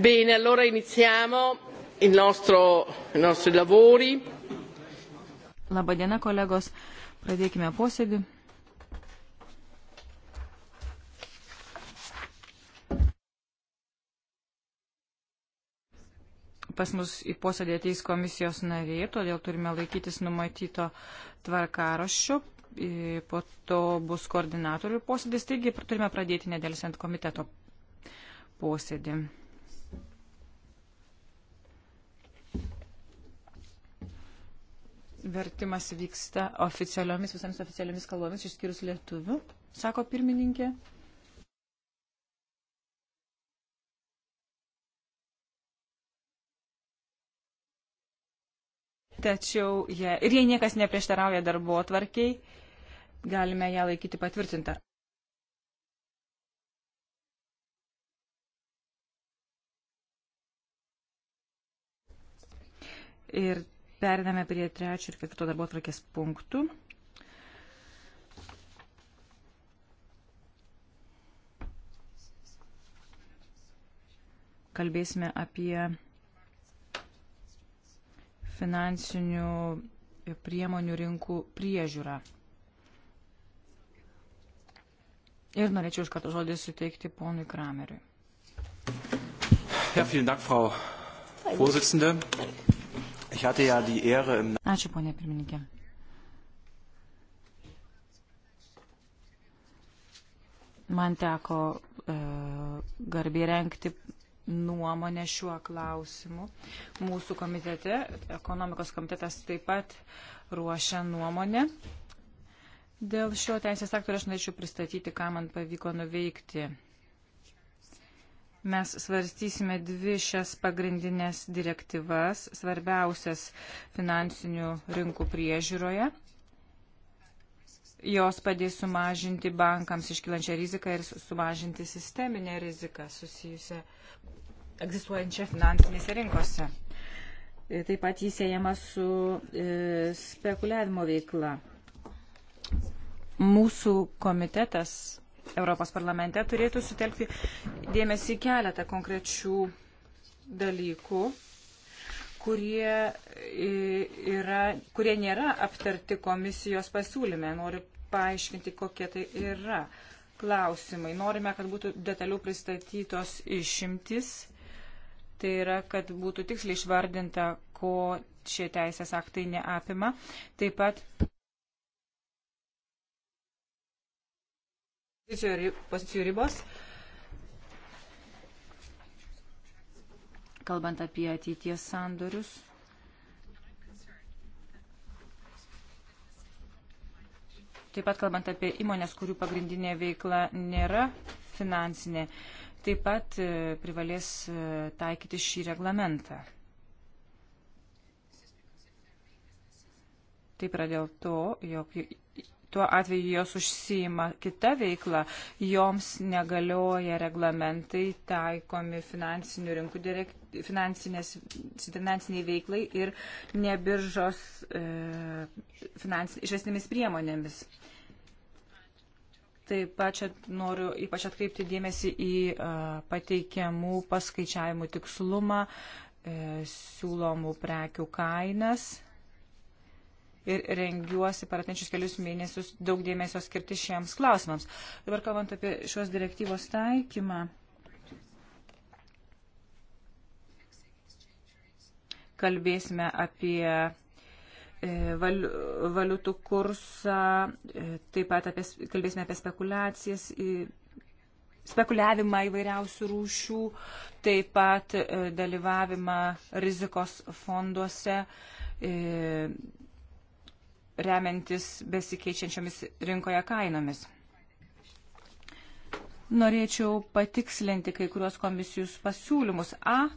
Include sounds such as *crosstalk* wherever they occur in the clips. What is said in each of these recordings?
Bene, allora iniziamo il nostro, i nostri lavori. Labadiena, kolegos. Pradėkime posėdį. Pas mus į posėdį ateis komisijos nariai, todėl turime laikytis numatyto tvarkaraščio. Po to bus koordinatorių posėdis, taigi turime pradėti nedelsiant komiteto posėdį. vertimas vyksta oficialiomis, visams oficialiomis kalbomis, išskyrus lietuvių, sako pirmininkė. Tačiau, jie, ir jei niekas neprieštarauja darbo atvarkiai, galime ją laikyti patvirtintą. Ir Periname prie trečio ir ketvirto darbo atrakės punktų. Kalbėsime apie finansinių priemonių rinkų priežiūrą. Ir norėčiau iš karto žodį suteikti ponui Krameriui. Ja, vielen Dank, Frau Vorsitzende. Ačiū, ponė pirmininkė. Man teko e, garbė renkti nuomonę šiuo klausimu. Mūsų komitete, ekonomikos komitetas taip pat ruošia nuomonę. Dėl šio teisės aktorio aš norėčiau pristatyti, ką man pavyko nuveikti Mes svarstysime dvi šias pagrindinės direktyvas, svarbiausias finansinių rinkų priežiūroje. Jos padės sumažinti bankams iškilančią riziką ir sumažinti sisteminę riziką susijusią egzistuojančią finansinėse rinkose. E, taip pat jis siejama su e, spekuliavimo veikla. Mūsų komitetas Europos parlamente turėtų sutelkti dėmesį keletą konkrečių dalykų, kurie, yra, kurie nėra aptarti komisijos pasiūlyme. Noriu paaiškinti, kokie tai yra klausimai. Norime, kad būtų detaliau pristatytos išimtis. Tai yra, kad būtų tiksliai išvardinta, ko šie teisės aktai neapima. Taip pat Pozicijų ribos. Kalbant apie ateities sandorius. Taip pat kalbant apie įmonės, kurių pagrindinė veikla nėra finansinė, taip pat e, privalės e, taikyti šį reglamentą. Taip yra dėl to, jog tuo atveju jos užsijima kita veikla, joms negalioja reglamentai taikomi finansinių rinkų direkt, finansiniai veiklai ir nebiržos e, finans, išvesnėmis priemonėmis. Taip pat čia noriu ypač atkreipti dėmesį į e, pateikiamų paskaičiavimų tikslumą, e, siūlomų prekių kainas ir rengiuosi per atinčius kelius mėnesius daug dėmesio skirti šiems klausimams. Dabar kalbant apie šios direktyvos taikymą. Kalbėsime apie e, valiutų kursą, e, taip pat apie, kalbėsime apie spekulacijas, spekuliavimą įvairiausių rūšių, taip pat e, dalyvavimą rizikos fonduose, remiantis besikeičiančiomis rinkoje kainomis. Norėčiau patikslinti kai kuriuos komisijos pasiūlymus. A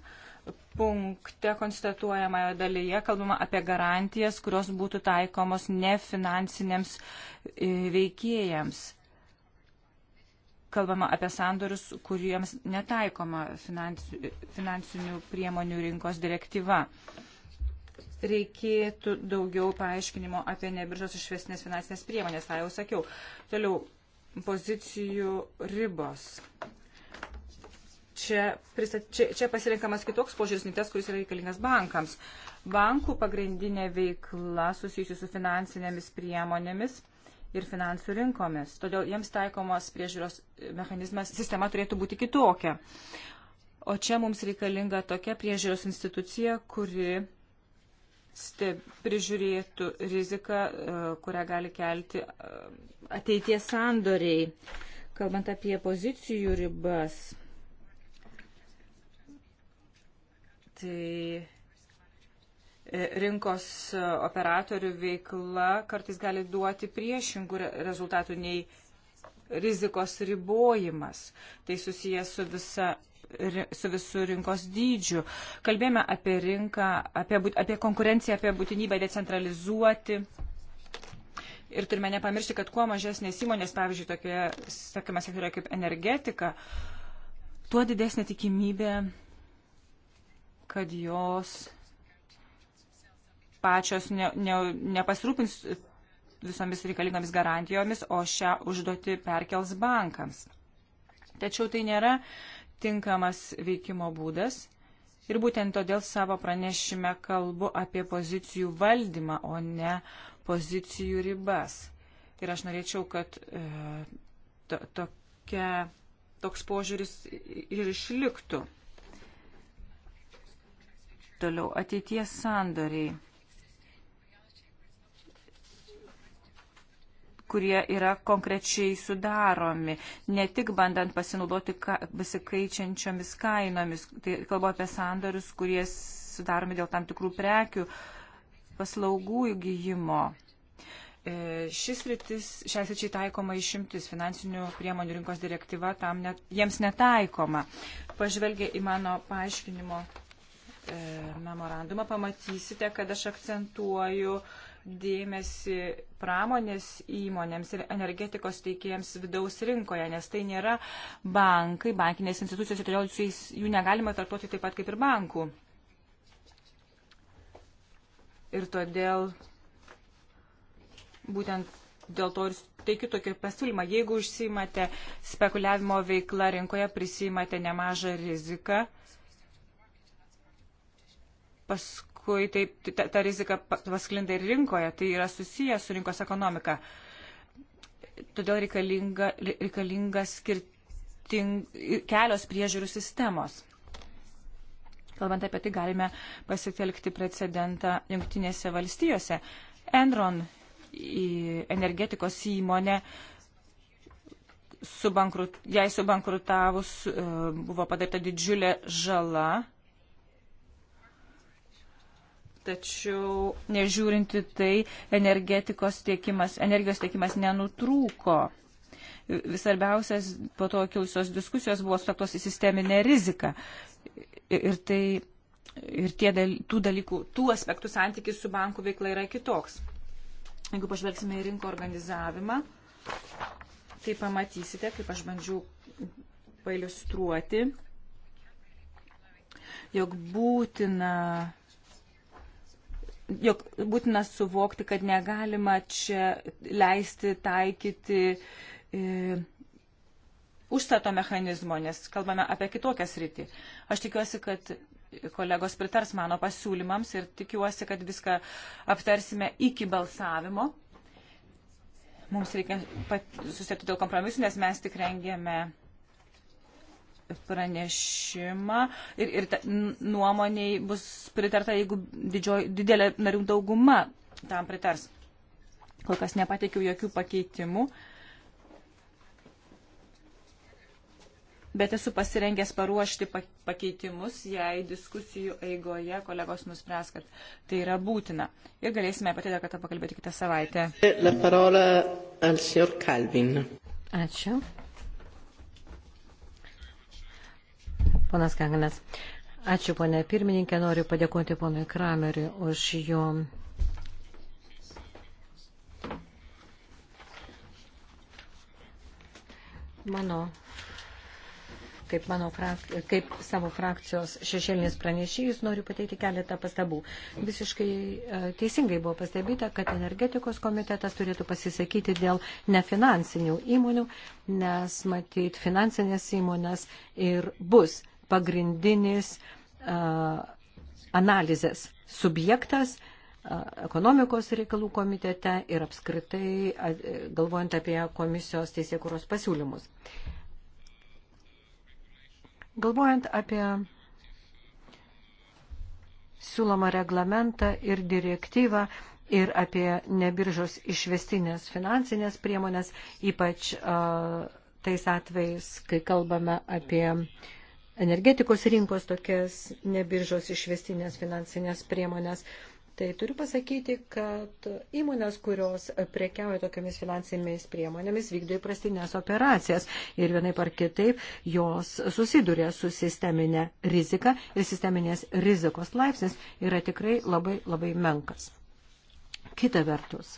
punkte konstatuojamoje dalyje kalbama apie garantijas, kurios būtų taikomos nefinansiniams e, veikėjams. Kalbama apie sandorius, kuriems netaikoma finansinių priemonių rinkos direktyva reikėtų daugiau paaiškinimo apie nebiržos išvesnės finansinės priemonės, tą jau sakiau. Toliau, pozicijų ribos. Čia, pristat, čia, čia pasirinkamas kitoks požiūris, nei tas, kuris yra reikalingas bankams. Bankų pagrindinė veikla susijusi su finansinėmis priemonėmis ir finansų rinkomis. Todėl jiems taikomas priežiūros mechanizmas, sistema turėtų būti kitokia. O čia mums reikalinga tokia priežiūros institucija, kuri steb, prižiūrėtų riziką, e, kurią gali kelti e, ateities sandoriai. Kalbant apie pozicijų ribas, tai e, rinkos operatorių veikla kartais gali duoti priešingų rezultatų nei rizikos ribojimas. Tai susijęs su visa su visų rinkos dydžiu. Kalbėjome apie rinką, apie, apie konkurenciją, apie būtinybę decentralizuoti. Ir turime nepamiršti, kad kuo mažesnės įmonės, pavyzdžiui, tokioje, sakykime, sektorioje kaip energetika, tuo didesnė tikimybė, kad jos pačios ne, ne, nepasirūpins visomis reikalingomis garantijomis, o šią užduotį perkels bankams. Tačiau tai nėra tinkamas veikimo būdas. Ir būtent todėl savo pranešime kalbu apie pozicijų valdymą, o ne pozicijų ribas. Ir aš norėčiau, kad e, to, tokia, toks požiūris ir išliktų. Toliau ateities sandoriai. kurie yra konkrečiai sudaromi, ne tik bandant pasinaudoti ka, besikeičiančiomis kainomis. Tai kalbu apie sandorius, kurie sudaromi dėl tam tikrų prekių, paslaugų įgyjimo. E, šis rytis, šiais ryčiai taikoma išimtis, finansinių priemonių rinkos direktyva tam net, jiems netaikoma. Pažvelgia į mano paaiškinimo e, memorandumą, pamatysite, kad aš akcentuoju e, dėmesį pramonės įmonėms ir energetikos teikėjams vidaus rinkoje, nes tai nėra bankai, bankinės institucijos ir todėl jų negalima tartuoti taip pat kaip ir bankų. Ir todėl būtent dėl to ir teikiu tokį pasiūlymą. Jeigu užsiimate spekuliavimo veiklą rinkoje, prisimate nemažą riziką, paskui paskui taip, ta, ta rizika pasklinda ir rinkoje, tai yra susiję su rinkos ekonomika. Todėl reikalinga, reikalinga skirting, kelios priežiūrų sistemos. Kalbant apie tai, galime pasitelkti precedentą Junktinėse valstijose. Enron energetikos įmonė subankrut, jai subankrutavus e, buvo padaryta didžiulė žala Tačiau nežiūrinti tai, energetikos tiekimas, energijos tiekimas nenutrūko. Svarbiausias po to kilusios diskusijos buvo staktos į sisteminę riziką. Ir, tai, ir tie, tų dalykų, tų aspektų santykis su bankų veikla yra kitoks. Jeigu pažvelgsime į rinko organizavimą, tai pamatysite, kaip aš bandžiau pailustruoti, jog būtina jog būtina suvokti, kad negalima čia leisti taikyti e, užstato mechanizmo, nes kalbame apie kitokią sritį. Aš tikiuosi, kad kolegos pritars mano pasiūlymams ir tikiuosi, kad viską aptarsime iki balsavimo. Mums reikia susitikti dėl kompromisų, nes mes tik rengėme pranešimą ir, ir nuomoniai bus pritarta, jeigu didžioj, didelė narių dauguma tam pritars. Kol kas nepateikiau jokių pakeitimų, bet esu pasirengęs paruošti pakeitimus, jei diskusijų eigoje kolegos nuspręs, kad tai yra būtina. Ir galėsime apie tai dar kartą pakalbėti kitą savaitę. Ačiū. Ponas Kanganas. Ačiū, ponė pirmininkė. Noriu padėkoti ponui Krameriui už jo mano, kaip, mano frak, kaip savo frakcijos šešėlinis pranešėjus, noriu pateikti keletą pastabų. Visiškai e, teisingai buvo pastabyta, kad energetikos komitetas turėtų pasisakyti dėl nefinansinių įmonių, nes matyt, finansinės įmonės ir bus pagrindinis uh, analizės subjektas ekonomikos reikalų komitete ir apskritai galvojant apie komisijos teisėkuros pasiūlymus. Galvojant apie siūlomą reglamentą ir direktyvą ir apie nebiržos išvestinės finansinės priemonės, ypač a, tais atvejais, kai kalbame apie a, energetikos rinkos tokias nebiržos išvestinės finansinės priemonės. Tai turiu pasakyti, kad įmonės, kurios prekiauja tokiamis finansinėmis priemonėmis, vykdo įprastinės operacijas ir vienaip ar kitaip jos susiduria su sisteminė rizika ir sisteminės rizikos laipsnis yra tikrai labai labai menkas. Kita vertus,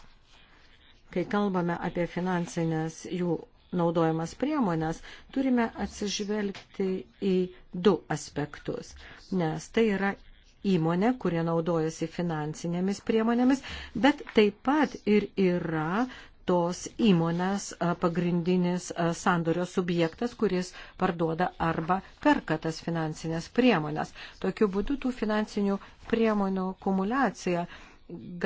kai kalbame apie finansinės jų naudojamas priemonės, turime atsižvelgti į du aspektus, nes tai yra įmonė, kurie naudojasi finansinėmis priemonėmis, bet taip pat ir yra tos įmonės pagrindinis sandorio subjektas, kuris parduoda arba perka tas finansinės priemonės. Tokiu būdu tų finansinių priemonių kumulacija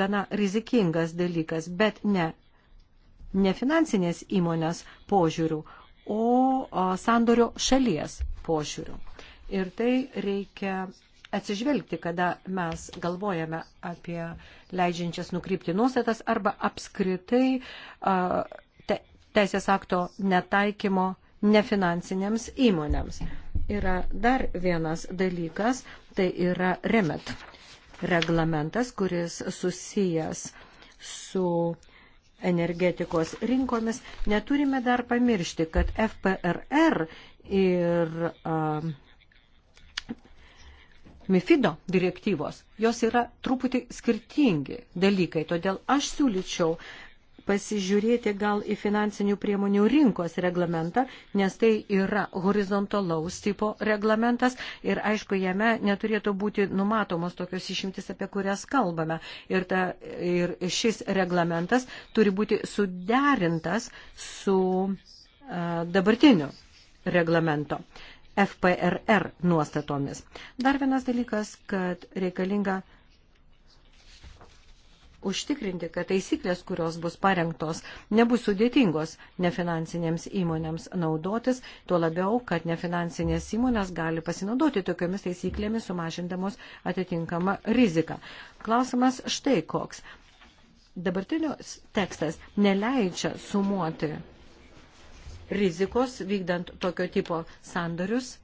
gana rizikingas dalykas, bet ne ne finansinės įmonės požiūrių, o sandorio šalies požiūrių. Ir tai reikia atsižvelgti, kada mes galvojame apie leidžiančias nukrypti nuostatas arba apskritai te, teisės akto netaikymo nefinansinėms įmonėms. Yra dar vienas dalykas, tai yra REMET reglamentas, kuris susijęs su energetikos rinkomis, neturime dar pamiršti, kad FPRR ir uh, MIFIDO direktyvos, jos yra truputį skirtingi dalykai. Todėl aš siūlyčiau pasižiūrėti gal į finansinių priemonių rinkos reglamentą, nes tai yra horizontalaus tipo reglamentas ir aišku, jame neturėtų būti numatomos tokios išimtis, apie kurias kalbame. Ir, ta, ir šis reglamentas turi būti suderintas su uh, dabartiniu reglamento. FPRR nuostatomis. Dar vienas dalykas, kad reikalinga uh, užtikrinti, kad taisyklės, kurios bus parengtos, nebus sudėtingos nefinansinėms įmonėms naudotis, tuo labiau, kad nefinansinės įmonės gali pasinaudoti tokiamis taisyklėmis, sumažindamos atitinkamą riziką. Klausimas štai koks. Dabartinius tekstas neleidžia sumuoti rizikos vykdant tokio tipo sandorius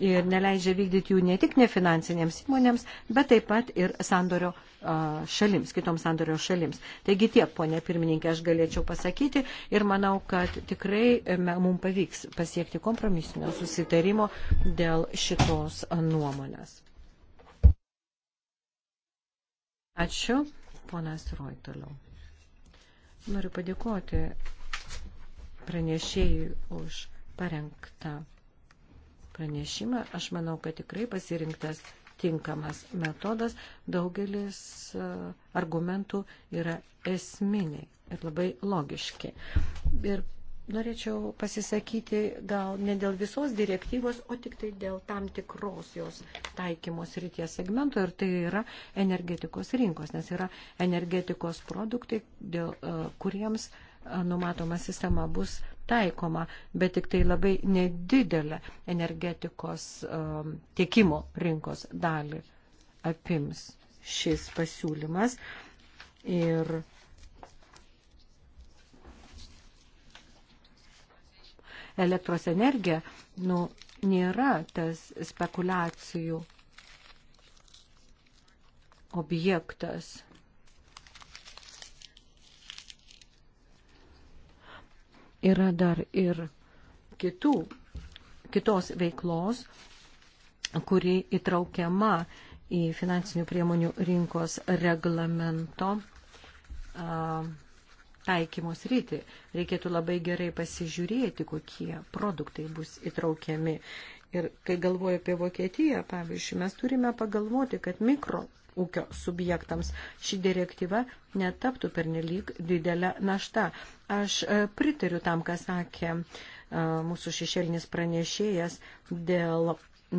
ir neleidžia vykdyti jų ne tik nefinansinėms įmonėms, bet taip pat ir sandorio šalims, kitoms sandorio šalims. Taigi tiek, ponė pirmininkė, aš galėčiau pasakyti ir manau, kad tikrai e, mums pavyks pasiekti kompromisinio susitarimo dėl šitos nuomonės. Ačiū, ponas Roj toliau. Noriu padėkoti pranešėjui už parengtą pranešimą. Aš manau, kad tikrai pasirinktas tinkamas metodas. Daugelis e, argumentų yra esminiai ir labai logiški. Ir norėčiau pasisakyti gal ne dėl visos direktyvos, o tik tai dėl tam tikros jos taikymos ryties segmento ir tai yra energetikos rinkos, nes yra energetikos produktai, dėl, e, kuriems e, numatoma sistema bus taikoma, bet tik tai labai nedidelę energetikos um, tiekimo rinkos dalį apims šis pasiūlymas. Ir elektros energija nu, nėra tas spekulacijų objektas. yra dar ir kitų, kitos veiklos, kuri įtraukiama į finansinių priemonių rinkos reglamento a, taikymos rytį. Reikėtų labai gerai pasižiūrėti, kokie produktai bus įtraukiami. Ir kai galvoju apie Vokietiją, pavyzdžiui, mes turime pagalvoti, kad mikro ūkio subjektams ši direktyva netaptų pernelyg didelę naštą. Aš e, pritariu tam, ką sakė e, mūsų šešėlinis pranešėjas dėl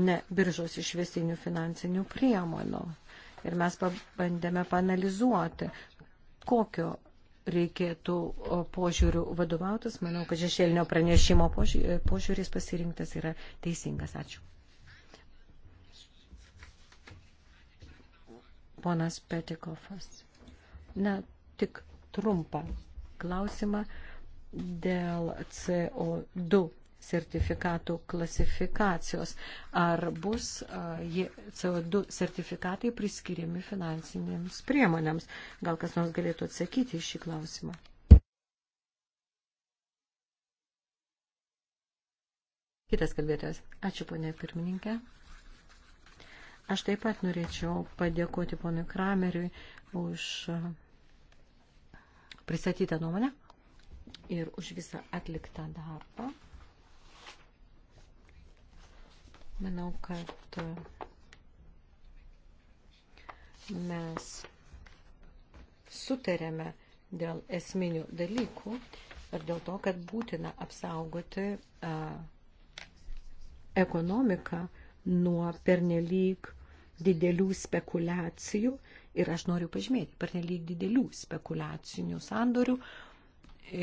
ne biržos išvestinių finansinių priemonių. Ir mes pabandėme panalizuoti, kokio reikėtų požiūrių vadovautis. Manau, kad šešėlinio pranešimo požiūris pasirinktas yra teisingas. Ačiū. ponas Petikofas. Na, tik trumpą klausimą dėl CO2 sertifikatų klasifikacijos. Ar bus CO2 sertifikatai priskiriami finansinėms priemonėms? Gal kas nors galėtų atsakyti į šį klausimą? Kitas kalbėtojas. Ačiū, ponė pirmininkė. Aš taip pat norėčiau padėkoti ponui Krameriui už pristatytą nuomonę ir už visą atliktą darbą. Manau, kad mes sutarėme dėl esminių dalykų ir dėl to, kad būtina apsaugoti a, ekonomiką nuo pernelyg didelių spekulacijų ir aš noriu pažymėti, pernelyg didelių spekulacinių sandorių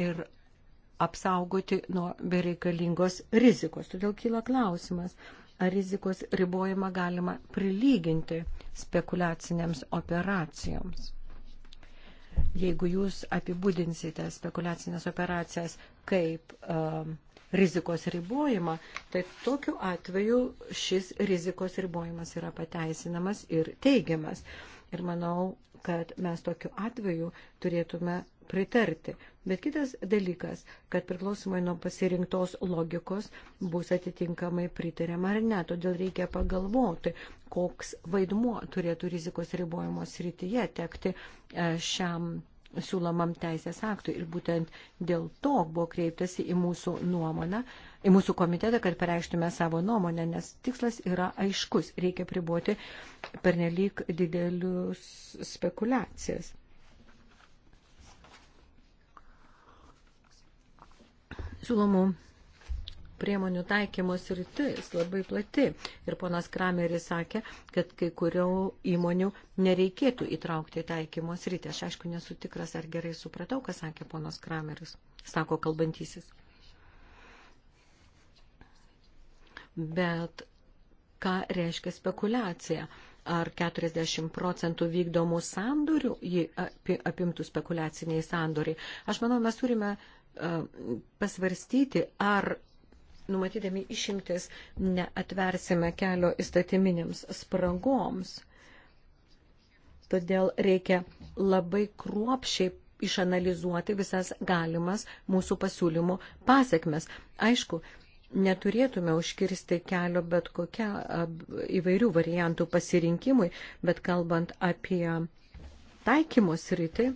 ir apsaugoti nuo bereikalingos rizikos. Todėl kyla klausimas, ar rizikos ribojimą galima prilyginti spekuliaciniams operacijoms. Jeigu jūs apibūdinsite spekuliacinės operacijas kaip uh, um, rizikos ribojimą, tai tokiu atveju šis rizikos ribojimas yra pateisinamas ir teigiamas. Ir manau, kad mes tokiu atveju turėtume pritarti. Bet kitas dalykas, kad priklausomai nuo pasirinktos logikos bus atitinkamai pritariama ar ne. Todėl reikia pagalvoti, koks vaidmuo turėtų rizikos ribojimo srityje tekti e, šiam siūlomam teisės aktui. Ir būtent dėl to buvo kreiptasi į mūsų nuomonę, į mūsų komitetą, kad pareikštume savo nuomonę, nes tikslas yra aiškus. Reikia pribuoti pernelyg didelius spekulacijas. Siūlomų priemonių taikymos rytis labai plati. Ir ponas Krameris sakė, kad kai kurio įmonių nereikėtų įtraukti taikymos rytį. Aš aišku nesu tikras, ar gerai supratau, ką sakė ponas Krameris, sako kalbantysis. Bet ką reiškia spekulacija? ar 40 procentų vykdomų sandorių jį apimtų spekuliaciniai sandoriai. Aš manau, mes turime e, pasvarstyti, ar numatydami išimtis neatversime kelio įstatyminėms spragoms. Todėl reikia labai kruopšiai išanalizuoti visas galimas mūsų pasiūlymų pasiekmes. Aišku, neturėtume užkirsti kelio bet kokia įvairių variantų pasirinkimui, bet kalbant apie taikymos rytį,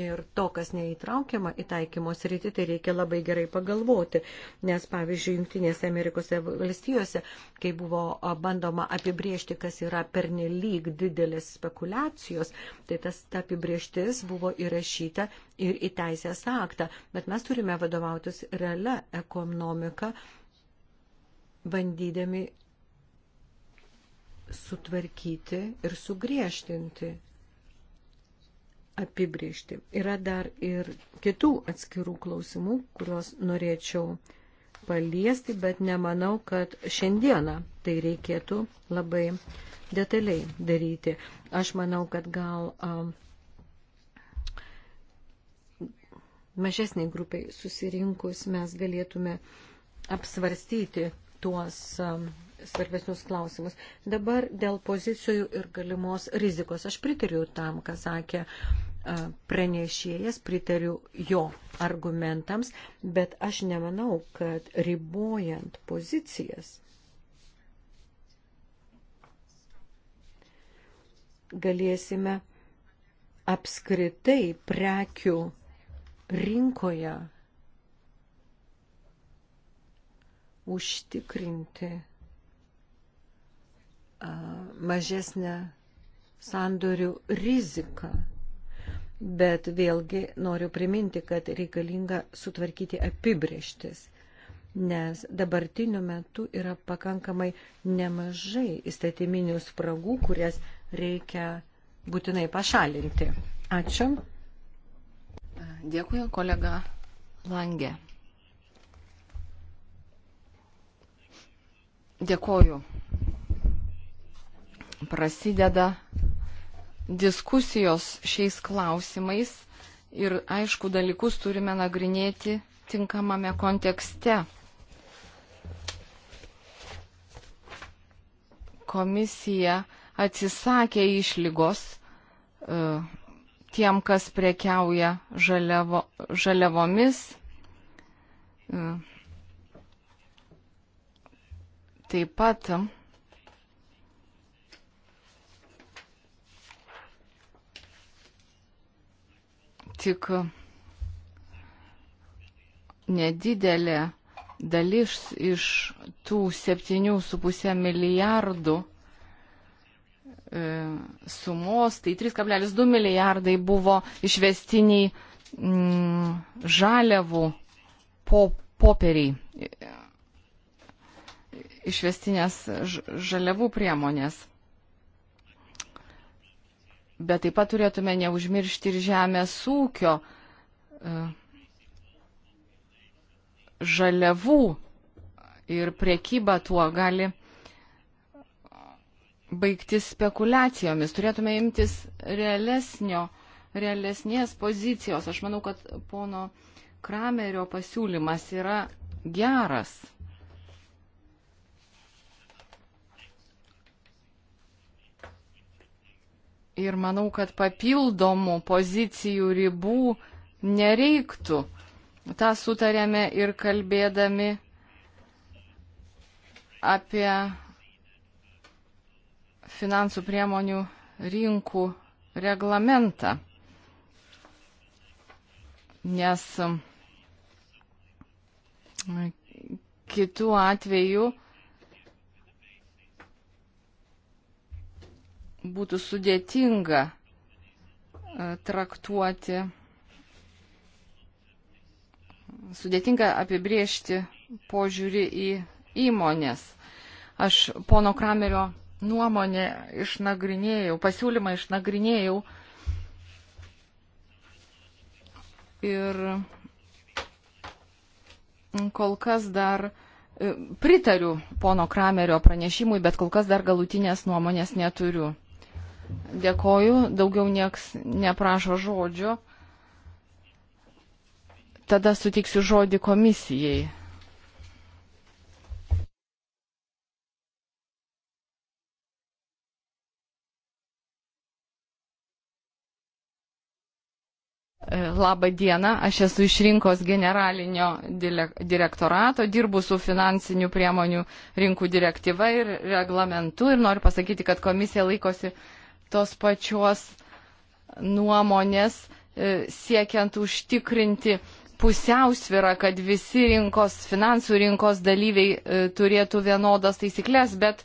ir to, kas neįtraukiama į taikymos rytį, tai reikia labai gerai pagalvoti. Nes, pavyzdžiui, Junktinėse Amerikos valstijose, kai buvo bandoma apibriežti, kas yra pernelyg didelės spekulacijos, tai tas ta apibrieštis buvo įrašyta ir į teisės aktą. Bet mes turime vadovautis realią ekonomiką, bandydami sutvarkyti ir sugriežtinti apibriežti. Yra dar ir kitų atskirų klausimų, kuriuos norėčiau paliesti, bet nemanau, kad šiandieną tai reikėtų labai detaliai daryti. Aš manau, kad gal um, mažesniai grupiai susirinkus mes galėtume apsvarstyti tuos um, svarbesnius klausimus. Dabar dėl pozicijų ir galimos rizikos. Aš pritariu tam, ką sakė pranešėjas, pritariu jo argumentams, bet aš nemanau, kad ribojant pozicijas galėsime apskritai prekių rinkoje užtikrinti mažesnę sandorių riziką. Bet vėlgi noriu priminti, kad reikalinga sutvarkyti apibrieštis, nes dabartiniu metu yra pakankamai nemažai įstatyminių spragų, kurias reikia būtinai pašalinti. Ačiū. Dėkui, kolega Langė. Dėkoju prasideda diskusijos šiais klausimais ir aišku dalykus turime nagrinėti tinkamame kontekste. Komisija atsisakė išlygos e, tiem, kas prekiauja žaliavo, žaliavomis. E, taip pat tik nedidelė dalis iš tų 7,5 milijardų e, sumos, tai 3,2 milijardai buvo išvestiniai m, mm, žaliavų po, poperiai, e, išvestinės žaliavų priemonės bet taip pat turėtume neužmiršti ir žemės ūkio e, žaliavų ir priekyba tuo gali baigtis spekulacijomis. Turėtume imtis realesnio, realesnės pozicijos. Aš manau, kad pono Kramerio pasiūlymas yra geras. Ir manau, kad papildomų pozicijų ribų nereiktų. Ta sutarėme ir kalbėdami apie finansų priemonių rinkų reglamentą. Nes kitų atvejų būtų sudėtinga e, traktuoti, sudėtinga apibriežti požiūrį į įmonės. Aš pono Kramerio nuomonę išnagrinėjau, pasiūlymą išnagrinėjau ir kol kas dar e, pritariu pono Kramerio pranešimui, bet kol kas dar galutinės nuomonės neturiu. Dėkoju, daugiau nieks neprašo žodžio. Tada sutiksiu žodį komisijai. E, Labą dieną, aš esu iš rinkos generalinio direktorato, dirbu su finansinių priemonių rinkų direktyva ir reglamentu ir noriu pasakyti, kad komisija laikosi uh, tos pačios nuomonės, e, siekiant užtikrinti pusiausvirą, kad visi rinkos, finansų rinkos dalyviai e, turėtų vienodas taisyklės, bet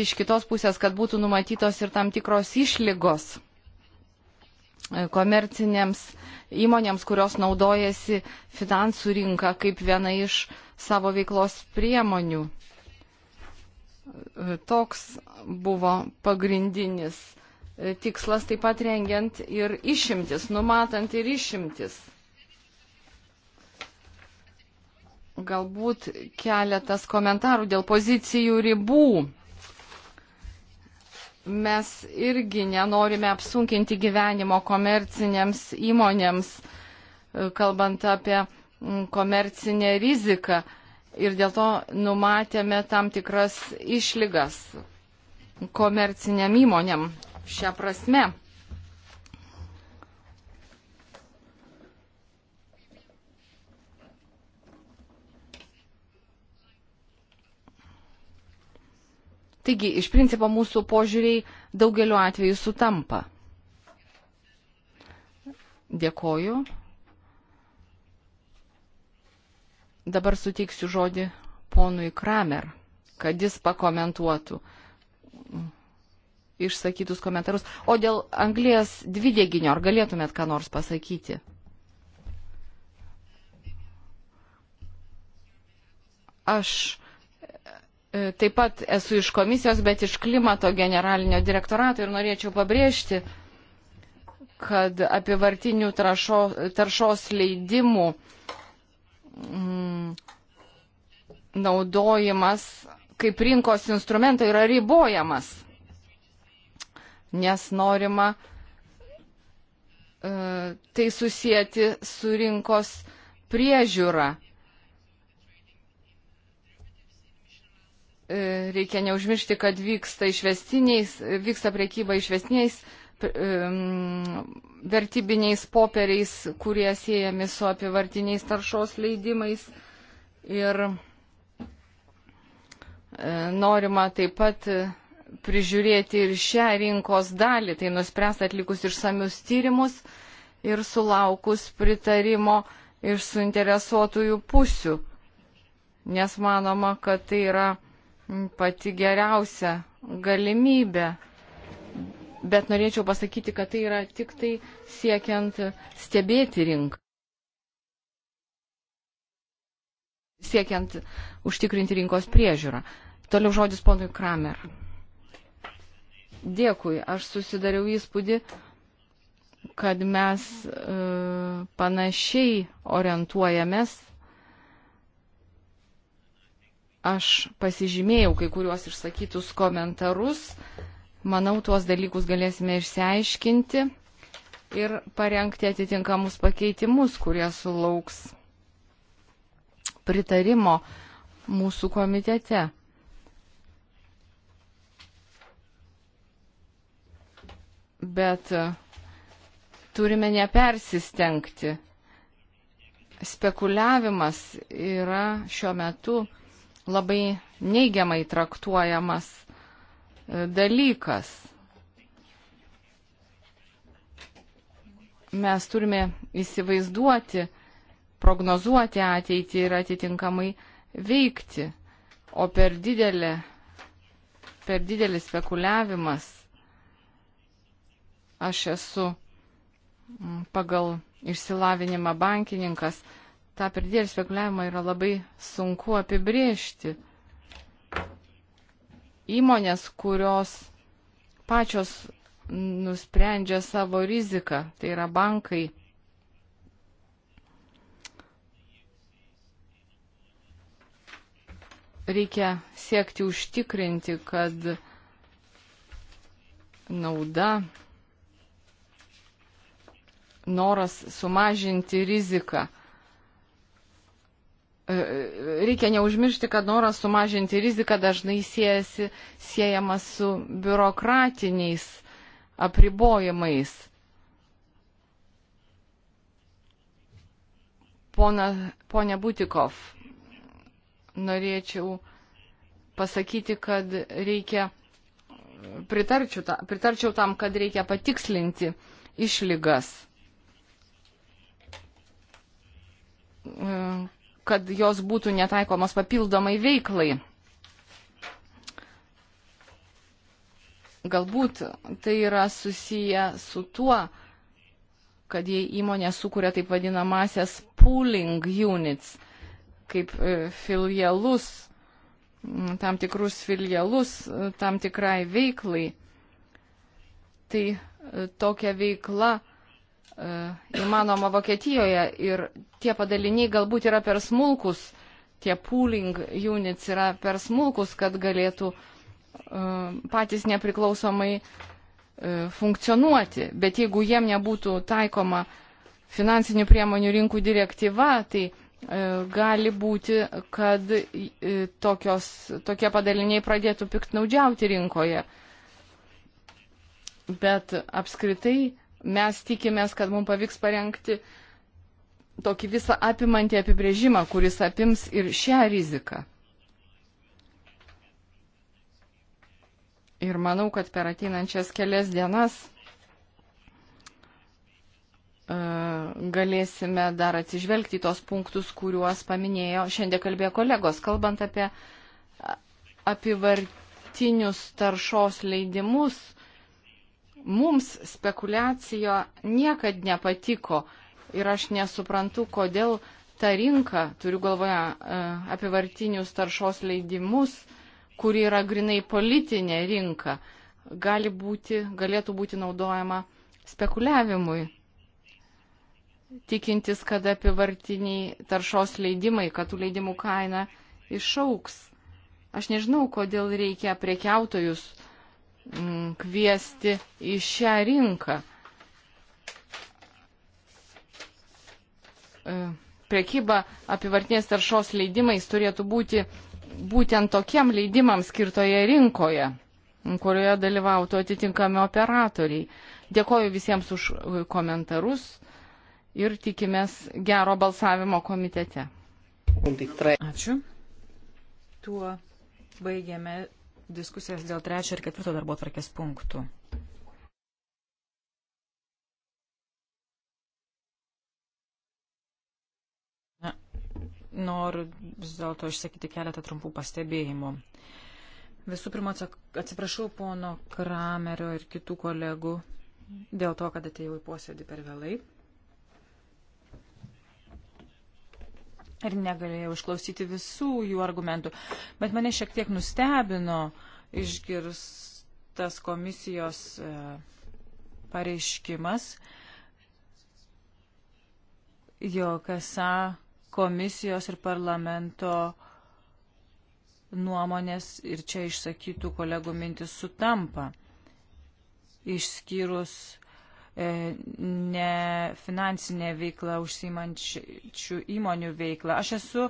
iš kitos pusės, kad būtų numatytos ir tam tikros išlygos e, komercinėms įmonėms, kurios naudojasi finansų rinką kaip viena iš savo veiklos priemonių. Toks buvo pagrindinis tikslas taip pat rengiant ir išimtis, numatant ir išimtis. Galbūt keletas komentarų dėl pozicijų ribų. Mes irgi nenorime apsunkinti gyvenimo komercinėms įmonėms, kalbant apie mm, komercinę riziką. Ir dėl to numatėme tam tikras išlygas komerciniam įmonėm šią prasme. Taigi, iš principo mūsų požiūriai daugeliu atveju sutampa. Dėkoju. Dabar suteiksiu žodį ponui Kramer, kad jis pakomentuotų išsakytus komentarus. O dėl anglės dvideginio, ar galėtumėt ką nors pasakyti? Aš e, taip pat esu iš komisijos, bet iš klimato generalinio direktorato ir norėčiau pabrėžti, kad apivartinių trašo, taršos leidimų mm, naudojimas kaip rinkos instrumento yra ribojamas nes norima e, tai susijęti su rinkos priežiūra. E, reikia neužmiršti, kad vyksta, vyksta priekyba išvestiniais e, vertybiniais popieriais, kurie siejami su apivartiniais taršos leidimais. Ir e, norima taip pat e, prižiūrėti ir šią rinkos dalį, tai nuspręs atlikus išsamius tyrimus ir sulaukus pritarimo iš suinteresuotųjų pusių, nes manoma, kad tai yra pati geriausia galimybė. Bet norėčiau pasakyti, kad tai yra tik tai siekiant stebėti rinką. Siekiant užtikrinti rinkos priežiūrą. Toliau žodis ponui Kramer. Dėkui, aš susidariau įspūdį, kad mes e, panašiai orientuojamės. Aš pasižymėjau kai kuriuos išsakytus komentarus. Manau, tuos dalykus galėsime išsiaiškinti ir parengti atitinkamus pakeitimus, kurie sulauks pritarimo mūsų komitete. bet e, turime nepersistengti. Spekuliavimas yra šiuo metu labai neigiamai traktuojamas e, dalykas. Mes turime įsivaizduoti, prognozuoti ateitį ir atitinkamai veikti, o per didelė per didelis spekuliavimas Aš esu mm, pagal išsilavinimą bankininkas. Ta pridėlį spekuliavimą yra labai sunku apibriežti. Įmonės, kurios pačios nusprendžia savo riziką, tai yra bankai. Reikia siekti užtikrinti, kad nauda noras sumažinti riziką. E, reikia neužmiršti, kad noras sumažinti riziką dažnai siejasi, siejamas su biurokratiniais apribojimais. Pona, ponia Butikov, norėčiau pasakyti, kad reikia, pritarčiau, ta, pritarčiau tam, kad reikia patikslinti išlygas kad jos būtų netaikomos papildomai veiklai. Galbūt tai yra susiję su tuo, kad jei įmonė sukuria taip vadinamasias pooling units, kaip e, filialus, tam tikrus filialus e, tam tikrai veiklai, tai e, tokia veikla E, įmanoma Vokietijoje ir tie padaliniai galbūt yra per smulkus, tie pooling units yra per smulkus, kad galėtų e, patys nepriklausomai e, funkcionuoti. Bet jeigu jiem nebūtų taikoma finansinių priemonių rinkų direktyva, tai gali būti, kad tokios, tokie padaliniai pradėtų piktnaudžiauti rinkoje. Bet apskritai Mes tikimės, kad mums pavyks parengti tokį visą apimantį apibrėžimą, kuris apims ir šią riziką. Ir manau, kad per ateinančias kelias dienas e, galėsime dar atsižvelgti į tos punktus, kuriuos paminėjo šiandien kalbėjo kolegos. Kalbant apie apivartinius taršos leidimus, Mums spekulacija niekad nepatiko ir aš nesuprantu, kodėl ta rinka, turiu galvoje e, apivartinius taršos leidimus, kuri yra grinai politinė rinka, gali būti, galėtų būti naudojama spekuliavimui, tikintis, kad apivartiniai taršos leidimai, kad tų leidimų kaina išauks. Aš nežinau, kodėl reikia priekiautojus Mm, kviesti į šią rinką. E, prekyba apivartinės taršos leidimais turėtų būti būtent tokiem leidimams skirtoje rinkoje, kurioje dalyvautų atitinkami operatoriai. Dėkoju visiems už komentarus ir tikimės gero balsavimo komitete. Ačiū. Tuo baigiame diskusijas dėl trečio ir ketvirto darbo tvarkės punktų. Na, noriu vis dėlto išsakyti keletą trumpų pastebėjimų. Visų pirma, atsiprašau pono Kramerio ir kitų kolegų dėl to, kad atėjau į posėdį per vėlai. ir negalėjau išklausyti visų jų argumentų. Bet mane šiek tiek nustebino išgirstas komisijos e, pareiškimas, jog esą komisijos ir parlamento nuomonės ir čia išsakytų kolegų mintis sutampa, išskyrus E, ne finansinė veikla užsimančių įmonių veikla. Aš esu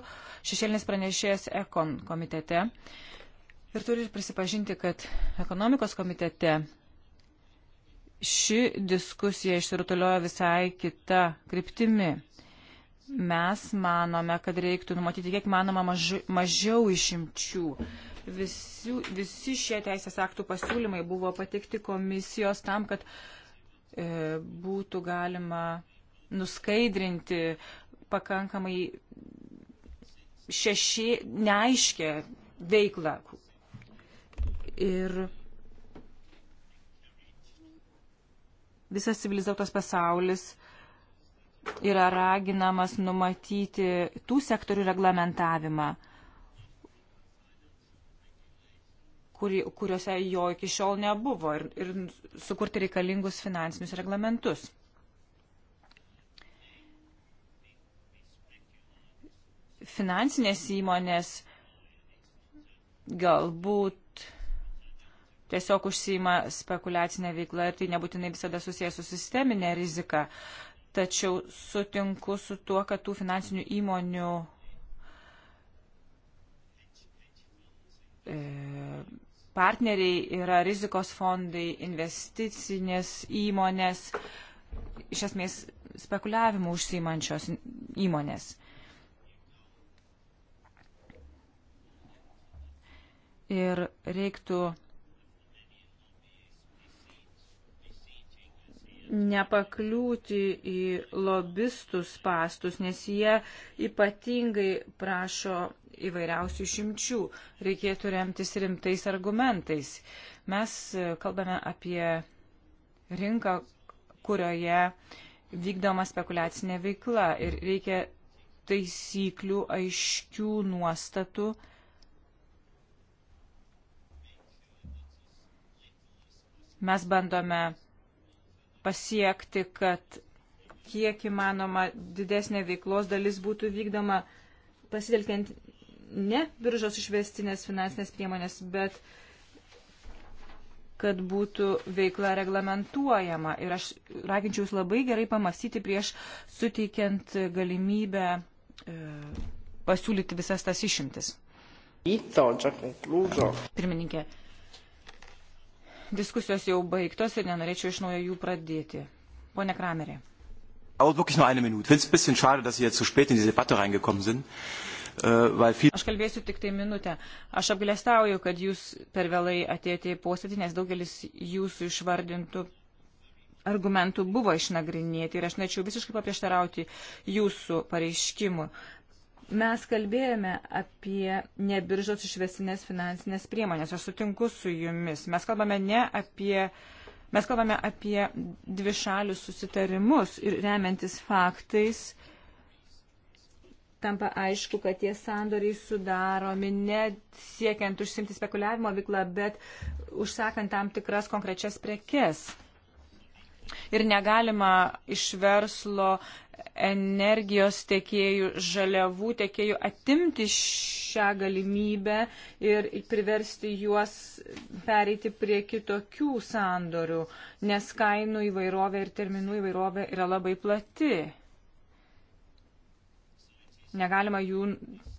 šešėlinis pranešėjas Ekon komitete ir turiu prisipažinti, kad ekonomikos komitete ši diskusija išsirutuliojo visai kita kryptimi. Mes manome, kad reiktų numatyti kiek manoma maž, mažiau išimčių. Visi, visi šie teisės aktų pasiūlymai buvo patikti komisijos tam, kad uh, E, būtų galima nuskaidrinti pakankamai šeši neaiškę veiklą. Ir visas civilizuotas pasaulis yra raginamas numatyti tų sektorių reglamentavimą, kuri, kuriuose jo iki šiol nebuvo ir, ir sukurti reikalingus finansinius reglamentus. Finansinės įmonės galbūt tiesiog užsima spekulacinę veiklą ir tai nebūtinai visada susijęs su sisteminė rizika. Tačiau sutinku su tuo, kad tų finansinių įmonių e, partneriai yra rizikos fondai, investicinės įmonės, iš esmės spekuliavimų užsiimančios įmonės. Ir reiktų nepakliūti į lobistų spastus, nes jie ypatingai prašo įvairiausių išimčių. Reikėtų remtis rimtais argumentais. Mes e, kalbame apie rinką, kurioje vykdoma spekulacinė veikla ir reikia taisyklių, aiškių nuostatų. Mes bandome pasiekti, kad kiek įmanoma didesnė veiklos dalis būtų vykdoma pasitelkiant ne biržos išvestinės finansinės priemonės, bet kad būtų veikla reglamentuojama. Ir aš raginčiau jūs labai gerai pamastyti prieš suteikiant galimybę e, pasiūlyti visas tas išimtis. Pirmininkė, diskusijos jau baigtos ir nenorėčiau iš naujo jų pradėti. Pone Kramerė. Äh, aš kalbėsiu tik tai minutę. Aš apgalėstauju, kad jūs per vėlai atėjote į posėdį, nes daugelis jūsų išvardintų argumentų buvo išnagrinėti ir aš norėčiau visiškai paprieštarauti jūsų pareiškimu. Mes kalbėjome apie nebiržos išvesinės finansinės priemonės. Aš sutinku su jumis. Mes kalbame ne apie. Mes kalbame apie dvišalius susitarimus ir remiantis faktais tampa aišku, kad tie sandoriai sudaromi ne siekiant užsimti spekuliavimo veiklą, bet užsakant tam tikras konkrečias prekes. Ir negalima iš verslo energijos tiekėjų, žaliavų tiekėjų atimti šią galimybę ir priversti juos pereiti prie kitokių sandorių, nes kainų įvairovė ir terminų įvairovė yra labai plati. Negalima jų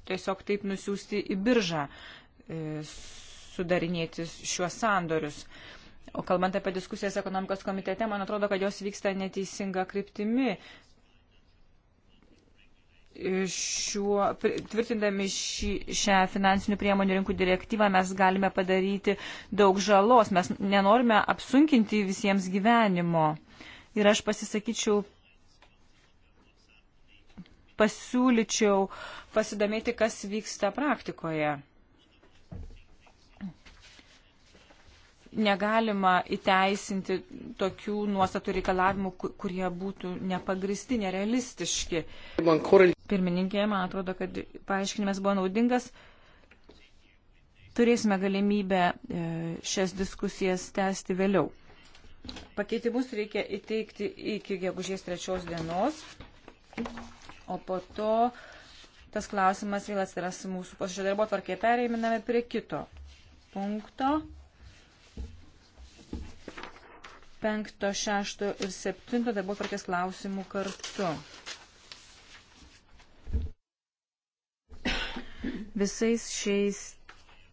tiesiog taip nusiųsti į biržą, e, sudarinėti šiuos sandorius. O kalbant apie diskusijas ekonomikos komitete, man atrodo, kad jos vyksta neteisinga kryptimi šiuo, tvirtindami šį, šią finansinių priemonių rinkų direktyvą mes galime padaryti daug žalos. Mes nenorime apsunkinti visiems gyvenimo. Ir aš pasisakyčiau, pasiūlyčiau pasidomėti, kas vyksta praktikoje. negalima įteisinti tokių nuostatų reikalavimų, kurie būtų nepagristi, nerealistiški. Pirmininkė, man atrodo, kad paaiškinimas buvo naudingas. Turėsime galimybę e, šias diskusijas tęsti vėliau. Pakeitimus reikia įteikti iki gegužės trečios dienos, o po to tas klausimas vėl atsiras mūsų posėdžio darbo tvarkė. Perėminame prie kito punkto penkto, šešto ir septinto darbo tvarkės klausimų kartu. Visais šiais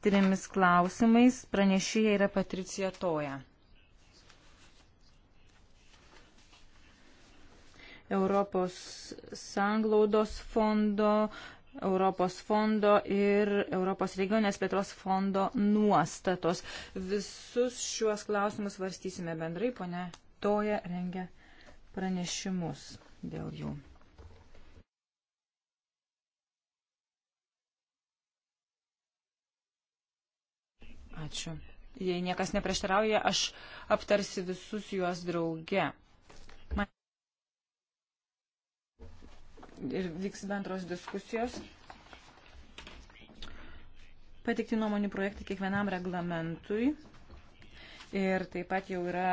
trimis klausimais pranešėja yra Patricija Toja. Europos sanglaudos fondo, Europos fondo ir Europos regionės plėtros fondo nuostatos. Visus šiuos klausimus varstysime bendrai, ponė Toja rengia pranešimus dėl jų. Ačiū. Jei niekas neprieštarauja, aš aptarsiu visus juos drauge. ir vyks bendros diskusijos. Patikti nuomonių projektai kiekvienam reglamentui ir taip pat jau yra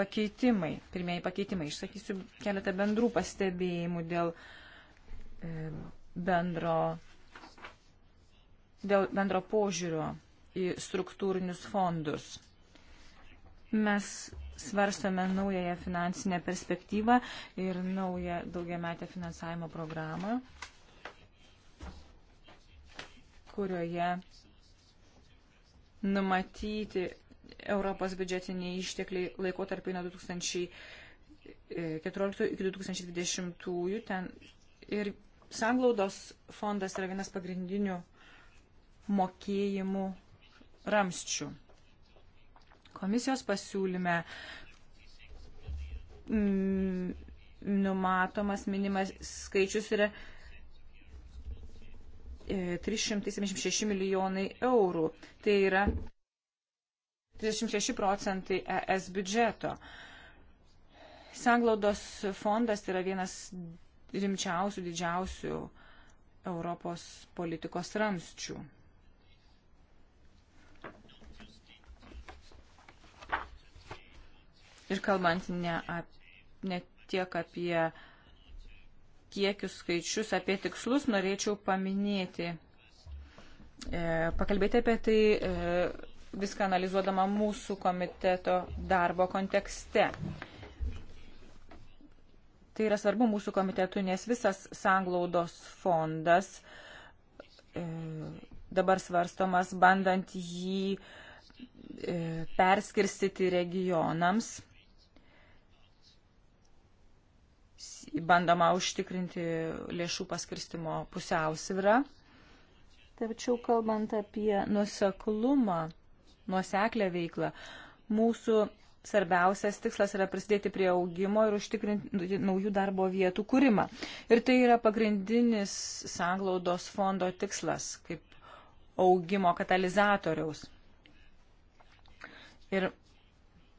pakeitimai, pirmieji pakeitimai. Išsakysiu keletą bendrų pastebėjimų dėl e, bendro, dėl bendro požiūrio į struktūrinius fondus. Mes svarstame naująją finansinę perspektyvą ir naują daugiametę finansavimo programą, kurioje numatyti Europos biudžetiniai ištekliai laikotarpiai nuo 2014 iki 2020. Ten ir sanglaudos fondas yra vienas pagrindinių mokėjimų ramščių. Komisijos pasiūlyme mm, numatomas minimas skaičius yra 376 e, milijonai eurų. Tai yra 36 procentai ES biudžeto. Sanglaudos fondas yra vienas rimčiausių, didžiausių Europos politikos ramščių. Ir kalbant ne, ap, ne tiek apie kiekius skaičius, apie tikslus, norėčiau paminėti, e, pakalbėti apie tai e, viską analizuodama mūsų komiteto darbo kontekste. Tai yra svarbu mūsų komitetu, nes visas sanglaudos fondas e, dabar svarstomas, bandant jį e, perskirstyti regionams bandoma užtikrinti lėšų paskirstimo pusiausvyrą. Tačiau kalbant apie nuseklumą, nuseklę veiklą, mūsų svarbiausias tikslas yra prisidėti prie augimo ir užtikrinti naujų darbo vietų kūrimą. Ir tai yra pagrindinis sanglaudos fondo tikslas kaip augimo katalizatoriaus. Ir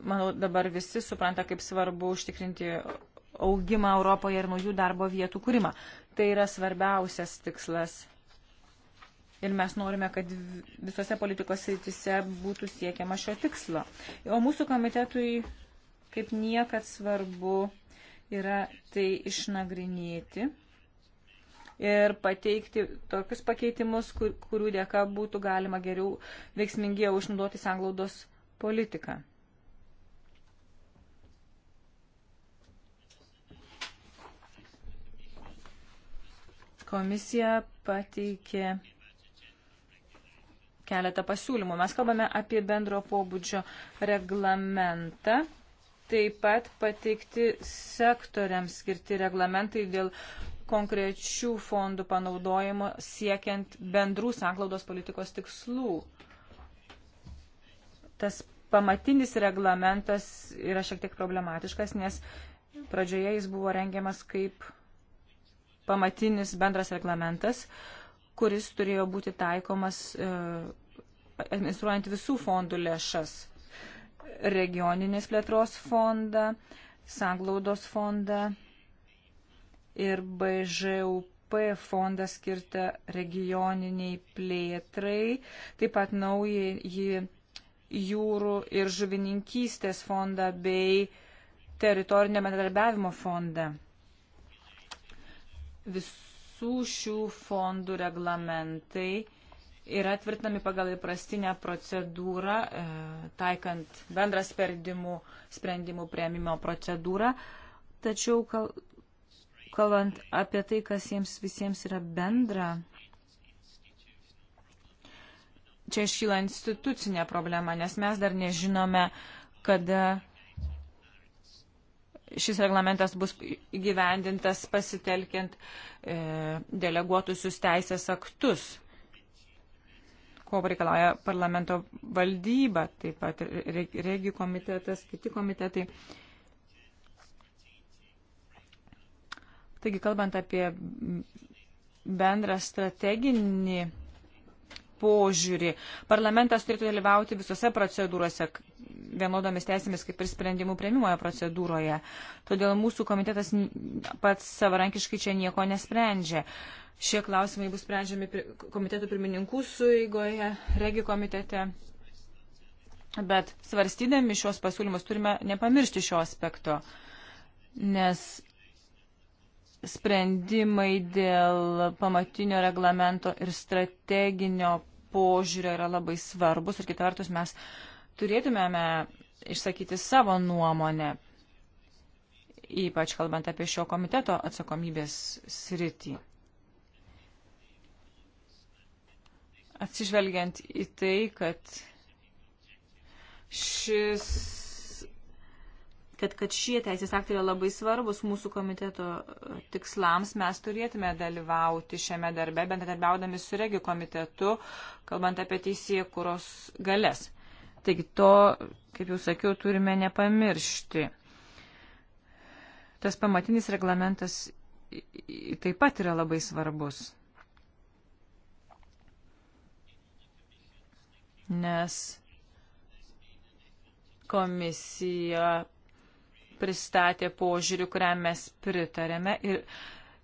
manau, dabar visi supranta, kaip svarbu užtikrinti augimą Europoje ir naujų darbo vietų kūrimą. Tai yra svarbiausias tikslas. Ir mes norime, kad visose politikos srityse būtų siekiama šio tikslo. O mūsų komitetui kaip niekad svarbu yra tai išnagrinėti ir pateikti tokius pakeitimus, kur, kurių dėka būtų galima geriau veiksmingiau išnaudoti sanglaudos politiką. Komisija pateikė keletą pasiūlymų. Mes kalbame apie bendro pobūdžio reglamentą. Taip pat pateikti sektoriams skirti reglamentai dėl konkrečių fondų panaudojimo siekiant bendrų sanklaudos politikos tikslų. Tas pamatinis reglamentas yra šiek tiek problematiškas, nes pradžioje jis buvo rengiamas kaip pamatinis bendras reglamentas, kuris turėjo būti taikomas e, administruojant visų fondų lėšas - regioninės plėtros fondą, sanglaudos fondą ir BŽUP fondą skirtą regioniniai plėtrai, taip pat naująjį jūrų ir žuvininkystės fondą bei teritorinio bendradarbiavimo fondą visų šių fondų reglamentai yra tvirtinami pagal įprastinę procedūrą, e, taikant bendrą sprendimų, sprendimų prieimimo procedūrą. Tačiau kal, kalbant apie tai, kas jiems visiems yra bendra, čia iškyla institucinė problema, nes mes dar nežinome, kada šis reglamentas bus įgyvendintas pasitelkiant e, deleguotusius teisės aktus, ko reikalauja parlamento valdyba, taip pat regijų komitetas, kiti komitetai. Taigi, kalbant apie bendrą strateginį požiūrį. Parlamentas turėtų dalyvauti visose procedūrose vienodomis teisėmis kaip ir sprendimų prieimimoje procedūroje. Todėl mūsų komitetas pats savarankiškai čia nieko nesprendžia. Šie klausimai bus sprendžiami komitetų pirmininkų suigoje, regi komitete. Bet svarstydami šios pasiūlymus turime nepamiršti šio aspekto, nes sprendimai dėl pamatinio reglamento ir strateginio požiūrio yra labai svarbus ir kitą vertus mes turėtumėme išsakyti savo nuomonę, ypač kalbant apie šio komiteto atsakomybės sritį. Atsižvelgiant į tai, kad šis Tad, kad šie teisės aktai yra labai svarbus mūsų komiteto e, tikslams, mes turėtume dalyvauti šiame darbe, bendradarbiaudami su regio komitetu, kalbant apie teisėjų kuros galės. Taigi to, kaip jau sakiau, turime nepamiršti. Tas pamatinis reglamentas taip pat yra labai svarbus. Nes komisija pristatė požiūrių, kuriam mes pritarėme ir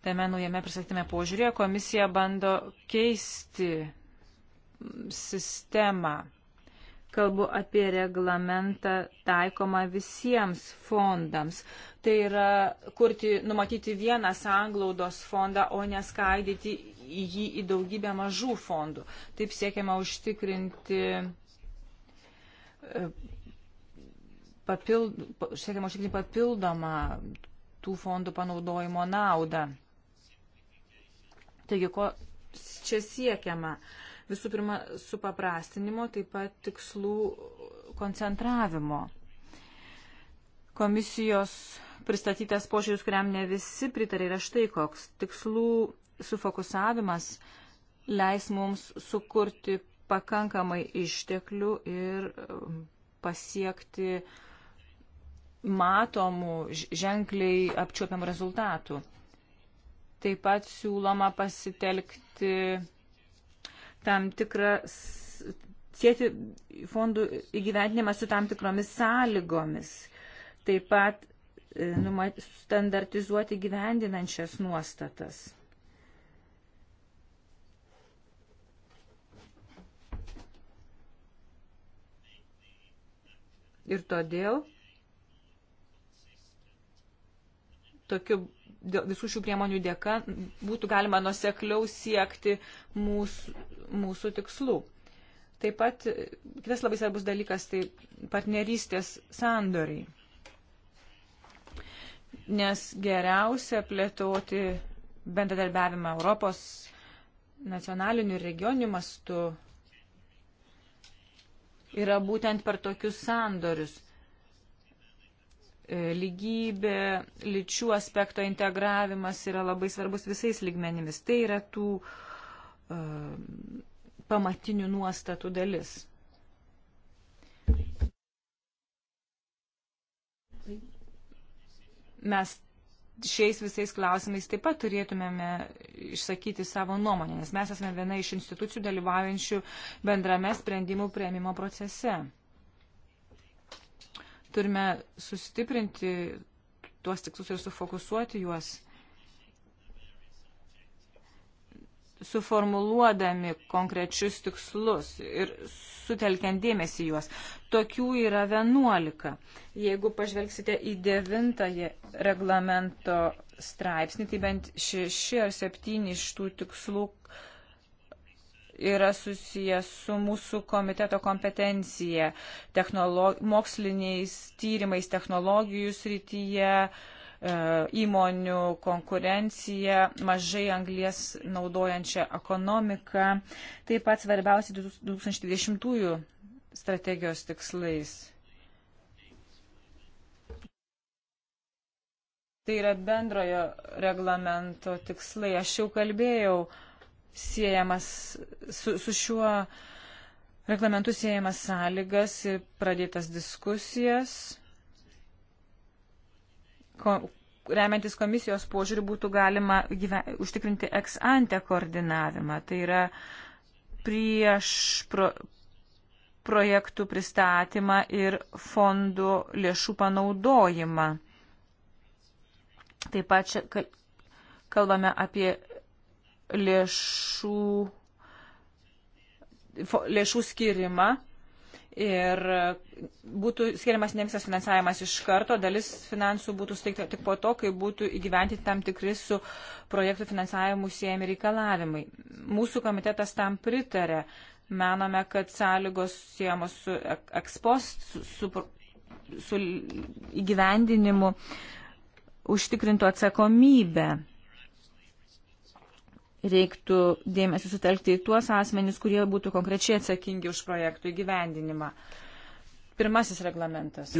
tame naujame pristatyme požiūrėje komisija bando keisti sistemą. Kalbu apie reglamentą taikomą visiems fondams. Tai yra kurti, numatyti vieną sanglaudos fondą, o neskaidyti jį į daugybę mažų fondų. Taip siekiama užtikrinti papild, siekiama užtikrinti papildomą tų fondų panaudojimo naudą. Taigi, ko čia siekiama? Visų pirma, supaprastinimo, taip pat tikslų koncentravimo. Komisijos pristatytas požiūris, kuriam ne visi pritarė, yra štai koks. Tikslų sufokusavimas leis mums sukurti pakankamai išteklių ir um, pasiekti uh, matomų, ženkliai apčiuopiamų rezultatų. Taip pat siūloma pasitelkti tam tikrą, sėti fondų įgyventinimą su tam tikromis sąlygomis. Taip pat e, standartizuoti gyvendinančias nuostatas. Ir todėl tokiu visų šių priemonių dėka būtų galima nusekliau siekti mūsų, mūsų tikslų. Taip pat e, kitas labai svarbus dalykas - tai partnerystės sandoriai. Nes geriausia plėtoti bendradarbiavimą Europos nacionaliniu ir regioniniu mastu yra būtent per tokius sandorius. E, lygybė, lyčių aspekto integravimas yra labai svarbus visais lygmenimis. Tai yra tų uh, pamatinių nuostatų dalis. Mes šiais visais klausimais taip pat turėtumėme išsakyti savo nuomonę, nes mes esame viena iš institucijų dalyvaujančių bendrame sprendimų prieimimo procese. Turime sustiprinti tuos tikslus ir sufokusuoti juos, suformuluodami konkrečius tikslus ir sutelkiant dėmesį juos. Tokių yra 11. Jeigu pažvelgsite į devintąjį reglamento straipsnį, tai bent šeši ar septyni iš tų tikslų uh, yra susijęs su mūsų komiteto kompetencija, moksliniais tyrimais technologijų srityje, e, įmonių konkurencija, mažai anglies naudojančią ekonomiką, taip pat svarbiausi 2020-ųjų strategijos tikslais. Tai yra bendrojo reglamento tikslai. Aš jau kalbėjau uh, siejamas su, su šiuo reglamentu siejamas sąlygas ir pradėtas diskusijas. Ko, remiantis komisijos požiūrį būtų galima gyven, užtikrinti ex ante koordinavimą. Tai yra prieš pro, projektų pristatymą ir fondų lėšų panaudojimą. Taip pat čia kalbame apie lėšų, lėšų skirimą ir būtų skiriamas ne visas finansavimas iš karto, dalis finansų būtų steigta tik po to, kai būtų įgyventi tam tikri su projektų finansavimu siejami reikalavimai. Mūsų komitetas tam pritarė. Menome, kad sąlygos siejamos su ekspost, su, su, su įgyvendinimu užtikrintų atsakomybę reiktų dėmesį sutelkti į tuos asmenys, kurie būtų konkrečiai atsakingi už projektų įgyvendinimą. Pirmasis reglamentas.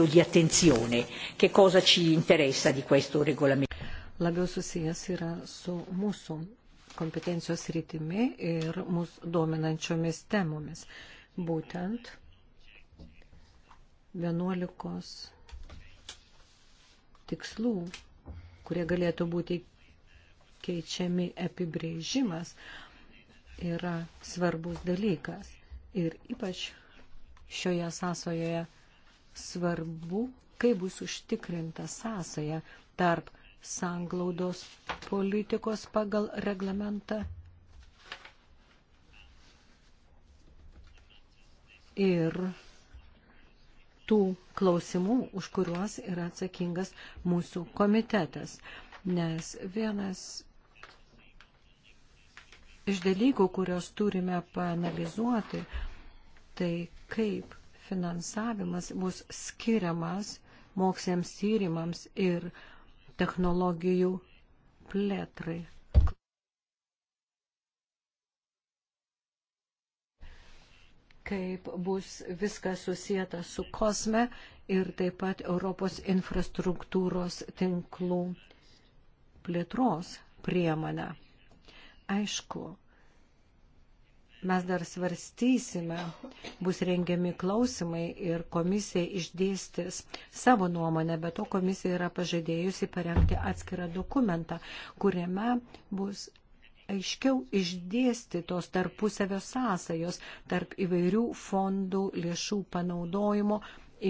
Labiau susijęs yra su mūsų kompetencijos rytimi ir mūsų dominančiomis temomis. Būtent 11 tikslų, kurie galėtų būti keičiami apibrėžimas yra svarbus dalykas. Ir ypač šioje sąsojoje svarbu, kaip bus užtikrinta sąsaja tarp sanglaudos politikos pagal reglamentą ir tų klausimų, už kuriuos yra atsakingas mūsų komitetas. Nes vienas iš dalykų, kurios turime panalizuoti, tai kaip finansavimas bus skiriamas moksliniams tyrimams ir technologijų plėtrai. Kaip bus viskas susijęta su kosme ir taip pat Europos infrastruktūros tinklų plėtros priemonę. Aišku, mes dar svarstysime, bus rengiami klausimai ir komisija išdėstys savo nuomonę, bet to komisija yra pažadėjusi parengti atskirą dokumentą, kuriame bus aiškiau išdėstytos tarpusavio sąsajos tarp įvairių fondų lėšų panaudojimo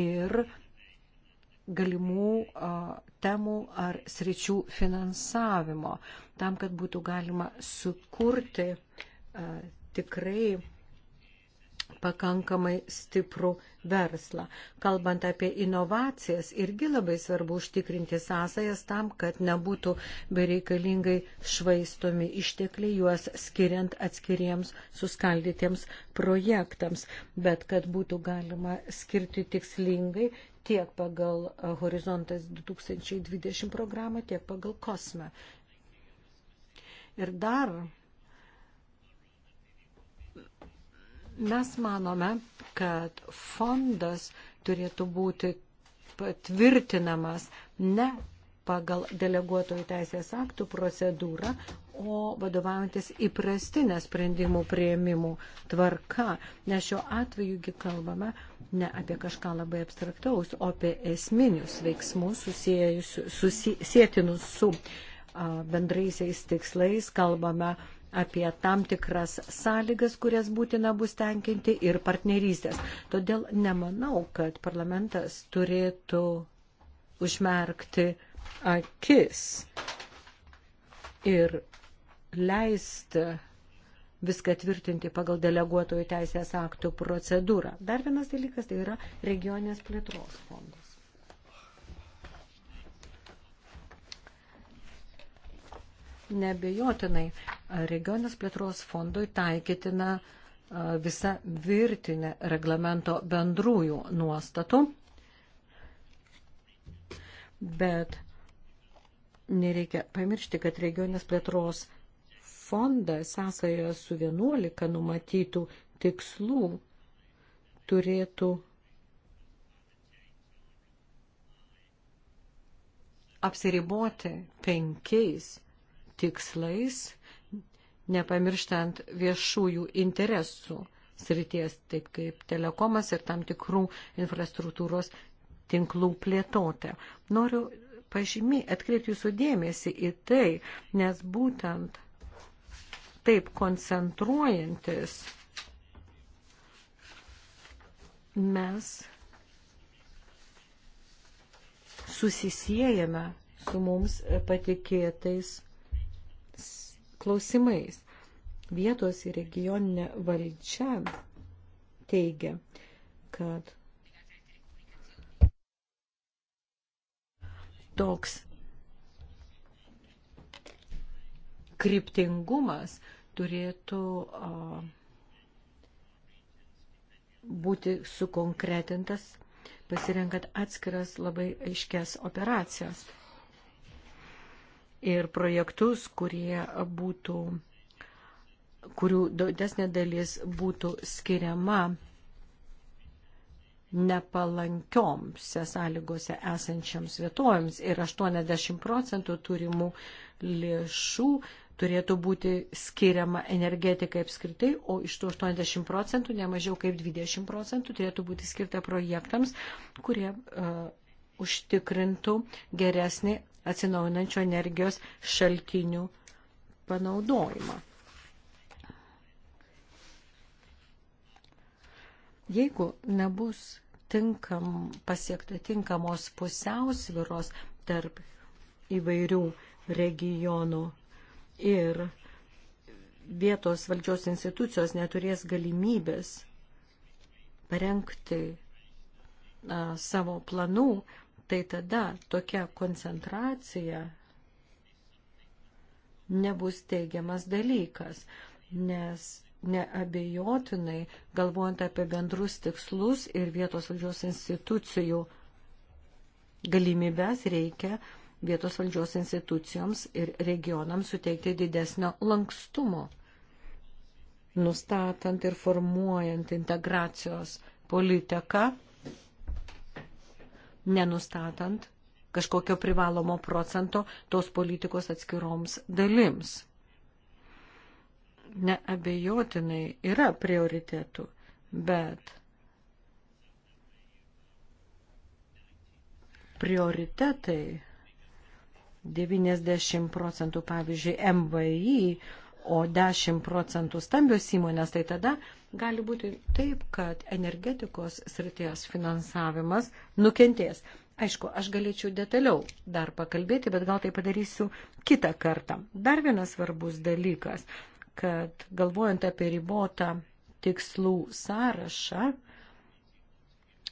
ir galimų a, temų ar sričių finansavimo, tam, kad būtų galima sukurti a, tikrai pakankamai stiprų verslą. Kalbant apie inovacijas, irgi labai svarbu užtikrinti sąsajas tam, kad nebūtų bereikalingai švaistomi ištekliai juos skiriant atskiriems suskaldytiems projektams, bet kad būtų galima skirti tikslingai tiek pagal Horizontas 2020 programą, tiek pagal Kosmą. Ir dar mes manome, kad fondas turėtų būti patvirtinamas ne pagal deleguotojų teisės aktų procedūrą, o vadovaujantis įprastinę sprendimų prieimimų tvarka. Nes šiuo atvejugi kalbame ne apie kažką labai abstraktaus, o apie esminius veiksmus susijėtinus su a, bendraisiais tikslais. Kalbame apie tam tikras sąlygas, kurias būtina bus tenkinti ir partnerystės. Todėl nemanau, kad parlamentas turėtų užmerkti akis ir leisti viską tvirtinti pagal deleguotojų teisės aktų procedūrą. Dar vienas dalykas tai yra regionės plėtros fondas. Nebejotinai, regionės plėtros fondui taikytina visa virtinė reglamento bendrųjų nuostatų, bet nereikia pamiršti, kad regionės plėtros fondas fondą sąsąją su 11 numatytų tikslų turėtų apsiriboti penkiais tikslais, nepamirštant viešųjų interesų srities, taip kaip telekomas ir tam tikrų infrastruktūros tinklų plėtotę. Noriu pažymi, atkreipti jūsų dėmesį į tai, nes būtent taip koncentruojantis, mes susisiejame su mums patikėtais klausimais. Vietos ir regioninė valdžia teigia, kad toks kryptingumas turėtų būti sukonkretintas, pasirenkant atskiras labai aiškias operacijas ir projektus, kurie būtų, kurių didesnė dalis būtų skiriama nepalankiomse sąlygose esančiams vietovėms ir 80 procentų turimų lėšų turėtų būti skiriama energetikai apskritai, o iš tų 80 procentų, nemažiau kaip 20 procentų, turėtų būti skirta projektams, kurie uh, užtikrintų geresnį atsinaujinančio energijos šaltinių panaudojimą. Jeigu nebus tinkam, pasiekta tinkamos pusiausviros tarp įvairių regionų ir vietos valdžios institucijos neturės galimybės parengti na, savo planų, tai tada tokia koncentracija nebus teigiamas dalykas, nes neabejotinai, galvojant apie bendrus tikslus ir vietos valdžios institucijų galimybės, reikia vietos valdžios institucijoms ir regionams suteikti didesnio lankstumo, nustatant ir formuojant integracijos politiką, nenustatant kažkokio privalomo procento tos politikos atskiroms dalims. Neabejotinai yra prioritetų, bet prioritetai 90 procentų, pavyzdžiui, MVI, o 10 procentų stambios įmonės, tai tada gali būti taip, kad energetikos srities finansavimas nukentės. Aišku, aš galėčiau detaliau dar pakalbėti, bet gal tai padarysiu kitą kartą. Dar vienas svarbus dalykas, kad galvojant apie ribotą tikslų sąrašą,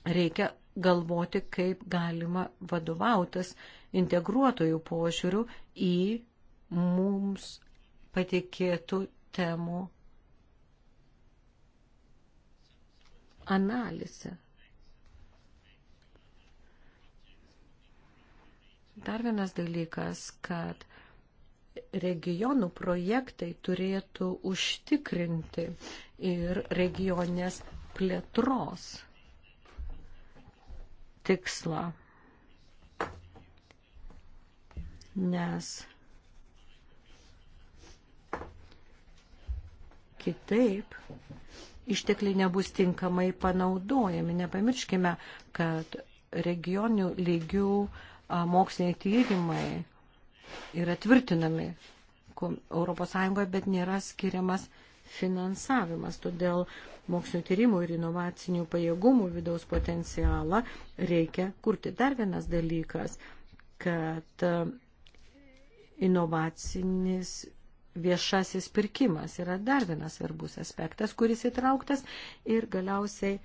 reikia galvoti, kaip galima vadovautis integruotojų požiūrių į mums patikėtų temų analizę. Dar vienas dalykas, kad regionų projektai turėtų užtikrinti ir regionės plėtros tikslą. nes kitaip ištekliai nebus tinkamai panaudojami. Nepamirškime, kad regionių lygių moksliniai tyrimai yra tvirtinami ES, bet nėra skiriamas finansavimas. Todėl mokslinio tyrimų ir inovacinių pajėgumų vidaus potencialą reikia kurti. Dar vienas dalykas, kad inovacinis viešasis pirkimas yra dar vienas svarbus aspektas, kuris įtrauktas ir galiausiai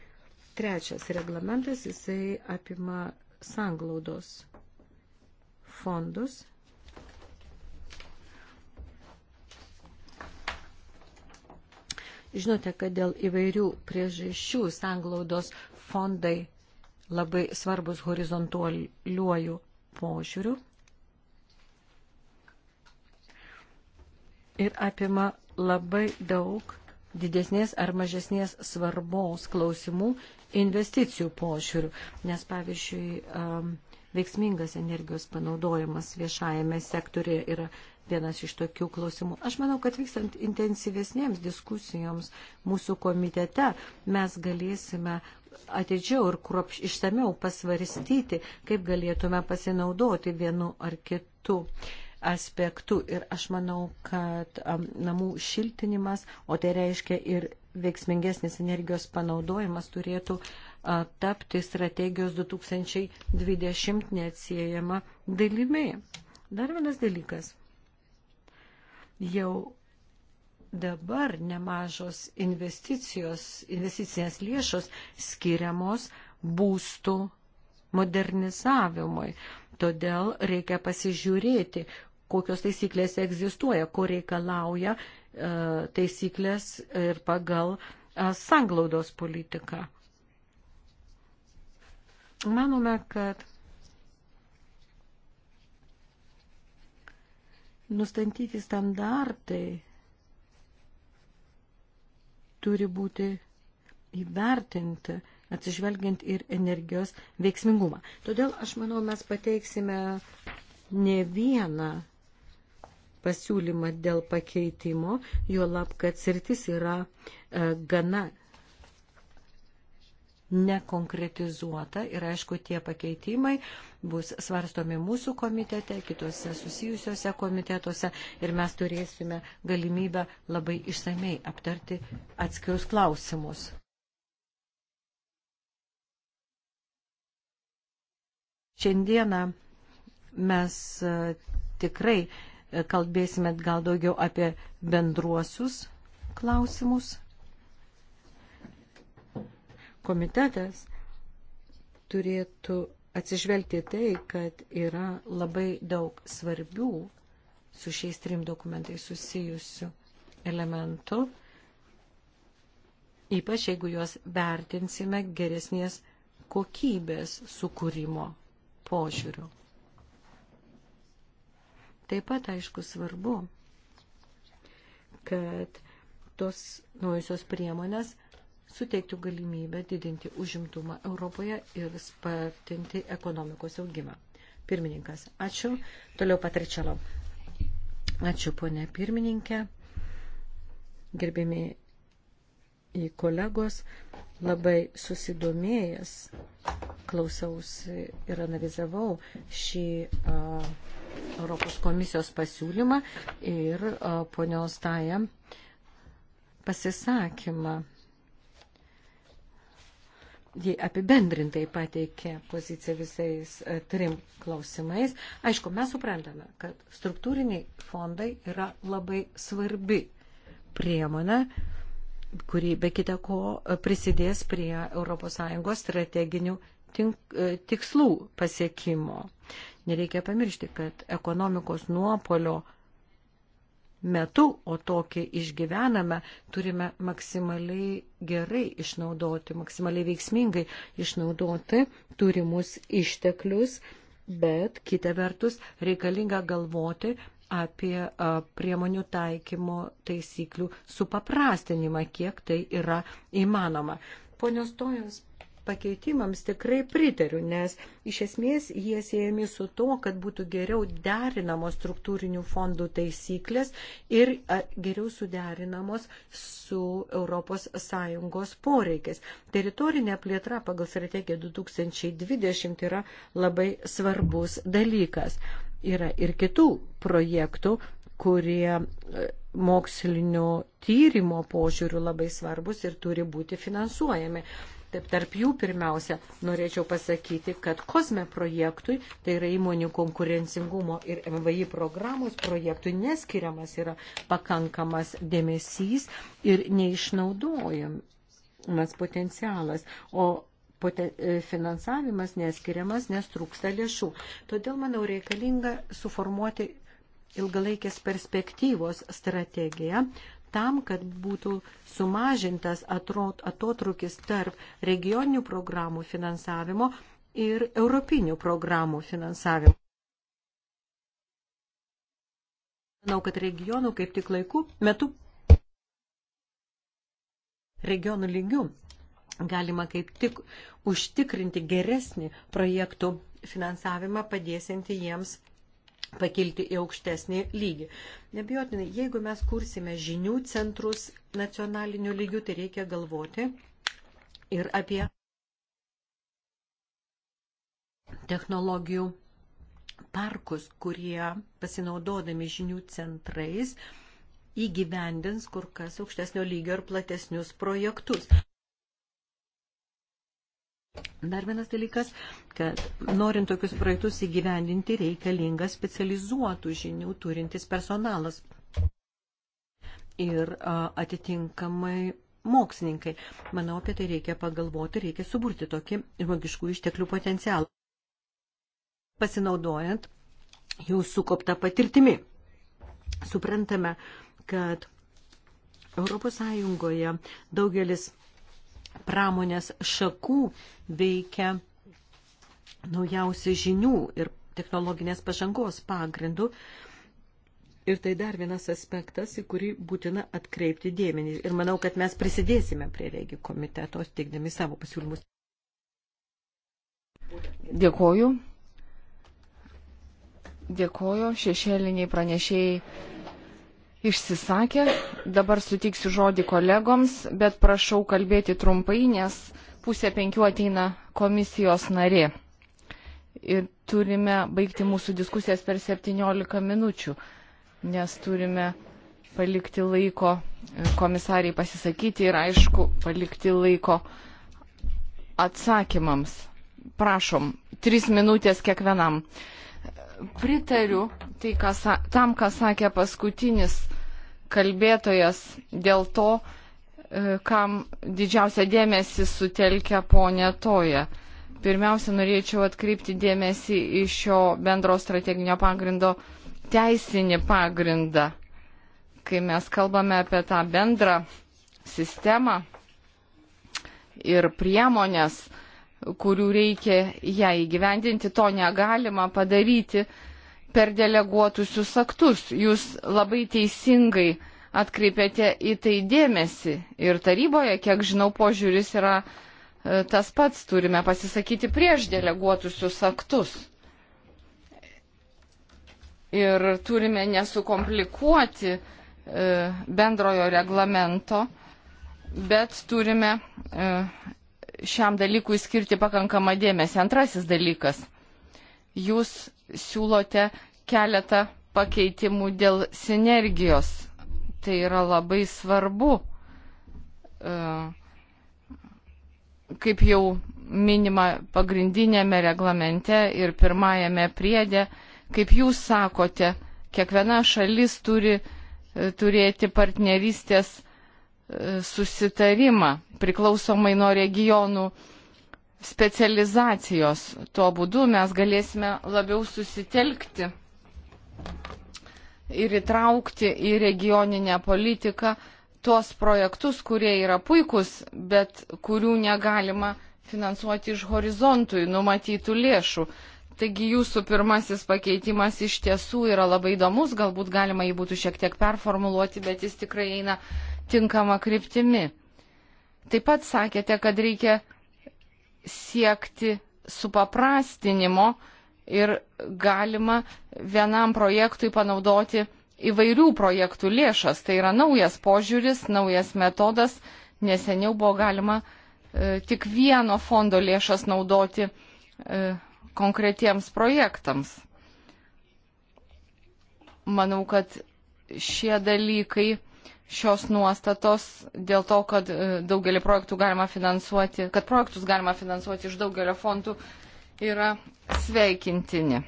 trečias reglamentas, jisai apima sanglaudos fondus. Žinote, kad dėl įvairių priežasčių sanglaudos fondai labai svarbus horizontualiuoju požiūriu ir apima labai daug didesnės ar mažesnės svarbos klausimų investicijų pošiūrių. Nes, pavyzdžiui, veiksmingas energijos panaudojimas viešajame sektorėje yra vienas iš tokių klausimų. Aš manau, kad vykstant intensyvesnėms diskusijoms mūsų komitete mes galėsime atidžiau ir kruopš išsameu pasvarstyti, kaip galėtume pasinaudoti vienu ar kitu uh, aspektu. Ir aš manau, kad namų šiltinimas, o tai reiškia ir veiksmingesnis energijos panaudojimas turėtų tapti strategijos 2020 neatsiejama dalimi. Dar vienas dalykas. Jau dabar nemažos investicijos, investicinės lėšos skiriamos būstų modernizavimui. Todėl reikia pasižiūrėti, kokios taisyklės egzistuoja, ko reikalauja e, taisyklės ir pagal e, sanglaudos politiką. Manome, kad nustatyti standartai turi būti įvertinti, atsižvelgiant ir energijos veiksmingumą. Todėl aš manau, mes pateiksime ne vieną pasiūlymą dėl pakeitimo, jo lab, kad sritis yra e, gana nekonkretizuota ir aišku, tie pakeitimai bus svarstomi mūsų komitete, kitose susijusiuose komitetuose ir mes turėsime galimybę labai išsamei aptarti atskirius klausimus. Šiandieną mes e, tikrai kalbėsime gal daugiau apie bendruosius klausimus. Komitetas turėtų atsižvelgti tai, kad yra labai daug svarbių su šiais trim dokumentais susijusių elementų, ypač jeigu juos vertinsime geresnės kokybės sukūrimo požiūriu. Taip pat, aišku, svarbu, kad tos naujusios priemonės suteiktų galimybę didinti užimtumą Europoje ir spartinti ekonomikos augimą. Pirmininkas, ačiū. Toliau Patričalo. Ačiū, ponė pirmininkė. Gerbėmi į kolegos, labai susidomėjęs klausiausi ir analizavau šį. Uh, Europos komisijos pasiūlymą ir e, ponios Taja pasisakymą. Jie apibendrintai pateikė poziciją visais e, trim klausimais. Aišku, mes suprantame, kad struktūriniai fondai yra labai svarbi priemonė kuri be kita ko e, prisidės prie ES strateginių tink, tikslų pasiekimo. Nereikia pamiršti, kad ekonomikos nuopolio metu, o tokį išgyvename, turime maksimaliai gerai išnaudoti, maksimaliai veiksmingai išnaudoti turimus išteklius, bet kita vertus reikalinga galvoti apie priemonių taikymo taisyklių supaprastinimą, kiek tai yra įmanoma. Ponios Tojos pakeitimams tikrai pritariu, nes iš esmės jie siejami su to, kad būtų geriau derinamos struktūrinių fondų taisyklės ir geriau suderinamos su ES poreikis. Teritorinė plėtra pagal strategiją 2020 yra labai svarbus dalykas. Yra ir kitų projektų, kurie mokslinio tyrimo požiūrių labai svarbus ir turi būti finansuojami. Taip tarp jų pirmiausia norėčiau pasakyti, kad kosme projektui, tai yra įmonių konkurencingumo ir MVI programos projektui neskiriamas yra pakankamas dėmesys ir neišnaudojamas potencialas. O e, finansavimas neskiriamas, nes trūksta lėšų. Todėl, manau, reikalinga suformuoti ilgalaikės perspektyvos strategiją, tam, kad būtų sumažintas atotrukis tarp regioninių programų finansavimo ir europinių programų finansavimo. Manau, kad regionų kaip tik laikų metu regionų lygių galima kaip tik užtikrinti geresnį projektų finansavimą, padėsinti jiems pakilti į aukštesnį lygį. Nebijotinai, jeigu mes kursime žinių centrus nacionaliniu lygiu, tai reikia galvoti ir apie technologijų parkus, kurie pasinaudodami žinių centrais įgyvendins kur kas aukštesnio lygio ir platesnius projektus. Dar vienas dalykas, kad norint tokius projektus įgyvendinti, reikalingas specializuotų žinių turintis personalas ir atitinkamai mokslininkai. Manau, apie tai reikia pagalvoti, reikia suburti tokį žmogiškų išteklių potencialą, pasinaudojant jau sukoptą patirtimi. Suprantame, kad Europos Sąjungoje daugelis pramonės šakų veikia naujausių žinių ir technologinės pažangos pagrindų. Ir tai dar vienas aspektas, į kurį būtina atkreipti dėmenį. Ir manau, kad mes prisidėsime prie regijų komiteto, teikdami savo pasiūlymus. Dėkoju. Dėkoju šešėliniai pranešėjai išsisakė. Dabar sutiksiu žodį kolegoms, bet prašau kalbėti trumpai, nes pusė penkių ateina komisijos narė. Ir turime baigti mūsų diskusijas per 17 minučių, nes turime palikti laiko komisariai pasisakyti ir aišku, palikti laiko atsakymams. Prašom, tris minutės kiekvienam. Uh, pritariu tai, ką, tam, ką sakė paskutinis kalbėtojas dėl to, e, kam didžiausią dėmesį sutelkia ponė Toja. Pirmiausia, norėčiau atkreipti dėmesį į šio bendro strateginio pagrindo teisinį pagrindą. Kai mes kalbame apie tą bendrą sistemą ir priemonės, kurių reikia ją įgyvendinti, to negalima padaryti per deleguotusius aktus. Jūs labai teisingai atkreipėte į tai dėmesį ir taryboje, kiek žinau, požiūris yra e, tas pats, turime pasisakyti prieš deleguotusius aktus. Ir turime nesukomplikuoti e, bendrojo reglamento, bet turime e, šiam dalykui skirti pakankamą dėmesį. Antrasis dalykas. Jūs siūlote keletą pakeitimų dėl sinergijos. Tai yra labai svarbu. E, kaip jau minima pagrindinėme reglamente ir pirmajame priedė, kaip jūs sakote, kiekviena šalis turi e, turėti partnerystės susitarimą priklausomai nuo regionų specializacijos. Tuo būdu mes galėsime labiau susitelkti ir įtraukti į regioninę politiką tuos projektus, kurie yra puikus, bet kurių negalima finansuoti iš horizontui numatytų lėšų. Taigi jūsų pirmasis pakeitimas iš tiesų yra labai įdomus, galbūt galima jį būtų šiek tiek performuluoti, bet jis tikrai eina tinkama kryptimi. Taip pat sakėte, kad reikia siekti supaprastinimo ir galima vienam projektui panaudoti įvairių projektų lėšas. Tai yra naujas požiūris, naujas metodas. Neseniau buvo galima e, tik vieno fondo lėšas naudoti e, konkretiems projektams. Manau, kad šie dalykai šios nuostatos dėl to, kad e, daugelį projektų galima finansuoti, kad projektus galima finansuoti iš daugelio fondų yra sveikintini.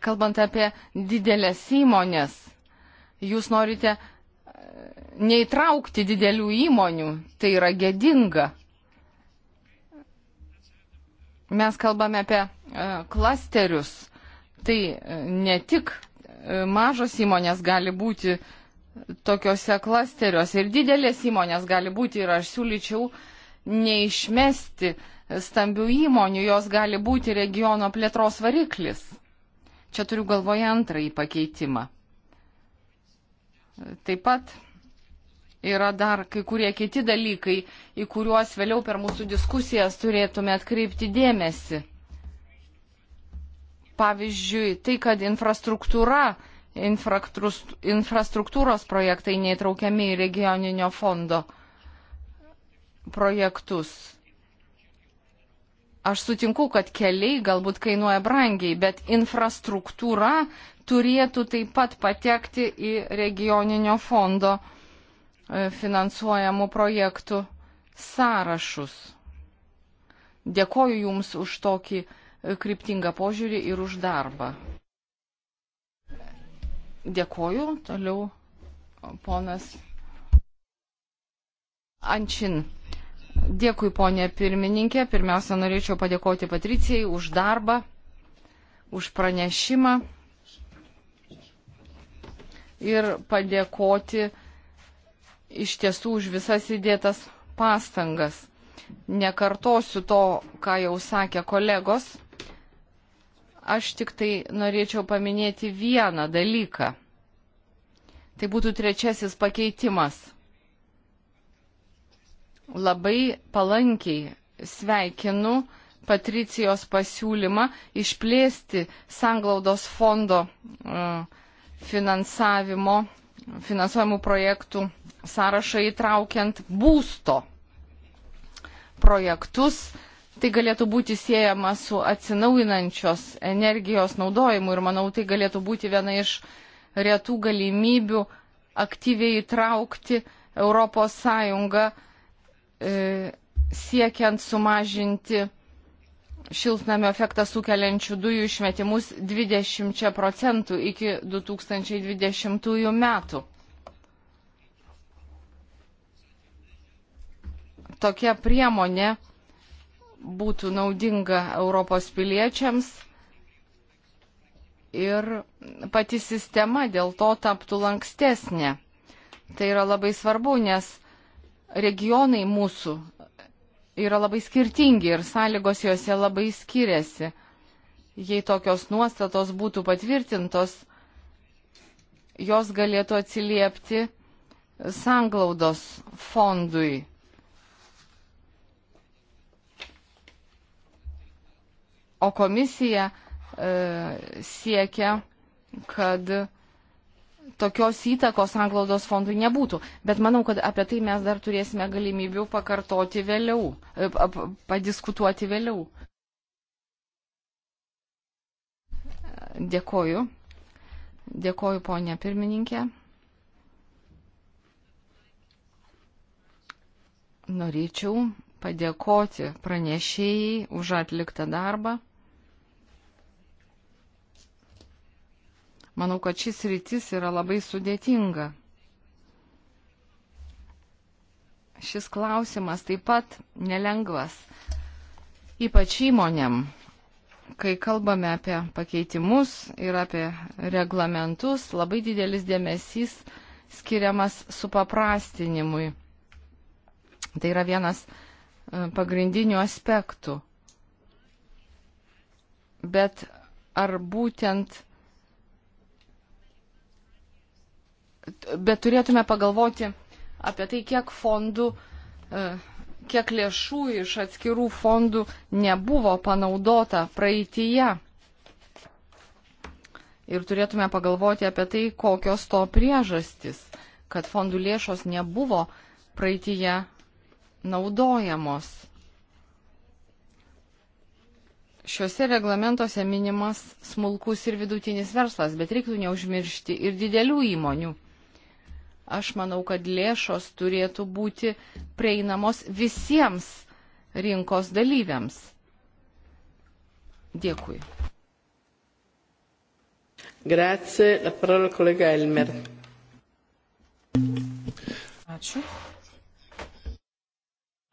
Kalbant apie didelės įmonės, jūs norite e, neįtraukti didelių įmonių, tai yra gedinga mes kalbame apie e, klasterius. Tai e, ne tik e, mažos įmonės gali būti tokiuose klasteriuose ir didelės įmonės gali būti ir aš siūlyčiau neišmesti stambių įmonių, jos gali būti regiono plėtros variklis. Čia turiu galvoje antrąjį pakeitimą. Taip pat yra dar kai kurie kiti dalykai, į kuriuos vėliau per mūsų diskusijas turėtume atkreipti dėmesį. Pavyzdžiui, tai, kad infrastruktūra, infrastruktūros projektai neįtraukiami į regioninio fondo projektus. Aš sutinku, kad keliai galbūt kainuoja brangiai, bet infrastruktūra turėtų taip pat patekti į regioninio fondo projektus E, finansuojamų projektų sąrašus. Dėkoju Jums už tokį e, kryptingą požiūrį ir už darbą. Dėkoju. Toliau e, ponas Ančin. Dėkui, ponė pirmininkė. Pirmiausia, norėčiau padėkoti Patricijai už darbą, už pranešimą ir padėkoti iš tiesų už visas įdėtas pastangas. Nekartosiu to, ką jau sakė kolegos. Aš tik tai norėčiau paminėti vieną dalyką. Tai būtų trečiasis pakeitimas. Labai palankiai sveikinu Patricijos pasiūlymą išplėsti sanglaudos fondo uh, finansavimo finansuojamų projektų sąrašą įtraukiant būsto projektus. Tai galėtų būti siejama su atsinaujinančios energijos naudojimu ir manau tai galėtų būti viena iš retų galimybių aktyviai įtraukti ES e, siekiant sumažinti šiltnamio efektą sukeliančių dujų išmetimus 20 procentų iki 2020 metų. Tokia priemonė būtų naudinga Europos piliečiams ir pati sistema dėl to taptų lankstesnė. Tai yra labai svarbu, nes regionai mūsų yra labai skirtingi ir sąlygos juose labai skiriasi. Jei tokios nuostatos būtų patvirtintos, jos galėtų atsiliepti sanglaudos fondui. O komisija e, siekia, kad tokios įtakos anglaudos fondui nebūtų. Bet manau, kad apie tai mes dar turėsime galimybių pakartoti vėliau, e, padiskutuoti vėliau. Dėkoju. Dėkoju, ponė pirmininkė. Norėčiau padėkoti pranešėjai už atliktą darbą. Manau, kad šis rytis yra labai sudėtinga. Šis klausimas taip pat nelengvas, ypač įmonėm, kai kalbame apie pakeitimus ir apie reglamentus, labai didelis dėmesys skiriamas supaprastinimui. Tai yra vienas e, pagrindinių aspektų. Bet ar būtent bet turėtume pagalvoti apie tai, kiek fondų, e, kiek lėšų iš atskirų fondų nebuvo panaudota praeitįje. Ir turėtume pagalvoti apie tai, kokios to priežastis, kad fondų lėšos nebuvo praeitįje naudojamos. Šiuose reglamentuose minimas smulkus ir vidutinis verslas, bet reiktų neužmiršti ir didelių įmonių. Aš manau, kad lėšos turėtų būti prieinamos visiems rinkos dalyviams. Dėkui. Grazie, la parola kolega Elmer. Ačiū.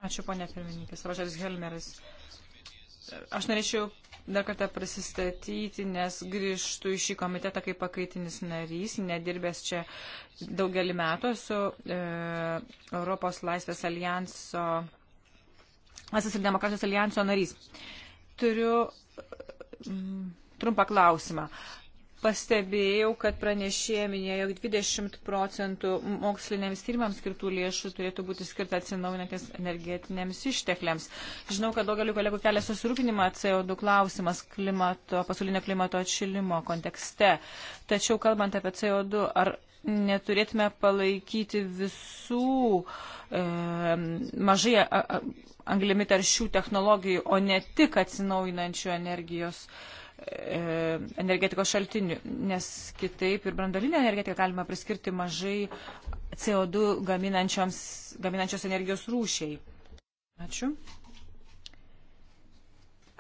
Ačiū, ponė pirmininkė. Savažeris Helmeris. Aš norėčiau dar kartą prisistatyti, nes grįžtu į šį komitetą kaip pakaitinis narys, nedirbęs čia daugelį metų su e, Europos Laisvės alijanso, Laisvės ir Demokratijos alijanso narys. Turiu mm, trumpą klausimą pastebėjau, kad pranešėja minėjo, jog 20 procentų moksliniams tyrimams skirtų lėšų turėtų būti skirta atsinaujinantis energetinėms ištekliams. Žinau, kad daugeliu kolegų kelia susirūpinimą CO2 klausimas klimato, pasaulinio klimato atšilimo kontekste. Tačiau kalbant apie CO2, ar neturėtume palaikyti visų e, mažai a, a, anglimi taršių technologijų, o ne tik atsinaujinančių energijos. E, E, energetikos šaltinių, nes kitaip ir brandolinę energetiką galima priskirti mažai CO2 gaminančios energijos rūšiai. Ačiū.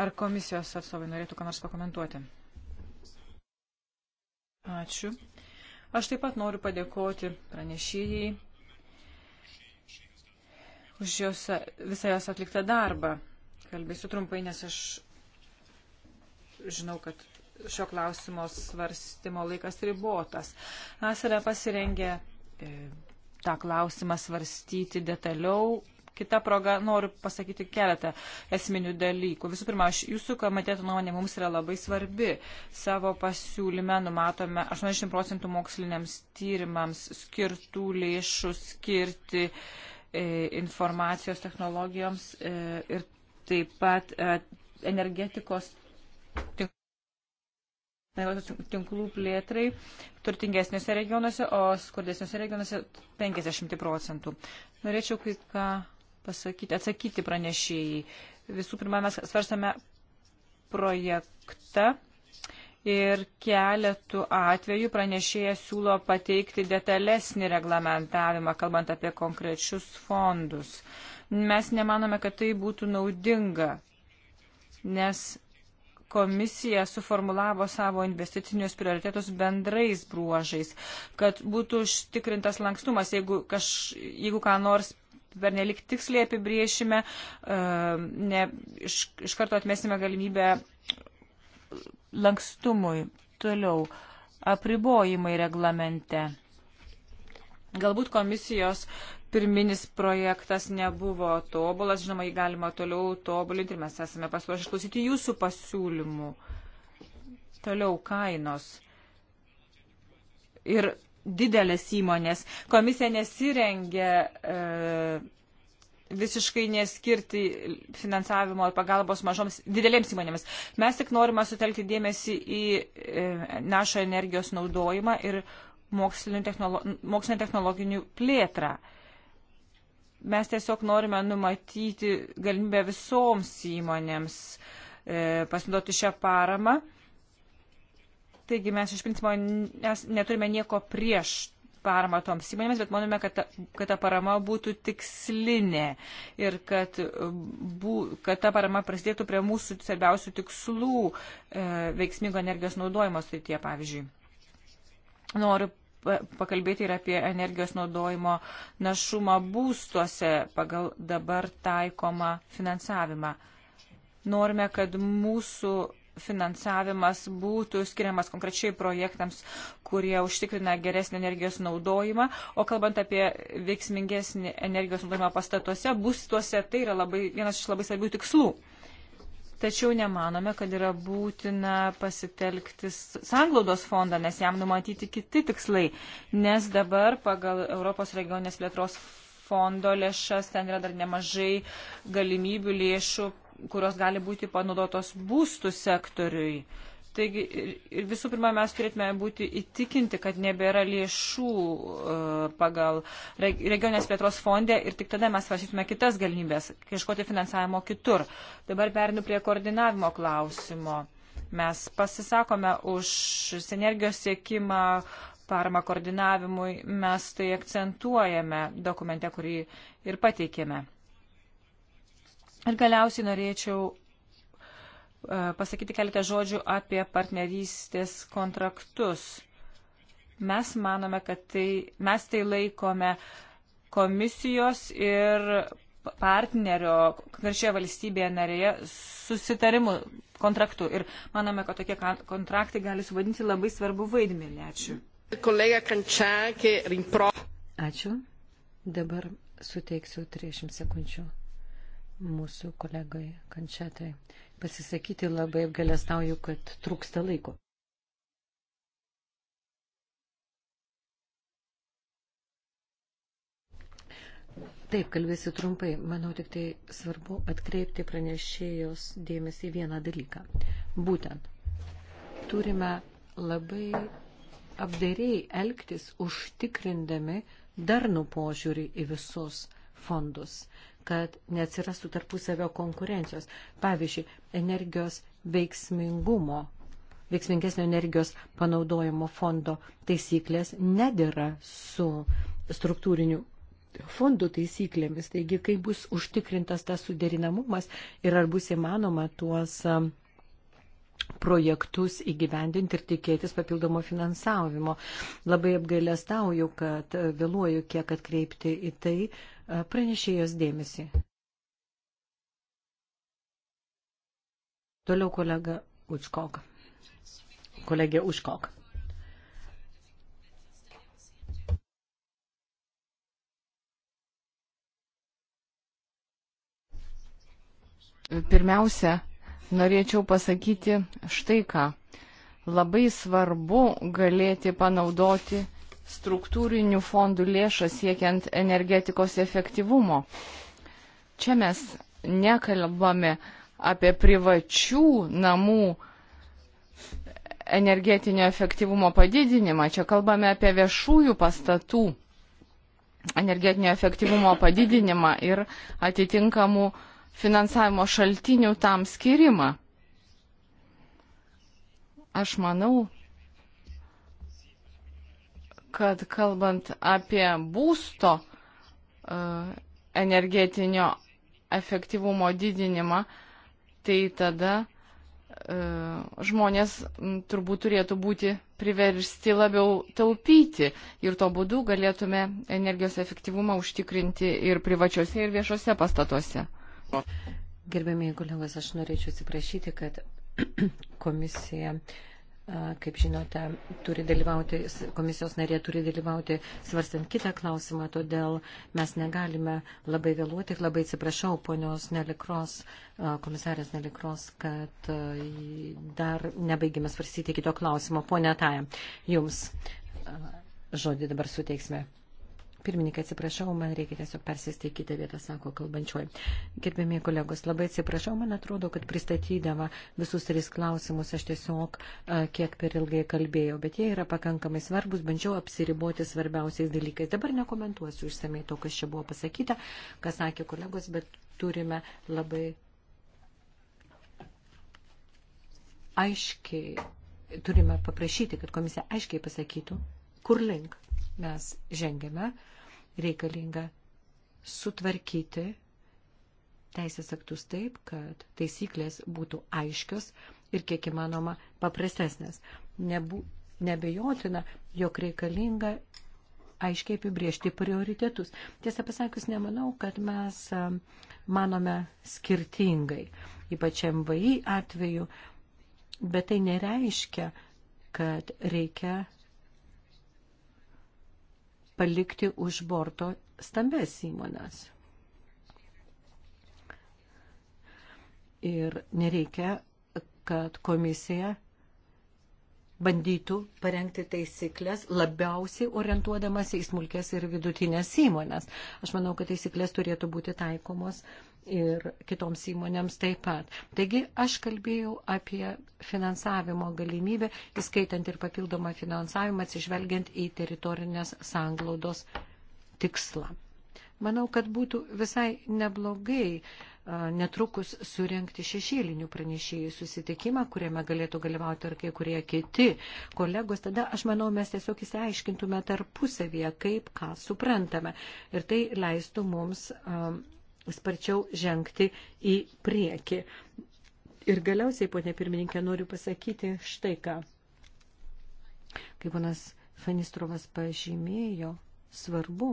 Ar komisijos atstovai norėtų ką nors pakomentuoti? Ačiū. Aš taip pat noriu padėkoti pranešėjai už jos, visą jos atliktą darbą. Kalbėsiu trumpai, nes aš žinau, kad šio klausimo svarstymo laikas ribotas. Esame pasirengę e, tą klausimą svarstyti detaliau. Kita proga noriu pasakyti keletą esminių dalykų. Visų pirma, aš, jūsų komiteto nuomonė mums yra labai svarbi. Savo pasiūlyme numatome 80 procentų moksliniams tyrimams skirtų lėšų skirti e, informacijos technologijoms e, ir taip pat e, energetikos tinklų plėtrai turtingesnėse regionuose, o skurdesnėse regionuose 50 procentų. Norėčiau kai ką pasakyti, atsakyti pranešėjai. Visų pirma, mes svarstame projektą ir keletų atvejų pranešėjas siūlo pateikti detalesnį reglamentavimą, kalbant apie konkrečius fondus. Mes nemanome, kad tai būtų naudinga, nes komisija suformulavo savo investicinius prioritetus bendrais bruožais, kad būtų užtikrintas lankstumas, jeigu, kaž, jeigu ką nors per nelik tiksliai apibriešime, e, ne, iš, iš karto atmesime galimybę lankstumui. Toliau, apribojimai reglamente. Galbūt komisijos uh, pirminis projektas nebuvo tobulas, žinoma, jį galima toliau tobulinti ir mes esame pasiruošę išklausyti jūsų pasiūlymų. Toliau kainos. Ir didelės įmonės. Komisija nesirengia e, visiškai neskirti finansavimo ir pagalbos mažoms didelėms įmonėms. Mes tik norime sutelkti dėmesį į e, našo energijos naudojimą ir mokslinio, technolo, mokslinio technologinių plėtrą. E, Mes tiesiog norime numatyti galimybę visoms įmonėms e, pasinaudoti šią paramą. Taigi mes iš principo neturime nieko prieš paramą toms įmonėms, bet manome, kad ta, kad ta parama būtų tikslinė ir kad, bū, kad ta parama prasidėtų prie mūsų svarbiausių tikslų e, veiksmingo energijos naudojimo srityje, pavyzdžiui. Noriu pakalbėti ir apie energijos naudojimo našumą būstuose pagal dabar taikomą finansavimą. Norime, kad mūsų finansavimas būtų skiriamas konkrečiai projektams, kurie užtikrina geresnį energijos naudojimą. O kalbant apie veiksmingesnį energijos naudojimą pastatuose, būstuose, tai yra labai, vienas iš labai svarbių tikslų tačiau nemanome, kad yra būtina pasitelkti sanglaudos fondą, nes jam numatyti kiti tikslai, nes dabar pagal Europos regionės plėtros fondo lėšas ten yra dar nemažai galimybių lėšų, kurios gali būti panaudotos būstų sektoriui. Taigi visų pirma, mes turėtume būti įtikinti, kad nebėra lėšų e, pagal regionės plėtros fondė ir tik tada mes svarstytume kitas galimybės, ieškoti finansavimo kitur. Dabar perinu prie koordinavimo klausimo. Mes pasisakome už sinergijos siekimą, paramą koordinavimui, mes tai akcentuojame dokumente, kurį ir pateikėme. Ir galiausiai norėčiau E, pasakyti keletą žodžių apie partnerystės kontraktus. Mes manome, kad tai, mes tai laikome komisijos ir partnerio konkrečioje valstybėje narėje susitarimų kontraktų. Ir manome, kad tokie kontraktai gali suvadinti labai svarbu vaidmenį. Ačiū. Ačiū. Dabar suteiksiu 30 sekundžių mūsų kolegai Kančetai pasisakyti, labai apgalėstauju, kad trūksta laiko. Taip, kalbėsiu trumpai. Manau, tik tai svarbu atkreipti pranešėjos dėmesį į vieną dalyką. Būtent, turime labai apdairiai elgtis, užtikrindami darnų požiūrį į visus fondus, kad neatsirastų tarpusavio konkurencijos. Pavyzdžiui, energijos veiksmingumo, veiksmingesnio energijos panaudojimo fondo taisyklės nedėra su struktūriniu fondų taisyklėmis. Taigi, kaip bus užtikrintas tas suderinamumas ir ar bus įmanoma tuos projektus įgyvendinti ir tikėtis papildomo finansavimo. Labai apgailestauju, kad e, vėluoju kiek atkreipti į tai e, pranešėjos dėmesį. Toliau kolega Učkok. Kolegė Užkok. Pirmiausia, norėčiau pasakyti štai ką. Labai svarbu galėti panaudoti struktūrinių fondų lėšas siekiant energetikos efektyvumo. Čia mes nekalbame apie privačių namų energetinio efektyvumo padidinimą, čia kalbame apie viešųjų pastatų energetinio efektyvumo padidinimą ir atitinkamų uh, finansavimo šaltinių tam skirimą. Aš manau, kad kalbant apie būsto uh, energetinio efektyvumo didinimą, tai tada uh, žmonės m, turbūt turėtų būti priversti labiau taupyti ir to būdu galėtume energijos efektyvumą užtikrinti ir privačiose, ir viešose pastatuose. Gerbėmiai kolegos, aš norėčiau atsiprašyti, kad *clears throat* komisija, kaip žinote, turi dalyvauti, komisijos narė turi dalyvauti svarstant kitą klausimą, todėl mes negalime labai vėluoti. Labai atsiprašau ponios Nelikros, komisarės Nelikros, kad dar nebaigime svarstyti kito klausimo. Pone Taja, jums žodį dabar suteiksime. Pirmininkė, atsiprašau, man reikia tiesiog persėsti į kitą vietą, sako kalbančioji. Gerbėmiai kolegos, labai atsiprašau, man atrodo, kad pristatydama visus tris klausimus aš tiesiog kiek per ilgai kalbėjau, bet jie yra pakankamai svarbus, bandžiau apsiriboti svarbiausiais dalykais. Dabar nekomentuosiu išsamei to, kas čia buvo pasakyta, kas sakė kolegos, bet turime labai aiškiai, turime paprašyti, kad komisija aiškiai pasakytų, kur link mes žengėme reikalinga sutvarkyti teisės aktus taip, kad taisyklės būtų aiškios ir kiek įmanoma paprastesnės. Nebu, nebejotina, jog reikalinga aiškiai apibriežti prioritetus. Tiesą pasakius, nemanau, kad mes manome skirtingai, ypač MVI atveju, bet tai nereiškia, kad reikia palikti už borto stambes įmonas. Ir nereikia, kad komisija bandytų parengti taisyklės labiausiai orientuodamas į smulkės ir vidutinės įmonės. Aš manau, kad taisyklės turėtų būti taikomos ir kitoms įmonėms taip pat. Taigi aš kalbėjau apie finansavimo galimybę, įskaitant ir papildomą finansavimą, atsižvelgiant į teritorinės sanglaudos tikslą. Manau, kad būtų visai neblogai netrukus surenkti šešėlinių pranešėjų susitikimą, kuriame galėtų dalyvauti ir kai kurie kiti kolegos. Tada, aš manau, mes tiesiog įsiaiškintume tarpusavėje, kaip ką suprantame. Ir tai leistų mums sparčiau žengti į priekį. Ir galiausiai, ponė pirmininkė, noriu pasakyti štai ką. Kaip ponas Fanistrovas pažymėjo, svarbu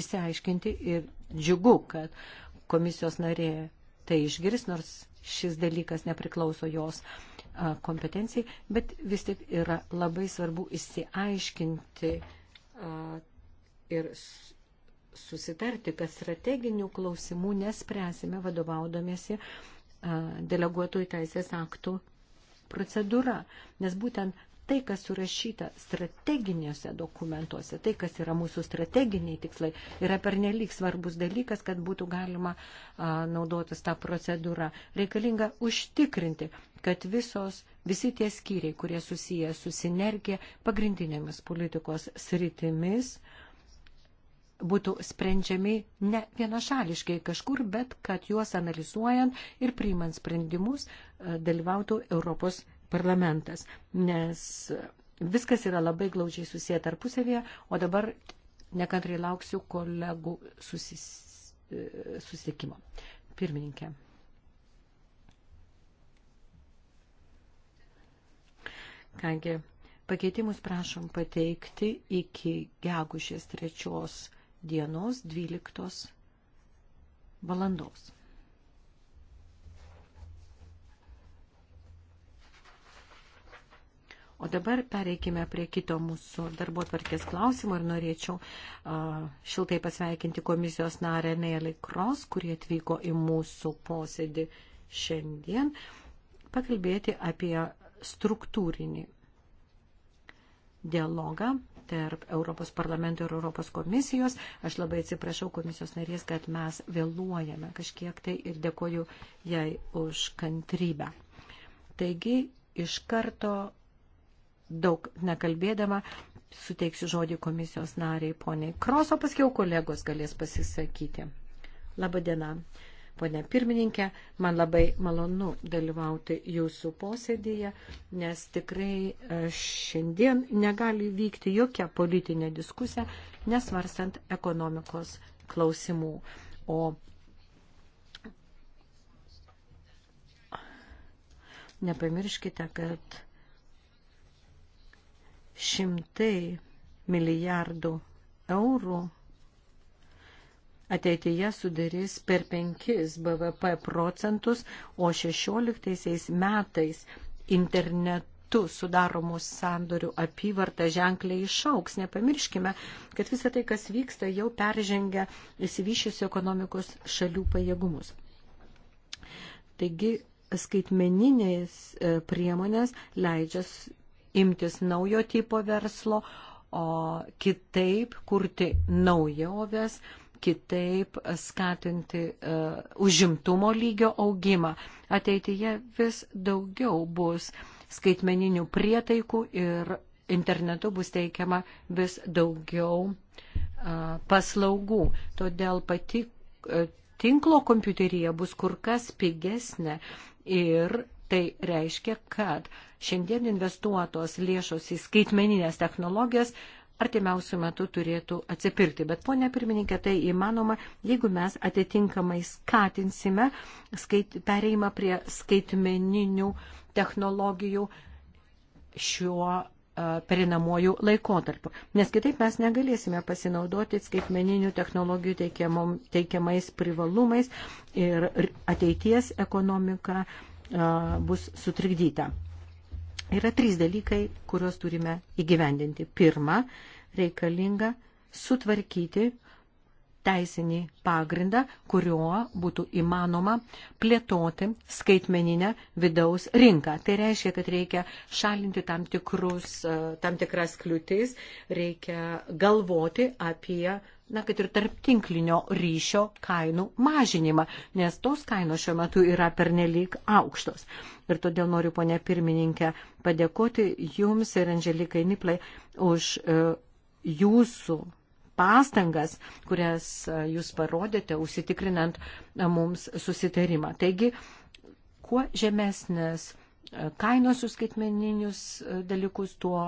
įsiaiškinti ir džiugu, kad komisijos narė tai išgirs, nors šis dalykas nepriklauso jos kompetencijai, bet vis tik yra labai svarbu įsiaiškinti ir susitarti, kad strateginių klausimų nespręsime vadovaudomėsi deleguotojų teisės aktų procedūra. Nes būtent tai, kas surašyta strateginiuose dokumentuose, tai, kas yra mūsų strateginiai tikslai, yra pernelyg svarbus dalykas, kad būtų galima a, naudotis tą procedūrą. Reikalinga užtikrinti, kad visos, visi tie skyriai, kurie susiję su sinergija pagrindinėmis politikos sritimis, a, būtų sprendžiami ne vienašališkai kažkur, bet kad juos analizuojant ir priimant sprendimus e, dalyvautų Europos parlamentas. Nes e, viskas yra labai glaudžiai susiję tarpusavėje, o dabar nekantrai lauksiu kolegų susis, e, susitikimo. Pirmininkė. Kągi, pakeitimus prašom pateikti iki gegužės trečios dienos 12 valandos. O dabar pereikime prie kito mūsų darbo tvarkės klausimo ir norėčiau uh, šiltai pasveikinti komisijos narę Nelly Cross, kurie atvyko į mūsų posėdį šiandien, pakalbėti apie struktūrinį dialogą tarp Europos parlamento ir Europos komisijos. Aš labai atsiprašau komisijos narės, kad mes vėluojame kažkiek tai ir dėkoju jai už kantrybę. Taigi, iš karto daug nekalbėdama, suteiksiu žodį komisijos nariai poniai Kroso, paskiau kolegos galės pasisakyti. Labadiena. diena. Pone pirmininkė, man labai malonu dalyvauti jūsų posėdėje, nes tikrai e, šiandien negali vykti jokia politinė diskusija, nesvarstant ekonomikos klausimų. O nepamirškite, kad šimtai milijardų eurų ateityje sudarys per 5 BVP procentus, o 16 metais internetu metu sudaromų sandorių apyvarta ženkliai išauks. Nepamirškime, kad visa tai, kas vyksta, jau peržengia įsivyšiusių ekonomikos šalių pajėgumus. Taigi skaitmeninės e, priemonės leidžia imtis naujo tipo verslo, o kitaip kurti naujoves, kitaip skatinti uh, užimtumo lygio augimą. Ateityje vis daugiau bus skaitmeninių prietaikų ir internetu bus teikiama vis daugiau uh, paslaugų. Todėl pati uh, tinklo kompiuterija bus kur kas pigesnė ir Tai reiškia, kad šiandien investuotos lėšos į skaitmeninės technologijas artimiausių metų turėtų atsipirkti. Bet, ponia pirmininkė, tai įmanoma, jeigu mes atitinkamai skatinsime skait, pereimą prie skaitmeninių technologijų šiuo perinamojų laikotarpių. Nes kitaip mes negalėsime pasinaudoti skaitmeninių technologijų teikiamais privalumais ir ateities ekonomika bus sutrikdyta. Yra trys dalykai, kuriuos turime įgyvendinti. Pirma, reikalinga sutvarkyti teisinį pagrindą, kuriuo būtų įmanoma plėtoti skaitmeninę vidaus rinką. Tai reiškia, kad reikia šalinti tam, tikrus, e, tam tikras kliūtis, reikia galvoti apie na, kad ir tarp tinklinio ryšio kainų mažinimą, nes tos kainos šiuo metu yra pernelyg aukštos. Ir todėl noriu, ponė pirmininkė, padėkoti Jums ir Angelikai Niplai už e, Jūsų pastangas, kurias e, Jūs parodėte, užsitikrinant e, mums susitarimą. Taigi, kuo žemesnės kainos suskaitmeninius e, dalykus, tuo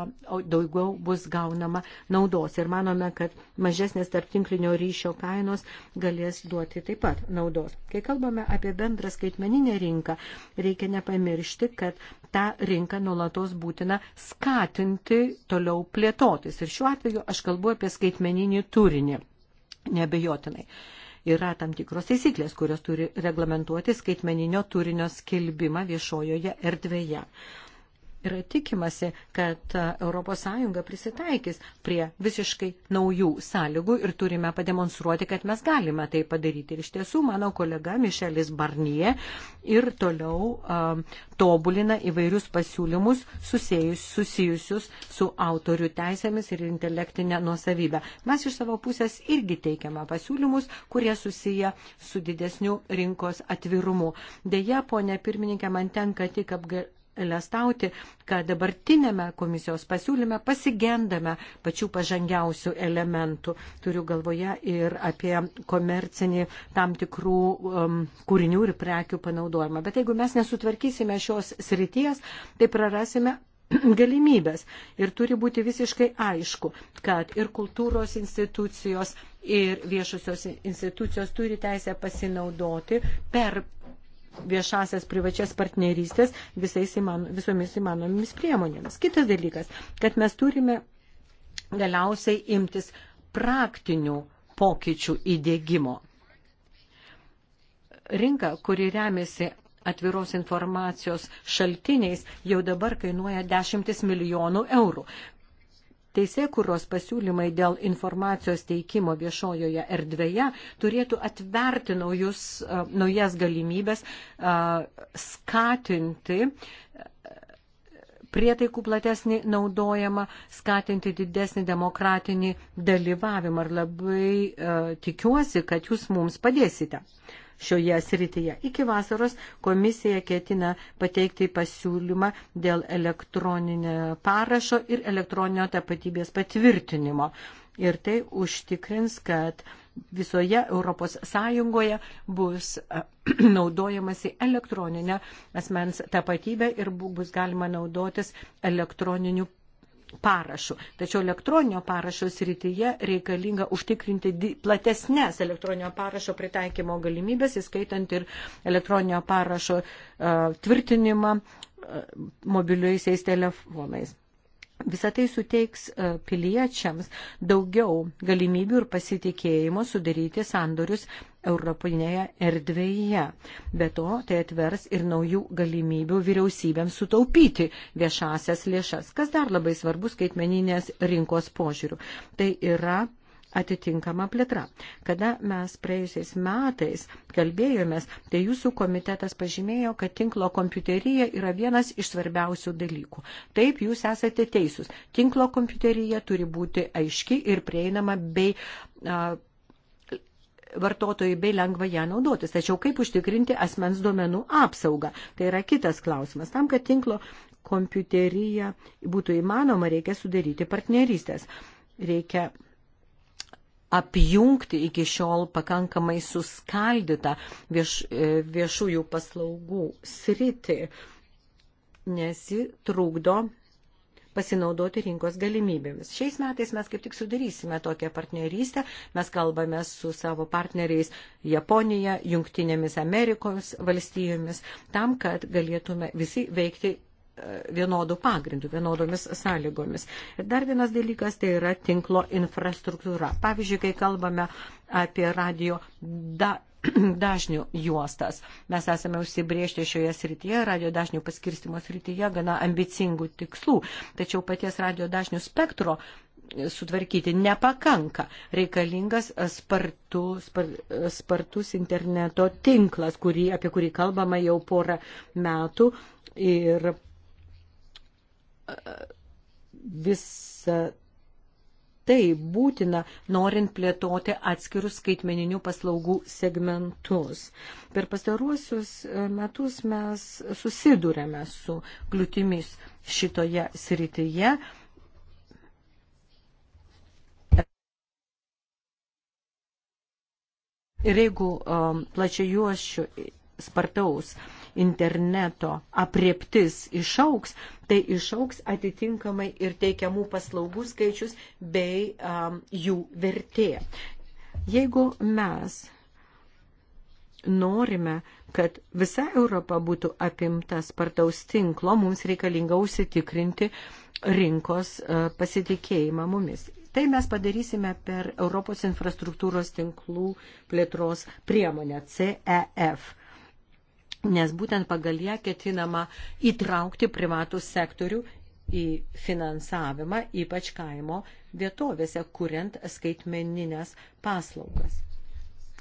daugiau bus gaunama naudos. Ir manome, kad mažesnės tarptinklinio ryšio kainos galės duoti taip pat naudos. Kai kalbame apie bendrą skaitmeninę rinką, reikia nepamiršti, kad tą rinką nuolatos būtina skatinti toliau plėtotis. Ir šiuo atveju aš kalbu apie skaitmeninį turinį. Nebejotinai. Uh, yra tam tikros taisyklės, kurios turi reglamentuoti skaitmeninio turinio skelbimą viešojoje erdvėje yra tikimasi, kad ES prisitaikys prie visiškai naujų sąlygų ir turime pademonstruoti, kad mes galime tai padaryti. Ir iš tiesų mano kolega Mišelis Barnie ir toliau um, tobulina įvairius pasiūlymus susijus, susijusius su autorių teisėmis ir intelektinė nuosavybė. Mes iš savo pusės irgi teikiame pasiūlymus, kurie susiję su didesniu rinkos atvirumu. Deja, ponė pirmininkė, man tenka tik apgailestauti apgailestauti, kad dabartinėme komisijos pasiūlyme pasigendame pačių pažangiausių elementų. Turiu galvoje ir apie komercinį tam tikrų um, kūrinių ir prekių panaudojimą. Bet jeigu mes nesutvarkysime šios srities, tai prarasime *clears throat* galimybės. Ir turi būti visiškai aišku, kad ir kultūros institucijos, ir viešosios institucijos turi teisę pasinaudoti per viešasias privačias partnerystės visais įman, visomis įmanomis priemonėmis. Kitas dalykas, kad mes turime galiausiai imtis praktinių pokyčių įdėgymo. Rinka, kuri remiasi atviros informacijos šaltiniais, jau dabar kainuoja dešimtis milijonų eurų teisėkuros pasiūlymai dėl informacijos teikimo viešojoje erdvėje turėtų atverti naujus, e, naujas galimybės e, skatinti e, prietaikų platesnį naudojimą, skatinti didesnį demokratinį dalyvavimą. Ir labai uh, tikiuosi, kad jūs mums padėsite šioje srityje. Iki vasaros komisija ketina pateikti pasiūlymą dėl elektroninio parašo ir elektroninio tapatybės patvirtinimo. Ir tai užtikrins, kad visoje Europos Sąjungoje bus *clears throat* naudojamasi elektroninė asmens tapatybė ir bus galima naudotis elektroniniu parašu. Tačiau elektroninio parašo srityje reikalinga užtikrinti platesnės elektroninio parašo pritaikymo galimybės, įskaitant ir elektroninio parašo uh, tvirtinimą uh, mobiliaisiais telefonais. Visą tai suteiks e, piliečiams daugiau galimybių ir pasitikėjimo sudaryti sandorius Europinėje erdvėje. Be to, tai atvers ir naujų galimybių vyriausybėms sutaupyti viešasias lėšas, kas dar labai svarbu skaitmeninės rinkos požiūrių. Tai yra atitinkama plėtra. Kada mes praėjusiais metais kalbėjomės, tai jūsų komitetas pažymėjo, kad tinklo kompiuterija yra vienas iš svarbiausių dalykų. Taip, jūs esate teisūs. Tinklo kompiuterija turi būti aiški ir prieinama bei. A, vartotojai bei lengva ją naudotis. Tačiau kaip užtikrinti asmens duomenų apsaugą? Tai yra kitas klausimas. Tam, kad tinklo kompiuterija būtų įmanoma, reikia sudaryti partnerystės. Reikia apjungti iki šiol pakankamai suskaldytą vieš, e, viešųjų paslaugų sritį, nes ji trukdo pasinaudoti rinkos galimybėmis. Šiais metais mes kaip tik sudarysime tokią partnerystę, mes kalbame su savo partneriais Japonija, Junktinėmis Amerikos valstijomis, tam, kad galėtume visi veikti vienodų pagrindų, vienodomis sąlygomis. Ir dar vienas dalykas tai yra tinklo infrastruktūra. Pavyzdžiui, kai kalbame apie radio da, *clears throat* dažnių juostas. Mes esame užsibriežti šioje srityje, radio dažnių paskirstimo srityje, gana ambicingų tikslų. Tačiau paties radio dažnių spektro sutvarkyti nepakanka. Reikalingas spartu, spar, spartus interneto tinklas, kurį, apie kurį kalbama jau porą metų. Ir visa tai būtina, norint plėtoti atskirus skaitmeninių paslaugų segmentus. Per pastaruosius e, metus mes susidurėme su kliūtimis šitoje srityje. Ir jeigu um, e, plačiajuošių spartaus uh, interneto apriptis išauks, tai išauks atitinkamai ir teikiamų paslaugų skaičius bei um, jų vertė. Jeigu mes norime, kad visa Europa būtų apimta spartaus tinklo, mums reikalinga užsitikrinti rinkos e, pasitikėjimą mumis. Tai mes padarysime per Europos infrastruktūros tinklų plėtros priemonę CEF nes būtent pagal ją ketinama įtraukti privatų sektorių į finansavimą, ypač kaimo vietovėse, kuriant skaitmeninės paslaugas.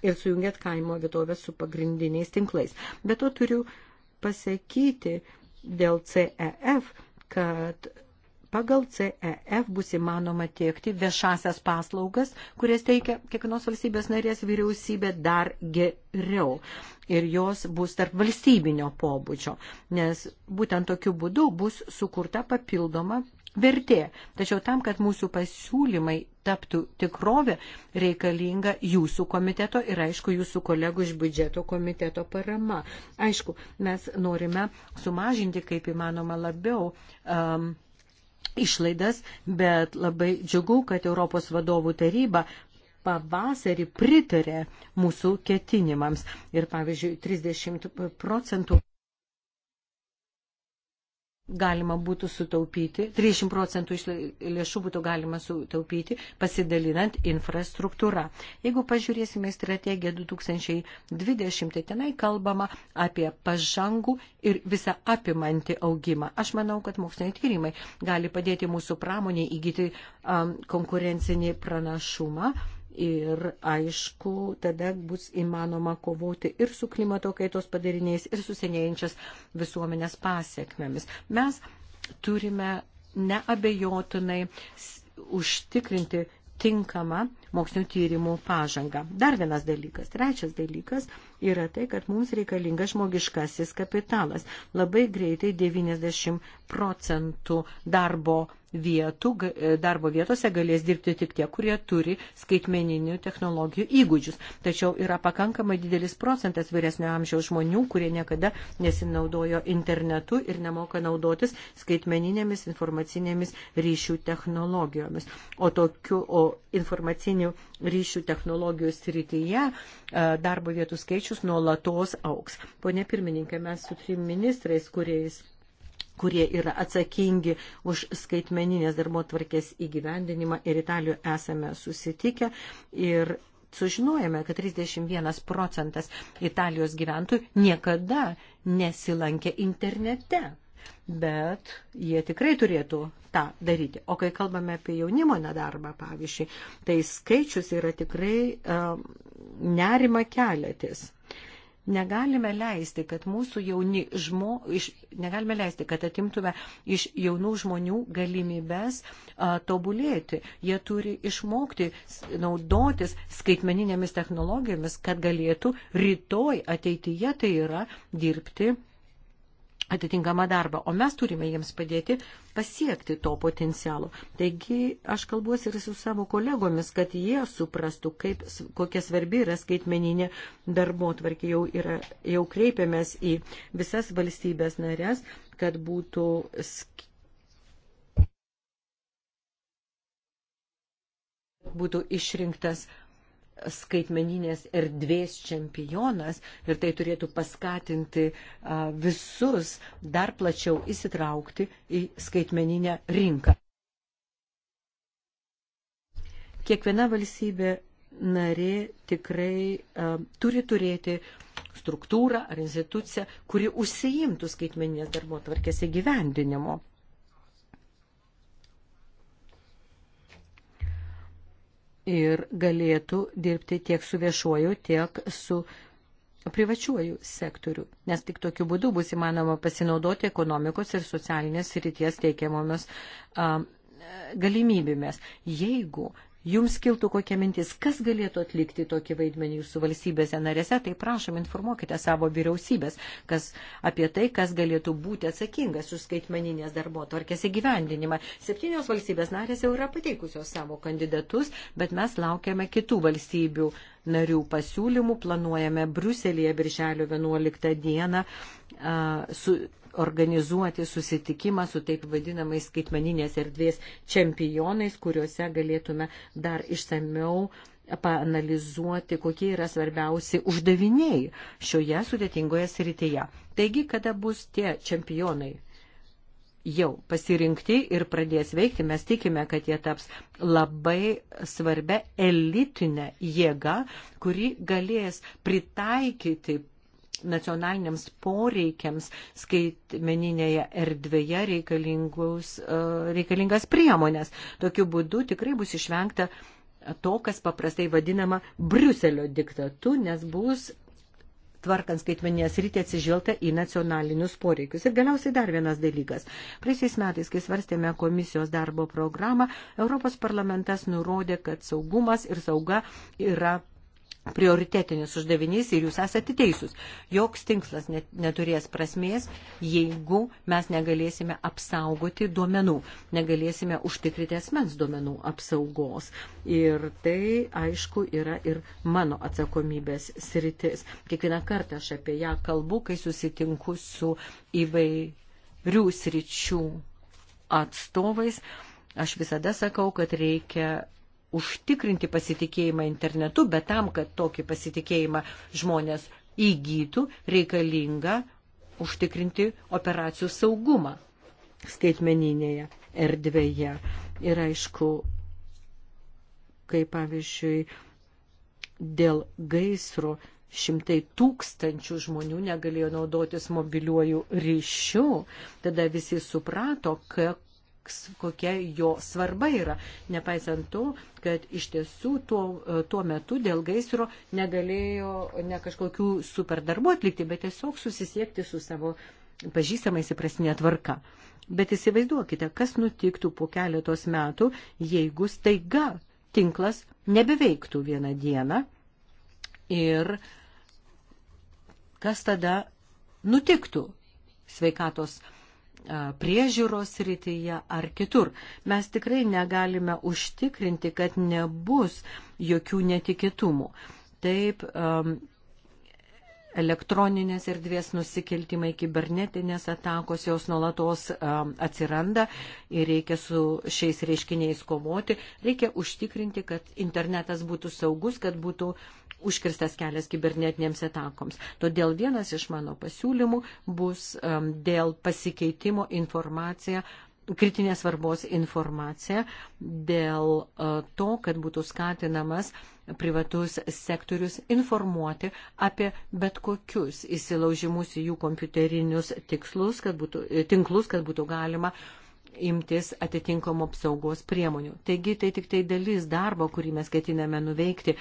Ir sujungiant kaimo vietovės su pagrindiniais tinklais. Bet to turiu pasakyti dėl CEF, kad pagal CEF bus įmanoma tiekti viešasias paslaugas, kurias teikia kiekvienos valstybės narės vyriausybė dar geriau. Ir jos bus tarp valstybinio pobūdžio, nes būtent tokiu būdu bus sukurta papildoma vertė. Tačiau tam, kad mūsų pasiūlymai taptų tikrovė, reikalinga jūsų komiteto ir, aišku, jūsų kolegų iš biudžeto komiteto parama. Aišku, mes norime sumažinti kaip įmanoma labiau. Um, išlaidas, bet labai džiugu, kad Europos vadovų taryba pavasarį pritarė mūsų ketinimams. Ir pavyzdžiui, 30 procentų galima būtų sutaupyti, 30 procentų lėšų būtų galima sutaupyti, pasidalinant infrastruktūrą. Jeigu pažiūrėsime strategiją 2020, tai tenai kalbama apie pažangų ir visą apimantį augimą. Aš manau, kad moksliniai tyrimai gali padėti mūsų pramoniai įgyti um, konkurencinį pranašumą Ir aišku, tada bus įmanoma kovoti ir su klimato kaitos padariniais, ir su senėjančias visuomenės pasiekmėmis. Mes turime neabejotinai užtikrinti tinkamą mokslinio tyrimų pažangą. Dar vienas dalykas, trečias dalykas yra tai, kad mums reikalingas žmogiškasis kapitalas. Labai greitai 90 procentų darbo vietų, e, darbo vietose galės dirbti tik tie, kurie turi skaitmeninių technologijų įgūdžius. Tačiau yra pakankamai didelis procentas vyresnio amžiaus žmonių, kurie niekada nesinaudojo internetu ir nemoka naudotis skaitmeninėmis informacinėmis ryšių technologijomis. O tokių o informacinių ryšių technologijų srityje e, darbo vietų skaičius nuolatos auks. Pone pirmininkė, mes su trim ministrais, kuriais kurie yra atsakingi už skaitmeninės darbo tvarkės įgyvendinimą ir Italijoje esame susitikę ir sužinojame, kad 31 procentas Italijos gyventojų niekada nesilankė internete bet jie tikrai turėtų tą daryti. O kai kalbame apie jaunimo nedarbą, pavyzdžiui, tai skaičius yra tikrai uh, nerima keliatis. Negalime leisti, kad mūsų jauni žmo, iš, negalime leisti, kad atimtume iš jaunų žmonių galimybės a, tobulėti. Jie turi išmokti naudotis skaitmeninėmis technologijomis, kad galėtų rytoj ateityje tai yra dirbti atitinkamą darbą, o mes turime jiems padėti pasiekti to potencialo. Taigi aš kalbuosi ir su savo kolegomis, kad jie suprastų, kaip, kokia svarbi yra skaitmeninė darbo tvarkė. Jau, yra, jau kreipiamės į visas valstybės narės, kad būtų būtų išrinktas uh, skaitmeninės erdvės čempionas ir tai turėtų paskatinti visus dar plačiau įsitraukti į skaitmeninę rinką. Kiekviena valstybė narė tikrai uh, turi turėti struktūrą ar instituciją, kuri užsiimtų skaitmeninės darbo tvarkės įgyvendinimo. ir galėtų dirbti tiek su viešuoju, tiek su privačiuoju sektoriu, nes tik tokiu būdu bus įmanoma pasinaudoti ekonomikos ir socialinės ryties teikiamomis um, galimybėmis. Jeigu jums kiltų kokia mintis, kas galėtų atlikti tokį vaidmenį jūsų valstybėse narėse, tai prašom informuokite savo vyriausybės kas, apie tai, kas galėtų būti atsakingas už skaitmeninės darbo tvarkės įgyvendinimą. Septynios valstybės narės jau yra pateikusios savo kandidatus, bet mes laukiame kitų valstybių narių pasiūlymų, planuojame Bruselėje birželio 11 dieną. Uh, su, organizuoti susitikimą su taip vadinamais skaitmeninės erdvės čempionais, kuriuose galėtume dar išsameu paanalizuoti, kokie yra svarbiausi uždaviniai šioje sudėtingoje srityje. Taigi, kada bus tie čempionai jau pasirinkti ir pradės veikti, mes tikime, kad jie taps labai svarbia elitinė jėga, kuri galės pritaikyti nacionaliniams poreikiams skaitmeninėje erdvėje e, reikalingas priemonės. Tokiu būdu tikrai bus išvengta to, kas paprastai vadinama Briuselio diktatu, nes bus tvarkant skaitmeninės rytį atsižvelgta į nacionalinius poreikius. Ir galiausiai dar vienas dalykas. Praeisiais metais, kai svarstėme komisijos darbo programą, Europos parlamentas nurodė, kad saugumas ir sauga yra prioritetinis uždavinys ir jūs esate teisūs. Joks tinkslas net, neturės prasmės, jeigu mes negalėsime apsaugoti duomenų, negalėsime užtikrinti asmens duomenų apsaugos. Ir tai, aišku, yra ir mano atsakomybės sritis. Kiekvieną kartą aš apie ją kalbu, kai susitinku su įvairių sričių atstovais. Aš visada sakau, kad reikia užtikrinti pasitikėjimą internetu, bet tam, kad tokį pasitikėjimą žmonės įgytų, reikalinga užtikrinti operacijų saugumą skaitmeninėje erdvėje. Ir aišku, kaip pavyzdžiui, dėl gaisro šimtai tūkstančių žmonių negalėjo naudotis mobiliuoju ryšiu, tada visi suprato, kokia jo svarba yra, nepaisant to, kad iš tiesų tuo, tuo metu dėl gaisro negalėjo ne kažkokių super darbų atlikti, bet tiesiog susisiekti su savo pažįstamais įprastinė tvarka. Bet įsivaizduokite, kas nutiktų po keletos metų, jeigu staiga tinklas nebeveiktų vieną dieną ir kas tada nutiktų sveikatos apsaugos priežiūros rytyje ar kitur. Mes tikrai negalime užtikrinti, kad nebus jokių netikėtumų. Taip, elektroninės erdvės nusikeltimai, kibernetinės atakos, jos nuolatos um, atsiranda ir reikia su šiais reiškiniais kovoti. Reikia užtikrinti, kad internetas būtų saugus, kad būtų uh, užkirstas kelias kibernetinėms atakoms. Todėl vienas iš mano pasiūlymų bus um, dėl pasikeitimo informacija kritinės svarbos informacija dėl e, to, kad būtų skatinamas privatus sektorius informuoti apie bet kokius įsilaužimus į jų kompiuterinius tikslus, kad būtų, e, tinklus, kad būtų galima imtis atitinkamo apsaugos priemonių. Taigi tai tik tai dalis darbo, kurį mes ketiname nuveikti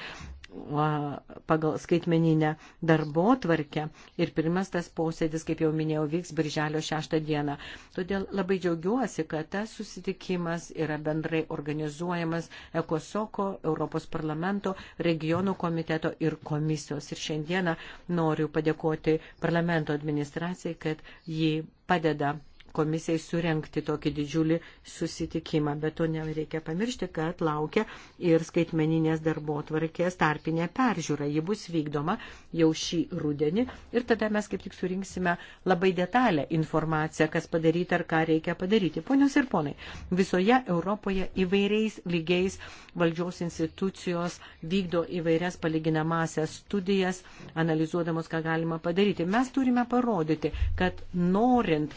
pagal skaitmeninę darbo tvarkę. Ir pirmas tas posėdis, kaip jau minėjau, vyks birželio 6 dieną. Todėl labai džiaugiuosi, kad tas susitikimas yra bendrai organizuojamas Ekosoko, Europos parlamento, regionų komiteto ir komisijos. Ir šiandieną noriu padėkoti parlamento administracijai, kad jį padeda komisijai surenkti tokį didžiulį susitikimą. Bet to nereikia pamiršti, kad laukia ir skaitmeninės darbo tvarkės tarpinė peržiūra. Ji bus vykdoma jau šį rudenį ir tada mes kaip tik surinksime labai detalę informaciją, kas padaryti ar ką reikia padaryti. Ponios ir ponai, visoje Europoje įvairiais lygiais valdžios institucijos vykdo įvairias palyginamasias studijas, analizuodamos, ką galima padaryti. Mes turime parodyti, kad norint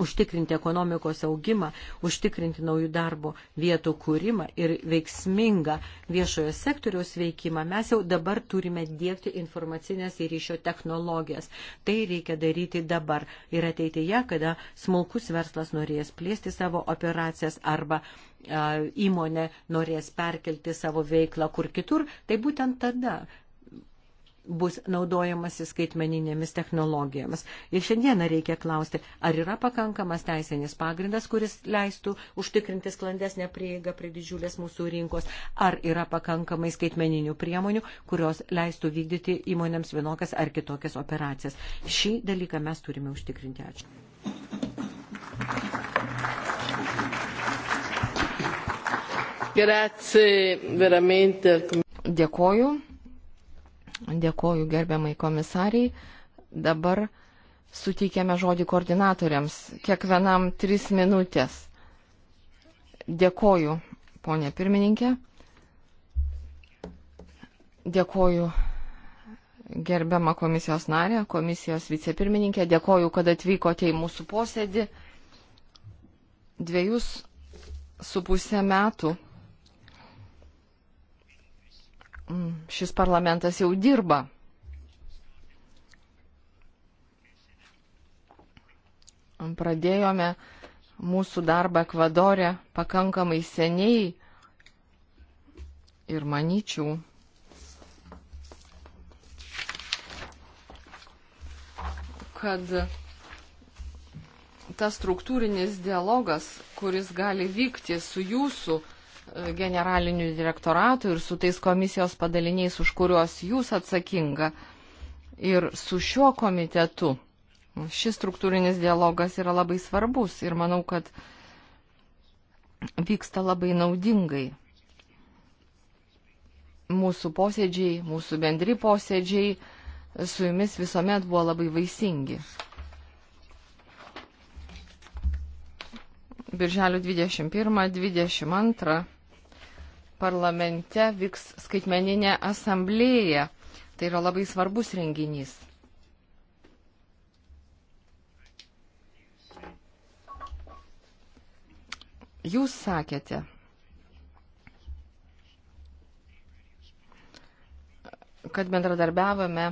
užtikrinti ekonomikos augimą, užtikrinti naujų darbo vietų kūrimą ir veiksmingą viešojo sektoriaus veikimą, mes jau dabar turime dėkti informacinės ir ryšio technologijas. Tai reikia daryti dabar ir ateityje, kada smulkus verslas norės plėsti savo operacijas arba įmonė norės perkelti savo veiklą kur kitur, tai būtent tada bus naudojamasi skaitmeninėmis technologijomis. Ir šiandieną reikia klausti, ar yra pakankamas teisinis pagrindas, kuris leistų užtikrinti sklandesnę prieigą prie didžiulės mūsų rinkos, ar yra pakankamai skaitmeninių priemonių, kurios leistų vykdyti įmonėms vienokias ar kitokias operacijas. Šį dalyką mes turime užtikrinti. Ačiū. Grazie veramente al Dėkoju Dėkoju gerbiamai komisariai. Dabar suteikiame žodį koordinatoriams. Kiekvienam tris minutės. Dėkoju, ponė pirmininkė. Dėkoju gerbiamą komisijos narę, komisijos vicepirmininkė. Dėkoju, kad atvykote į mūsų posėdį. Dviejus su pusę metų Mm, šis parlamentas jau dirba. Pradėjome mūsų darbą Ekvadorė pakankamai seniai ir manyčiau, kad tas struktūrinis dialogas, kuris gali vykti su jūsų generalinių direktoratų ir su tais komisijos padaliniais, už kuriuos jūs atsakinga. Ir su šiuo komitetu šis struktūrinis dialogas yra labai svarbus ir manau, kad vyksta labai naudingai. Mūsų posėdžiai, mūsų bendri posėdžiai su jumis visuomet buvo labai vaisingi. Birželio 21-22 parlamente vyks skaitmeninė asamblėja. Tai yra labai svarbus renginys. Jūs sakėte, kad bendradarbiavame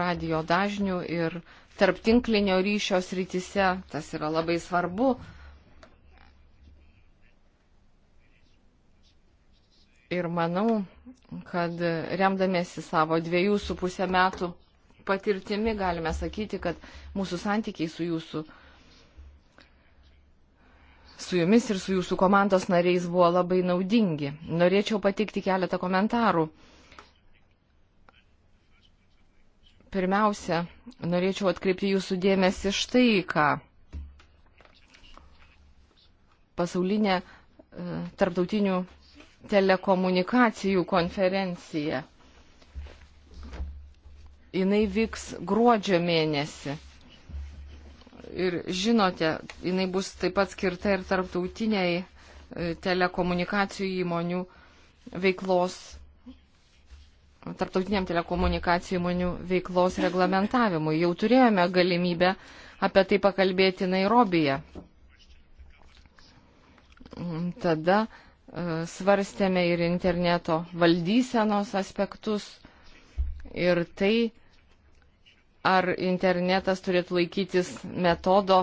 radio dažnių ir tarptinklinio ryšio srityse. Tas yra labai svarbu, Ir manau, kad remdamėsi savo dviejų su pusę metų patirtimi galime sakyti, kad mūsų santykiai su jūsų, su jumis ir su jūsų komandos nariais buvo labai naudingi. Norėčiau patikti keletą komentarų. Pirmiausia, norėčiau atkreipti jūsų dėmesį štai ką. Pasaulinė e, tarptautinių telekomunikacijų konferencija. Jinai vyks gruodžio mėnesį. Ir žinote, jinai bus taip pat skirta ir tarptautiniai e, telekomunikacijų įmonių veiklos, tarptautiniam telekomunikacijų įmonių veiklos reglamentavimui. Jau turėjome galimybę apie tai pakalbėti Nairobije. Tada svarstėme ir interneto valdysenos aspektus ir tai, ar internetas turėtų laikytis metodo,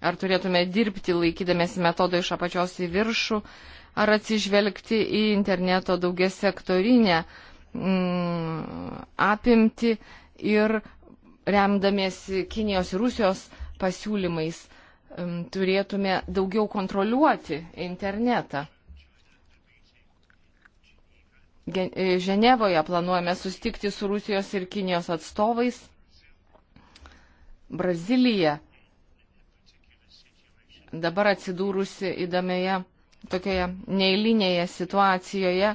ar turėtume dirbti laikydamėsi metodo iš apačios į viršų, ar atsižvelgti į interneto daugia sektorinę mm, apimti ir remdamiesi Kinijos ir Rusijos pasiūlymais mm, turėtume daugiau kontroliuoti internetą. E, Ženevoje planuojame sustikti su Rusijos ir Kinijos atstovais. Brazilija dabar atsidūrusi įdomioje tokioje neįlinėje situacijoje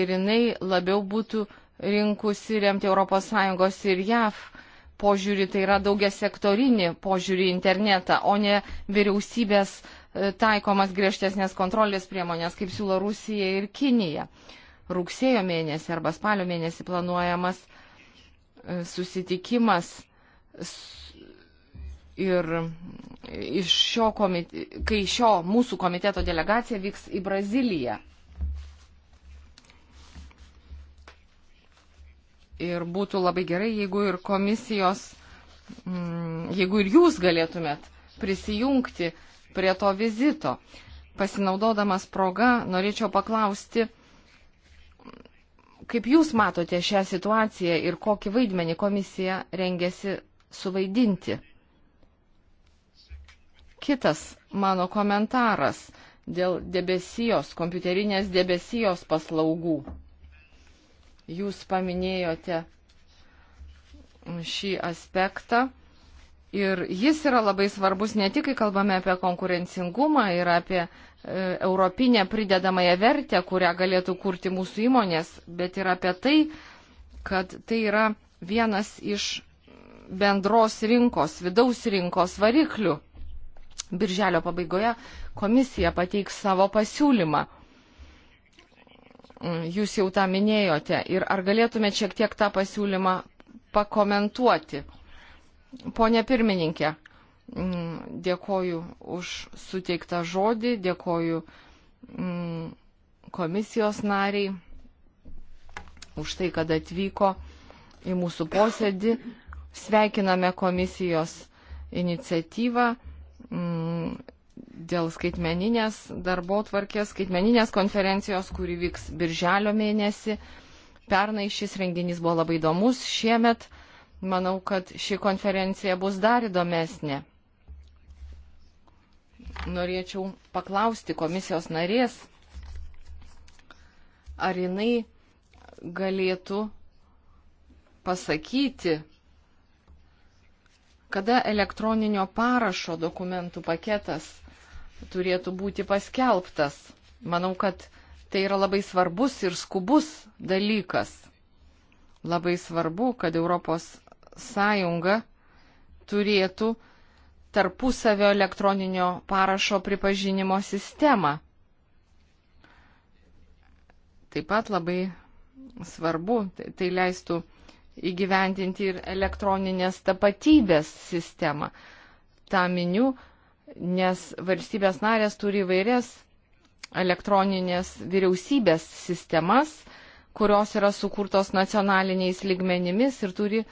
ir jinai labiau būtų rinkusi remti ES ir JAV požiūrį, tai yra daugia sektorinį požiūrį į internetą, o ne vyriausybės e, taikomas griežtesnės kontrolės priemonės, kaip siūlo Rusija ir Kinija. Uh, rugsėjo mėnesį arba spalio mėnesį planuojamas e, susitikimas ir iš šio komite, kai šio mūsų komiteto delegacija vyks į Braziliją. Ir būtų labai gerai, jeigu ir komisijos, mm, jeigu ir jūs galėtumėt prisijungti prie to vizito. Pasinaudodamas proga, norėčiau paklausti, kaip Jūs matote šią situaciją ir kokį vaidmenį komisija rengėsi suvaidinti? Kitas mano komentaras dėl debesijos, kompiuterinės debesijos paslaugų. Jūs paminėjote šį aspektą ir jis yra labai svarbus ne tik, kai kalbame apie konkurencingumą ir apie uh, europinę pridedamąją vertę, kurią galėtų kurti mūsų įmonės, bet ir apie tai, kad tai yra vienas iš bendros rinkos, vidaus rinkos variklių. Birželio pabaigoje komisija pateiks savo pasiūlymą. Mm, jūs jau tą minėjote ir ar galėtumėte šiek tiek tą pasiūlymą pakomentuoti? Pone pirmininkė, Mm, dėkoju už suteiktą žodį, dėkoju mm, komisijos nariai už tai, kad atvyko į mūsų posėdį. Sveikiname komisijos iniciatyvą mm, dėl skaitmeninės darbo tvarkės, skaitmeninės konferencijos, kuri vyks birželio mėnesį. Pernai šis renginys buvo labai įdomus, šiemet manau, kad ši konferencija bus dar įdomesnė norėčiau paklausti komisijos narės, ar jinai galėtų pasakyti, kada elektroninio parašo dokumentų paketas turėtų būti paskelbtas. Manau, kad tai yra labai svarbus ir skubus dalykas. Labai svarbu, kad Europos Sąjunga turėtų tarpusavio elektroninio parašo pripažinimo sistemą. Taip pat labai svarbu, tai, tai leistų įgyvendinti ir elektroninės tapatybės sistemą. Ta miniu, nes valstybės narės turi vairias elektroninės vyriausybės sistemas, kurios yra sukurtos nacionaliniais lygmenimis ir turi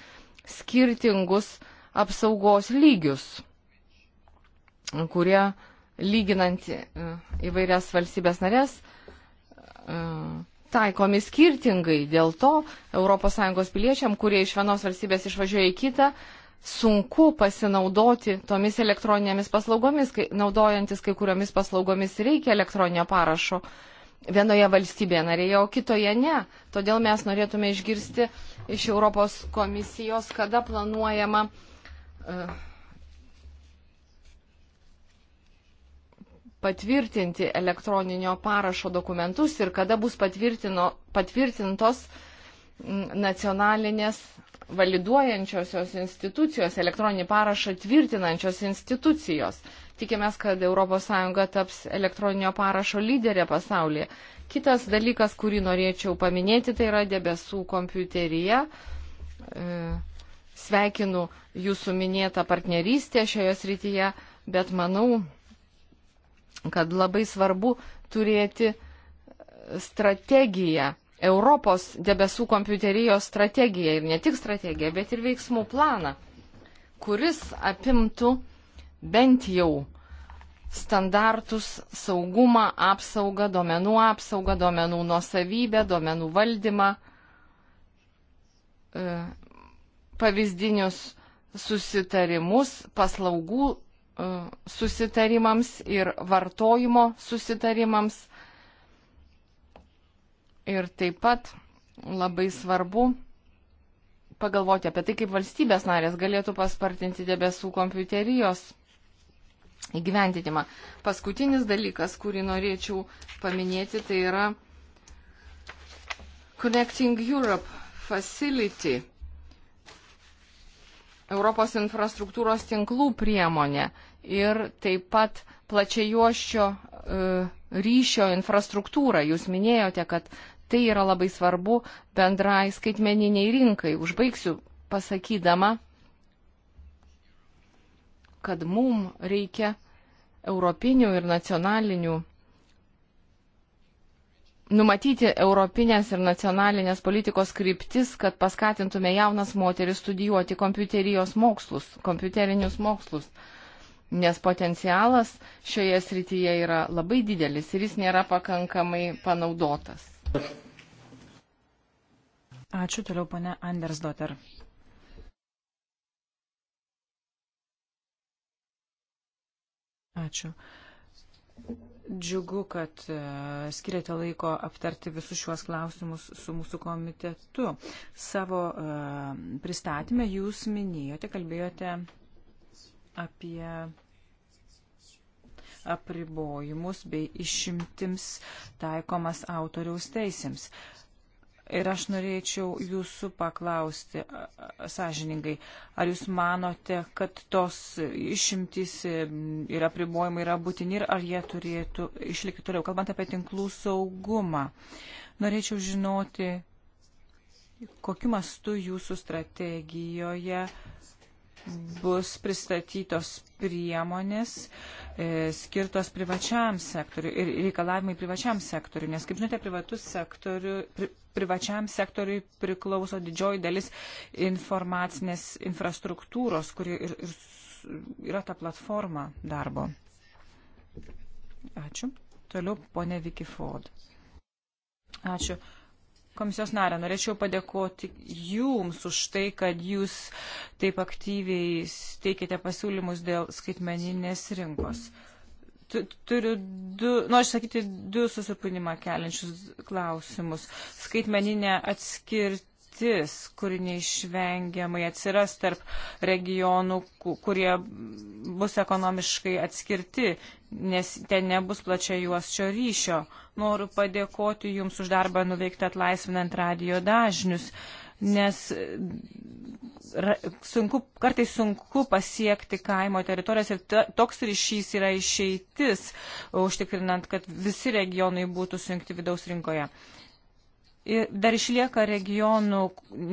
skirtingus apsaugos lygius kurie lyginant e, įvairias valstybės narės e, taikomi skirtingai. Dėl to ES piliečiam, kurie iš vienos valstybės išvažiuoja į kitą, sunku pasinaudoti tomis elektroninėmis paslaugomis, kai, naudojantis kai kuriomis paslaugomis reikia elektroninio parašo vienoje valstybėje narėje, o kitoje ne. Todėl mes norėtume išgirsti iš Europos komisijos, kada planuojama uh, patvirtinti elektroninio parašo dokumentus ir kada bus patvirtintos nacionalinės validuojančiosios institucijos, elektroninį parašą tvirtinančios institucijos. Tikimės, kad ES taps elektroninio parašo lyderė pasaulyje. Kitas dalykas, kurį norėčiau paminėti, tai yra debesų kompiuterija. E, sveikinu jūsų minėtą partnerystę šioje srityje, bet manau, kad labai svarbu turėti strategiją, Europos debesų kompiuterijos strategiją ir ne tik strategiją, bet ir veiksmų planą, kuris apimtų bent jau standartus, saugumą, apsaugą, duomenų apsaugą, duomenų nuosavybę, duomenų valdymą, e, pavyzdinius susitarimus, paslaugų E, susitarimams ir vartojimo susitarimams. Ir taip pat labai svarbu pagalvoti apie tai, kaip valstybės narės galėtų paspartinti debesų kompiuterijos įgyventinimą. Paskutinis dalykas, kurį norėčiau paminėti, tai yra Connecting Europe Facility Europos infrastruktūros tinklų priemonė ir taip pat plačiajuoščio e, ryšio infrastruktūrą. Jūs minėjote, kad tai yra labai svarbu bendrai skaitmeniniai rinkai. Užbaigsiu pasakydama, kad mums reikia europinių ir nacionalinių numatyti europinės ir nacionalinės politikos kryptis, kad paskatintume jaunas moteris studijuoti kompiuterijos mokslus, kompiuterinius mokslus. Nes potencialas šioje srityje yra labai didelis ir jis nėra pakankamai panaudotas. Ačiū toliau, pane Andersdoter. Ačiū. Džiugu, kad e, skiriate laiko aptarti visus šiuos klausimus su mūsų komitetu. Savo e, pristatymę jūs minėjote, kalbėjote apie apribojimus bei išimtims taikomas autoriaus teisėms. Ir aš norėčiau jūsų paklausti sąžiningai, ar jūs manote, kad tos išimtys ir apribojimai yra būtini ir ar jie turėtų išlikti toliau, kalbant apie tinklų saugumą. Norėčiau žinoti, kokiu mastu jūsų strategijoje bus pristatytos priemonės e, skirtos privačiam sektoriu ir reikalavimai privačiam sektoriu, nes, kaip žinote, privatus sektoriu, pri, privačiam sektoriui priklauso didžioji dalis informacinės infrastruktūros, kuri ir, ir yra ta platforma darbo. Ačiū. Toliau ponė Vicky Ford. Ačiū. Komisijos narė, norėčiau padėkoti Jums už tai, kad Jūs taip aktyviai teikite pasiūlymus dėl skaitmeninės rinkos. Mm turiu du, noriu sakyti, du susipinimą keliančius klausimus. Skaitmeninė atskirtis, kuri neišvengiamai atsiras tarp regionų, kurie bus ekonomiškai atskirti, nes ten nebus plačia juos šio ryšio. Noriu padėkoti Jums už darbą nuveiktą atlaisvinant radio dažnius. Uh, nes e, sunku, kartais sunku pasiekti kaimo teritorijas ir ta, toks ryšys yra išeitis, užtikrinant, kad visi regionai būtų sujungti vidaus rinkoje. Ir dar išlieka regionų,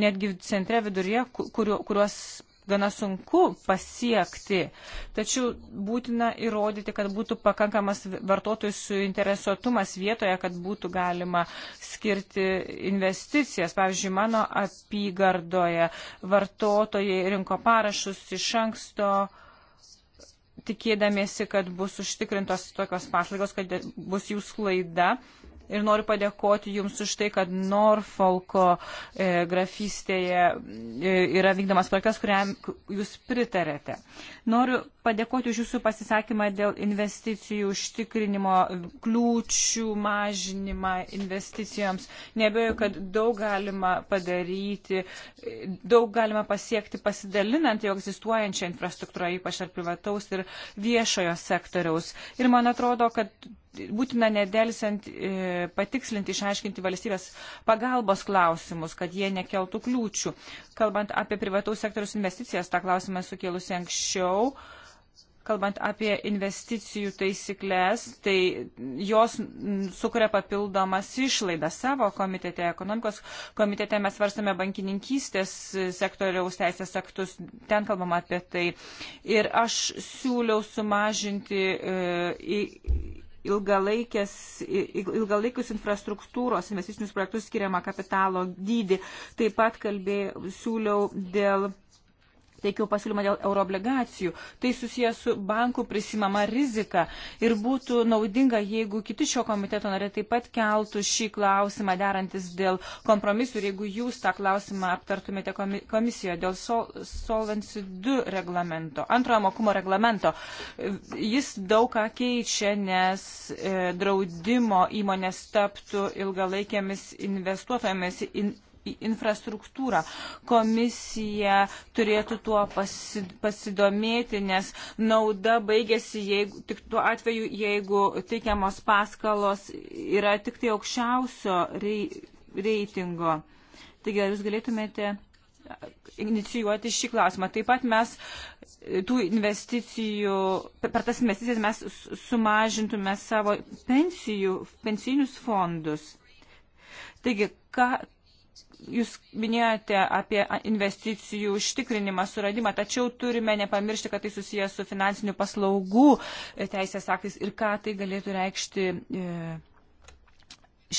netgi centre viduryje, kuriuos gana sunku pasiekti, tačiau būtina įrodyti, kad būtų pakankamas vartotojų suinteresuotumas vietoje, kad būtų galima skirti investicijas. Pavyzdžiui, mano apygardoje vartotojai rinko parašus iš anksto tikėdamiesi, kad bus užtikrintos tokios paslaugos, kad bus jų sklaida. Uh, ir noriu padėkoti Jums už tai, kad Norfolko e, grafystėje e, yra vykdomas projektas, kuriam Jūs pritarėte. Noriu padėkoti už Jūsų pasisakymą dėl investicijų užtikrinimo, kliūčių mažinimą investicijoms. Nebejoju, kad daug galima padaryti, daug galima pasiekti pasidalinant jau egzistuojančią infrastruktūrą, ypač ar privataus ir viešojo sektoriaus. Ir man atrodo, kad būtina nedelsiant e, patikslinti, išaiškinti valstybės pagalbos klausimus, kad jie nekeltų kliūčių. Kalbant apie privataus sektoriaus investicijas, tą klausimą sukėlusi anksčiau. Kalbant apie investicijų taisyklės, tai jos sukuria papildomas išlaidas savo komitete, ekonomikos komitete mes svarstame bankininkystės sektoriaus teisės aktus, ten kalbama apie tai. Ir aš siūliau sumažinti e, ilgalaikius infrastruktūros investicinius projektus skiriamą kapitalo dydį. Taip pat kalbė, siūliau dėl teikiau pasiūlymą dėl euroobligacijų. Tai susijęs su bankų prisimama rizika ir būtų naudinga, jeigu kiti šio komiteto norėtų taip pat keltų šį klausimą derantis dėl kompromisų ir jeigu jūs tą klausimą aptartumėte komisijoje dėl Sol Solvency 2 reglamento, antrojo mokumo reglamento. Jis daug ką keičia, nes e, draudimo įmonės taptų ilgalaikėmis investuotojomis. In, infrastruktūrą. Komisija turėtų tuo pasidomėti, nes nauda baigėsi jeigu, tik tuo atveju, jeigu teikiamos paskalos yra tik tai aukščiausio rei, reitingo. Taigi, ar jūs galėtumėte inicijuoti šį klausimą. Taip pat mes e, tų investicijų, per tas investicijas mes sumažintume savo pensijų, pensinius fondus. Taigi, ką, Jūs minėjote apie investicijų užtikrinimą, suradimą, tačiau turime nepamiršti, kad tai susijęs su finansinių paslaugų e, teisės aktais ir ką tai galėtų reikšti e,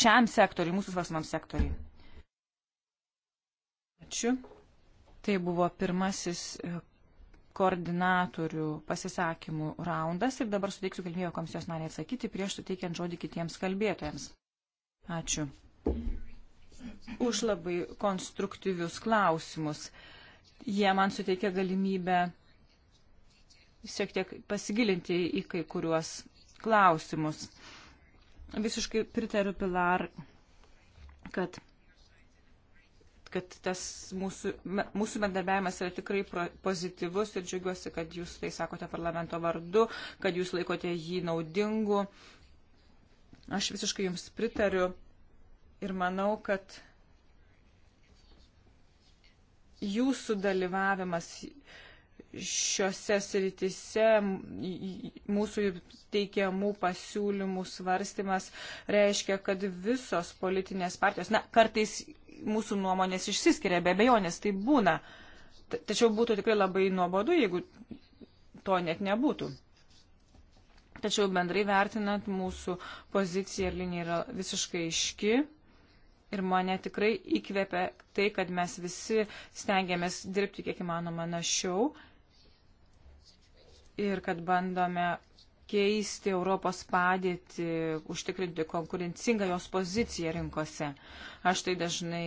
šiam sektoriui, mūsų svarsmam sektoriui. Ačiū. Tai buvo pirmasis e, koordinatorių pasisakymų raundas ir dabar suteiksiu galimybę komisijos nariai atsakyti prieš suteikiant žodį kitiems kalbėtojams. Ačiū už labai konstruktyvius klausimus. Jie man suteikia galimybę šiek tiek pasigilinti į kai kuriuos klausimus. Visiškai pritariu Pilar, kad, kad tas mūsų, mūsų bendarbiavimas yra tikrai pozityvus ir džiugiuosi, kad jūs tai sakote parlamento vardu, kad jūs laikote jį naudingu. Aš visiškai jums pritariu ir manau, kad jūsų dalyvavimas šiuose sritise mūsų teikiamų pasiūlymų svarstymas reiškia, kad visos politinės partijos, na, kartais mūsų nuomonės išsiskiria, be abejonės tai būna, tačiau būtų tikrai labai nuobodu, jeigu to net nebūtų. Tačiau bendrai vertinant, mūsų pozicija ir linija yra visiškai iški. Ir mane tikrai įkvėpia tai, kad mes visi stengiamės dirbti kiek įmanoma našiau ir kad bandome keisti Europos padėtį, užtikrinti konkurencingą jos poziciją rinkose. Aš tai dažnai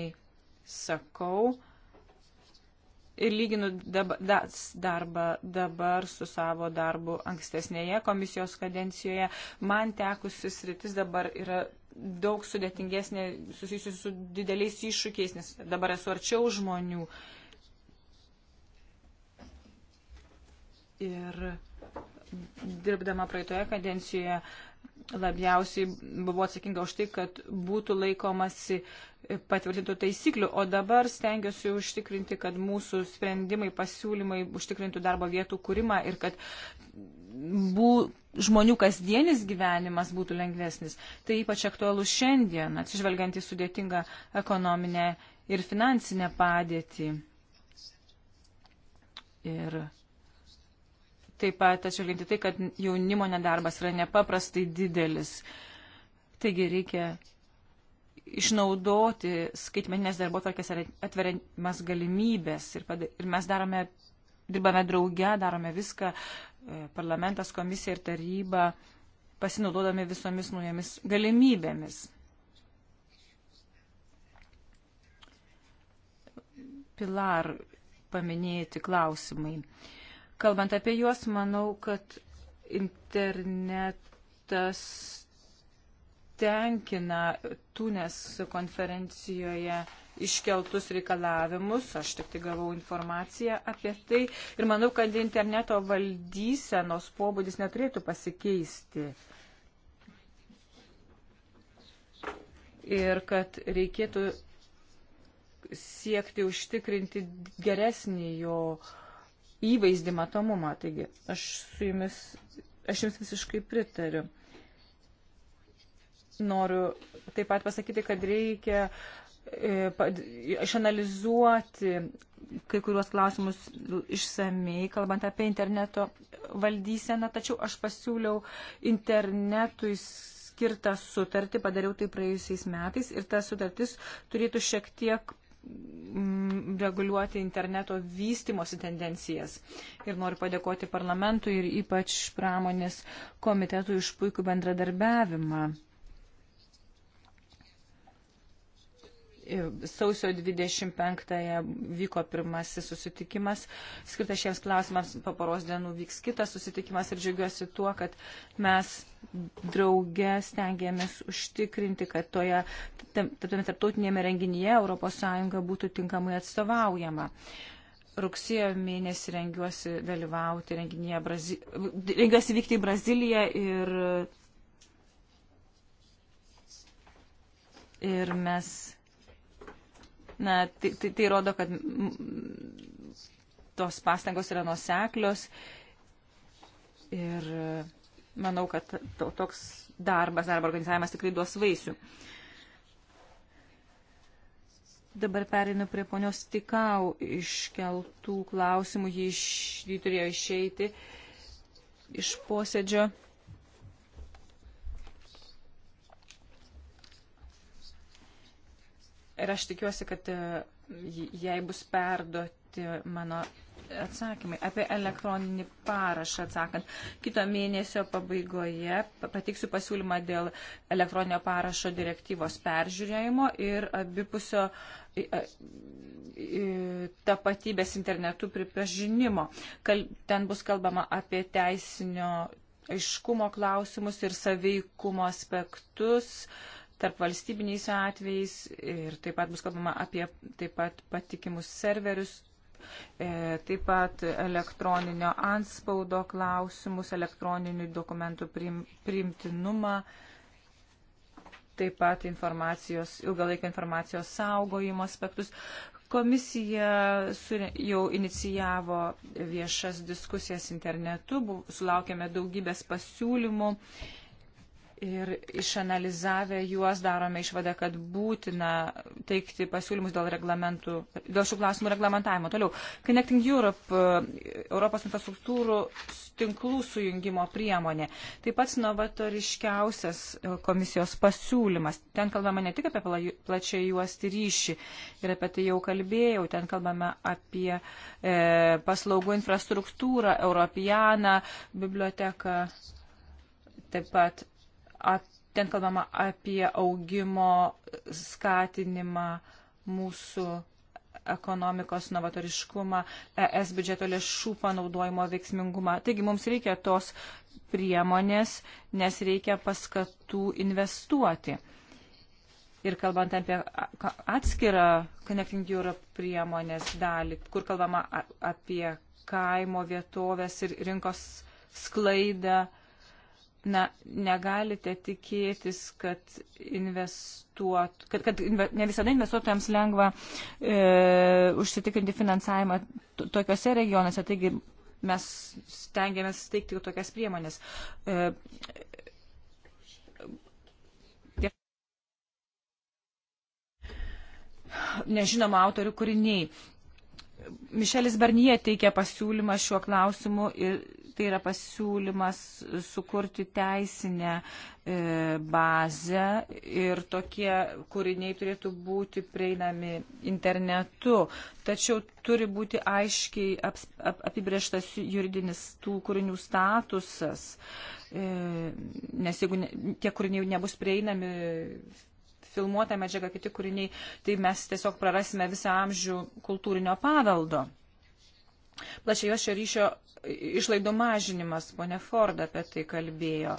sakau ir lyginu daba, darbą dabar su savo darbu ankstesnėje komisijos kadencijoje. Man tekusis rytis dabar yra daug sudėtingesnė susijusi su dideliais iššūkiais, nes dabar esu arčiau žmonių. Ir dirbdama praeitoje kadencijoje labiausiai buvo atsakinga už tai, kad būtų laikomasi patvirtintų taisyklių, o dabar stengiuosi užtikrinti, kad mūsų sprendimai, pasiūlymai užtikrintų darbo vietų kūrimą ir kad bū, žmonių kasdienis gyvenimas būtų lengvesnis. Tai ypač aktualu šiandien, atsižvelgiant į sudėtingą ekonominę ir finansinę padėtį. Ir taip pat atsižvelgiant į tai, kad jaunimo nedarbas yra nepaprastai didelis. Taigi reikia išnaudoti skaitmeninės darbo tvarkės atveriamas galimybės ir, padar, ir mes darome, dirbame drauge, darome viską, parlamentas, komisija ir taryba pasinaudodami visomis naujomis galimybėmis. Pilar paminėti klausimai. Kalbant apie juos, manau, kad internetas tenkina Tunes konferencijoje iškeltus reikalavimus, aš tik tai gavau informaciją apie tai ir manau, kad interneto valdysenos pobūdis neturėtų pasikeisti. Ir kad reikėtų siekti užtikrinti geresnį jo įvaizdį matomumą. Taigi, aš su jumis, aš jums visiškai pritariu. Noriu taip pat pasakyti, kad reikia uh, E, išanalizuoti kai kuriuos klausimus išsamei, kalbant apie interneto valdyseną, tačiau aš pasiūliau internetui skirtą sutartį, padariau tai praėjusiais metais ir ta sutartis turėtų šiek tiek mm, reguliuoti interneto vystimosi tendencijas. Ir noriu padėkoti parlamentui ir ypač pramonės komitetui iš puikų bendradarbiavimą. Sausio 25-ąją vyko pirmasis susitikimas, skirtas šiems klausimams, po poros dienų vyks kitas susitikimas ir džiaugiuosi tuo, kad mes drauge stengiamės užtikrinti, kad toje tarptautinėme renginyje ES būtų tinkamai atstovaujama. Rugsėjo mėnesį rengiuosi dalyvauti renginyje, Brazi... rengiuosi vykti į Braziliją ir ir mes Na, tai, tai, tai rodo, kad tos pastangos yra nuseklios ir e, manau, kad to, toks darbas, darbo organizavimas tikrai duos vaisių. Dabar perinu prie ponios Tikau iškeltų klausimų, jį, iš, jį turėjo išeiti iš posėdžio. Ir aš tikiuosi, kad e, jai bus perduoti mano atsakymai. Apie elektroninį parašą atsakant. Kito mėnesio pabaigoje pateiksiu pasiūlymą dėl elektroninio parašo direktyvos peržiūrėjimo ir abipusio tapatybės internetu pripažinimo. Ten bus kalbama apie teisinio aiškumo klausimus ir saveikumo aspektus. Uh, tarp valstybiniais atvejais ir taip pat bus kalbama apie taip pat patikimus serverius, e, taip pat elektroninio anspaudo klausimus, elektroninių dokumentų priimtinumą, taip pat informacijos, ilgalaikio informacijos saugojimo aspektus. Komisija jau inicijavo viešas diskusijas internetu, sulaukėme daugybės pasiūlymų. E, Ir išanalizavę juos darome išvadą, kad būtina teikti pasiūlymus dėl, dėl šių klausimų reglamentavimo. Toliau, Connecting Europe, e, Europos infrastruktūrų tinklų sujungimo priemonė. Taip pat novatoriškiausias e, komisijos pasiūlymas. Ten kalbame ne tik apie plačiai juosti ryšį ir apie tai jau kalbėjau, ten kalbame apie e, paslaugų infrastruktūrą, Europianą, biblioteką, taip pat At, ten kalbama apie augimo skatinimą mūsų ekonomikos novatoriškumą, ES biudžeto lėšų panaudojimo veiksmingumą. Taigi mums reikia tos priemonės, nes reikia paskatų investuoti. Ir kalbant apie atskirą Connecting Europe priemonės dalį, kur kalbama apie kaimo vietovės ir rinkos sklaidą, uh, na, negalite tikėtis, kad, investuot, kad, kad inve, ne visada investuotojams lengva e, užsitikrinti finansavimą tokiuose regionuose, taigi mes stengiamės steigti tokias priemonės. E, Nežinoma autorių kūriniai. Mišelis Barnie teikia pasiūlymą šiuo klausimu ir tai yra pasiūlymas sukurti teisinę e, bazę ir tokie kūriniai turėtų būti prieinami internetu. Tačiau turi būti aiškiai apibrieštas juridinis tų kūrinių statusas, e, nes jeigu tie kūriniai nebus prieinami filmuota medžiaga, kiti kūriniai, tai mes tiesiog prarasime visą amžių kultūrinio paveldo. Plačiai šio ryšio išlaidų mažinimas, ponė Ford apie tai kalbėjo,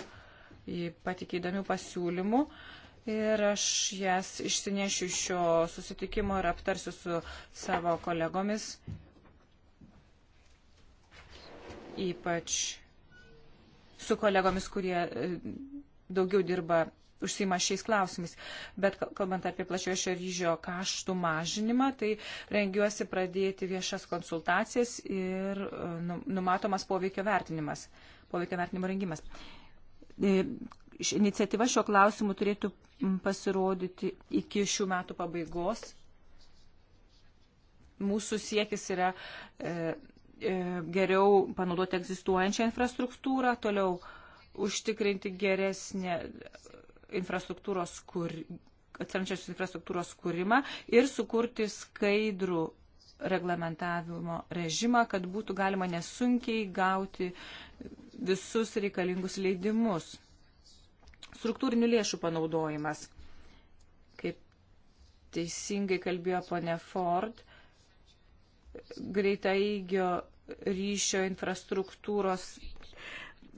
patikė įdomių pasiūlymų. Ir aš jas išsinešiu šio susitikimo ir aptarsiu su savo kolegomis, ypač su kolegomis, kurie e, daugiau dirba užsima šiais klausimais. Bet kalbant apie plačiojo ryžio kaštų mažinimą, tai rengiuosi pradėti viešas konsultacijas ir e, nu, numatomas poveikio vertinimas, poveikio vertinimo rengimas. E, iniciatyva šio klausimu turėtų pasirodyti iki šių metų pabaigos. Mūsų siekis yra e, e, geriau panaudoti egzistuojančią infrastruktūrą, toliau užtikrinti geresnę infrastruktūros kur, atsirančios infrastruktūros kūrimą ir sukurti skaidrų reglamentavimo režimą, kad būtų galima nesunkiai gauti visus reikalingus leidimus. Struktūrinių lėšų panaudojimas. Kaip teisingai kalbėjo ponė Ford, greitaigio ryšio infrastruktūros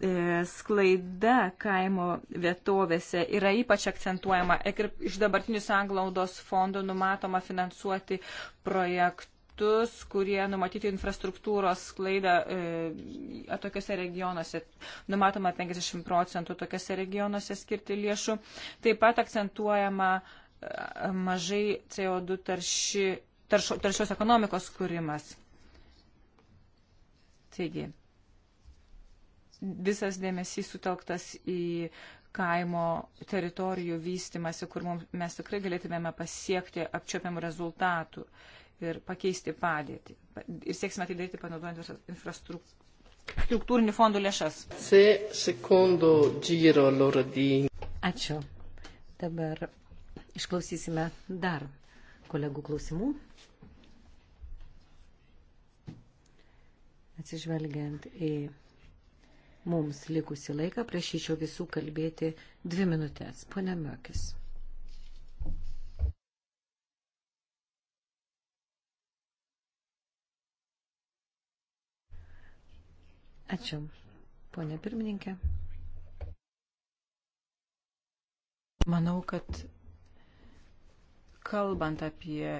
E, sklaida kaimo vietovėse yra ypač akcentuojama e, ir iš dabartinių sanglaudos fondų numatoma finansuoti projektus kurie numatyti infrastruktūros sklaidą e, tokiuose regionuose. Numatoma 50 procentų tokiuose regionuose skirti lėšų. Taip pat akcentuojama e, mažai CO2 tarši, taršo, taršios ekonomikos kūrimas. Taigi, visas dėmesys sutelktas į kaimo teritorijų vystimasi, kur mums, mes tikrai galėtumėme pasiekti apčiopiamų rezultatų ir pakeisti padėtį. Ir sieksime tai daryti panaudojant infrastruktūrinių fondų lėšas. Ačiū. Dabar išklausysime dar kolegų klausimų. Atsižvelgiant į mums likusi laiką, prašyčiau visų kalbėti dvi minutės. Pone Mekis. Ačiū, ponė pirmininkė. Manau, kad kalbant apie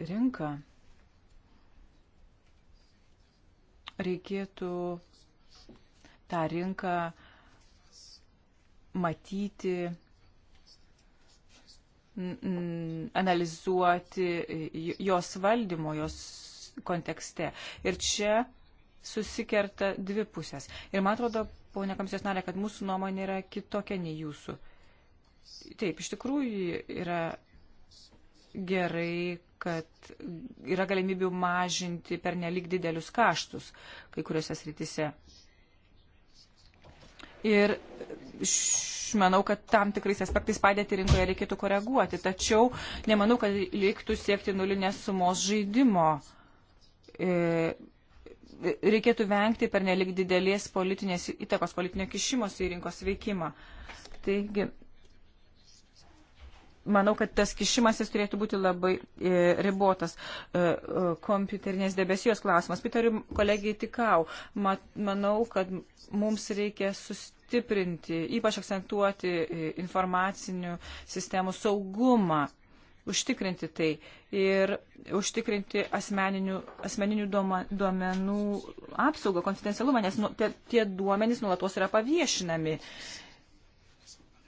rinką, reikėtų tą rinką matyti, analizuoti jos valdymo, jos kontekste. Ir čia susikerta dvi pusės. Ir man atrodo, ponia komisijos narė, kad mūsų nuomonė yra kitokia nei jūsų. Taip, iš tikrųjų yra gerai, kad yra galimybių mažinti per nelik didelius kaštus kai kuriuose srityse. Ir š, manau, kad tam tikrais aspektais padėti rinkoje reikėtų koreguoti. Tačiau nemanau, kad reiktų siekti nulinės sumos žaidimo. E, reikėtų vengti per nelik didelės politinės įtakos, politinio kišimos į rinkos veikimą. Taigi, manau, kad tas kišimasis turėtų būti labai e, ribotas. E, e, kompiuterinės debesijos klausimas. Pritariu kolegijai Tikau. Mat, manau, kad mums reikia sustiprinti, ypač akcentuoti e, informacinių sistemų saugumą. Užtikrinti tai ir užtikrinti asmeninių, asmeninių duomenų apsaugą, konfidencialumą, nes nu, te, tie duomenys nulatos yra paviešinami.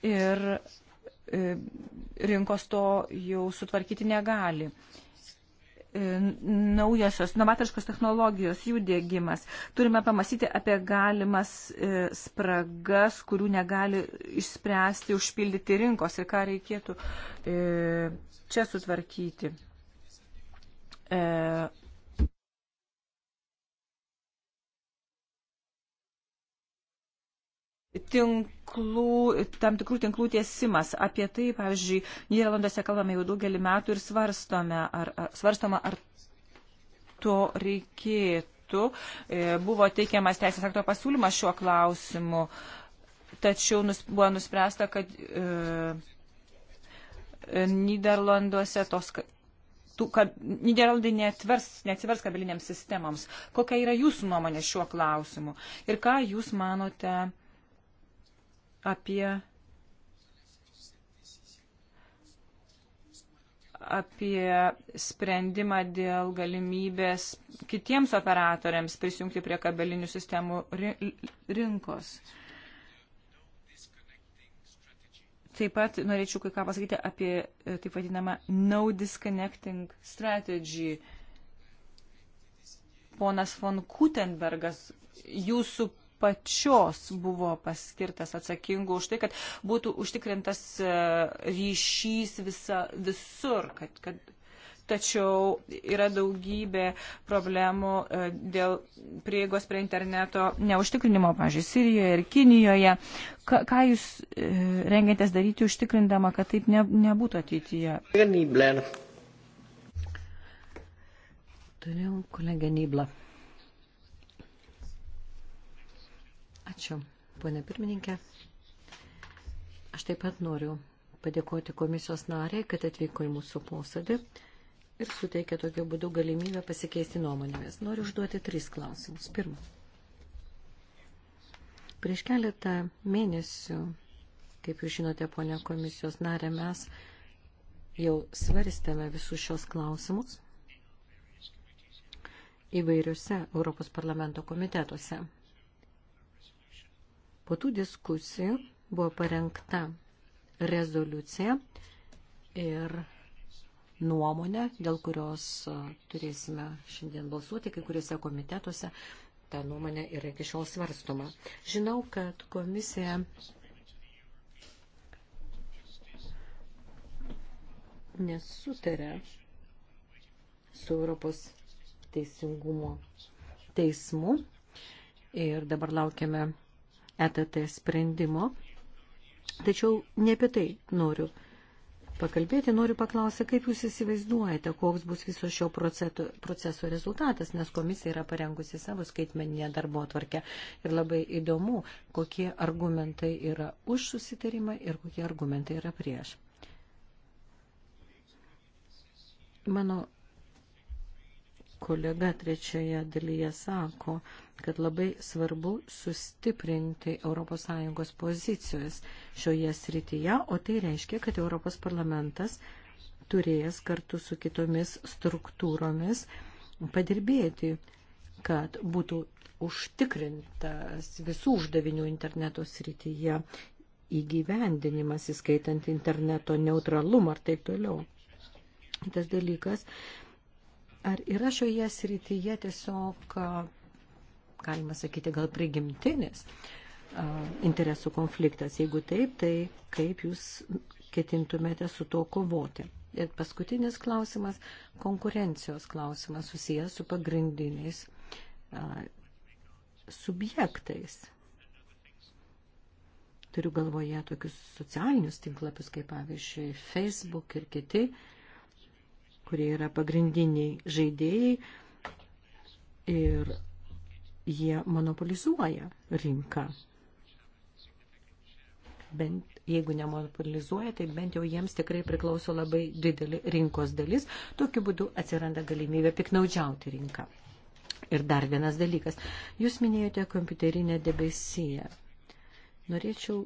Ir E, rinkos to jau sutvarkyti negali. E, naujosios, novatoriškos technologijos, jų dėgymas. Turime pamastyti apie galimas e, spragas, kurių negali išspręsti, užpildyti rinkos ir ką reikėtų čia sutvarkyti tinklų, tam tikrų tinklų tiesimas. Apie tai, pavyzdžiui, Niderlanduose kalbame jau daugelį metų ir svarstome, ar, ar, svarstoma, ar to reikėtų. E, buvo teikiamas teisės akto pasiūlymas šiuo klausimu, tačiau nus, buvo nuspręsta, kad e, Niderlanduose tos. Tų, kad Niderlandai neatvers, neatsivers kabeliniams sistemams. Kokia yra jūsų nuomonė šiuo klausimu? Ir ką jūs manote apie, apie sprendimą dėl galimybės kitiems operatoriams prisijungti prie kabelinių sistemų rinkos. Taip pat norėčiau kai ką pasakyti apie e, taip vadinamą no disconnecting strategy. Ponas von Kutenbergas, jūsų pačios buvo paskirtas atsakingu už tai, kad būtų užtikrintas e, ryšys visa, visur, kad, kad tačiau yra daugybė problemų e, dėl prieigos prie interneto neužtikrinimo, pažiūrėjau, Sirijoje ir Kinijoje. Ka, ką jūs e, rengiatės daryti užtikrindama, kad taip ne, nebūtų ateityje? Toliau kolegė Nybla. Ačiū, ponė pirmininkė. Aš taip pat noriu padėkoti komisijos nariai, kad atvyko į mūsų posėdį ir suteikė tokiu būdu galimybę pasikeisti nuomonėmis. Noriu užduoti tris klausimus. Pirma. Prieš keletą mėnesių, kaip jūs žinote, ponia komisijos narė, mes jau svarstėme visus šios klausimus įvairiuose Europos parlamento komitetuose. Po tų diskusijų buvo parengta rezoliucija ir nuomonė, dėl kurios turėsime šiandien balsuoti kai kuriuose komitetuose. Ta nuomonė yra iki šiol svarstoma. Žinau, kad komisija nesutarė su Europos teisingumo teismu ir dabar laukiame ETT sprendimo. Tačiau ne apie tai noriu pakalbėti, noriu paklausti, kaip jūs įsivaizduojate, koks bus viso šio proceso, proceso rezultatas, nes komisija yra parengusi savo skaitmeninę darbo atvarkę ir labai įdomu, kokie argumentai yra už susitarimą ir kokie argumentai yra prieš. Mano kolega trečioje dalyje sako, kad labai svarbu sustiprinti ES pozicijos šioje srityje, o tai reiškia, kad Europos parlamentas turės kartu su kitomis struktūromis padirbėti, kad būtų užtikrintas visų uždavinių interneto srityje įgyvendinimas, įskaitant interneto neutralumą ir taip toliau. Tas dalykas Ar yra šioje srityje tiesiog, galima sakyti, gal prigimtinis interesų konfliktas? Jeigu taip, tai kaip jūs ketintumėte su to kovoti? Ir paskutinis klausimas - konkurencijos klausimas susijęs su pagrindiniais subjektais. Turiu galvoje tokius socialinius tinklapius, kaip pavyzdžiui Facebook ir kiti, uh, kurie yra pagrindiniai žaidėjai ir jie monopolizuoja rinką. Bent jeigu nemonopolizuoja, tai bent jau jiems tikrai priklauso labai didelį rinkos dalis. Tokiu būdu atsiranda galimybė piknaudžiauti rinką. Ir dar vienas dalykas. Jūs minėjote kompiuterinę debesiją. Norėčiau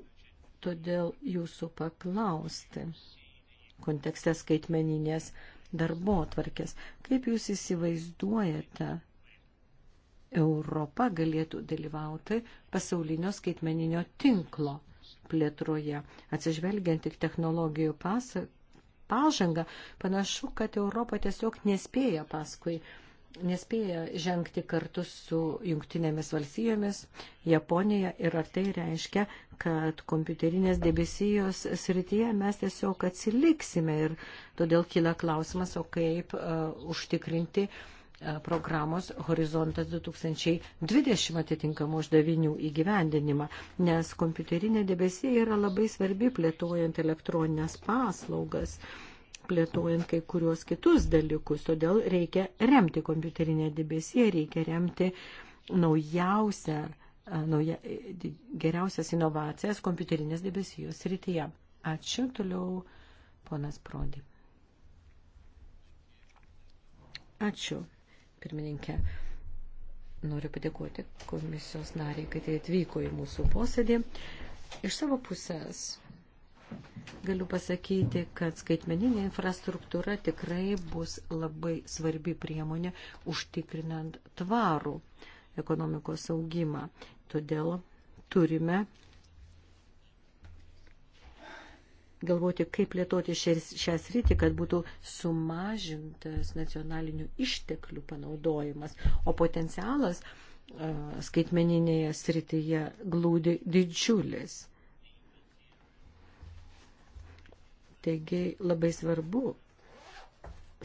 todėl jūsų paklausti kontekste skaitmeninės darbo tvarkės. Kaip jūs įsivaizduojate, Europa galėtų dalyvauti pasaulinio skaitmeninio tinklo plėtroje, atsižvelgiant tik technologijų pasą, pažangą, panašu, kad Europa tiesiog nespėja paskui uh, nespėja žengti kartu su jungtinėmis valstijomis, Japonija ir ar tai reiškia, kad kompiuterinės debesijos srityje mes tiesiog atsiliksime ir todėl kyla klausimas, o kaip uh, užtikrinti uh, programos Horizontas 2020 atitinkamų uždavinių įgyvendinimą, nes kompiuterinė debesija yra labai svarbi plėtojant elektroninės paslaugas. Uh, plėtojant kai kuriuos kitus dalykus. Todėl reikia remti kompiuterinę debesiją, reikia remti naujausią, nauja, e, geriausias inovacijas kompiuterinės debesijos rytyje. Ačiū. Toliau ponas Prodi. Ačiū, pirmininkė. Noriu padėkoti komisijos nariai, kad jie atvyko į mūsų posėdį. Iš savo pusės galiu pasakyti, kad skaitmeninė infrastruktūra tikrai bus labai svarbi priemonė užtikrinant tvarų ekonomikos augimą. Todėl turime galvoti, kaip plėtoti šią sritį, kad būtų sumažintas nacionalinių išteklių panaudojimas, o potencialas skaitmeninėje srityje glūdi didžiulis. Taigi labai svarbu,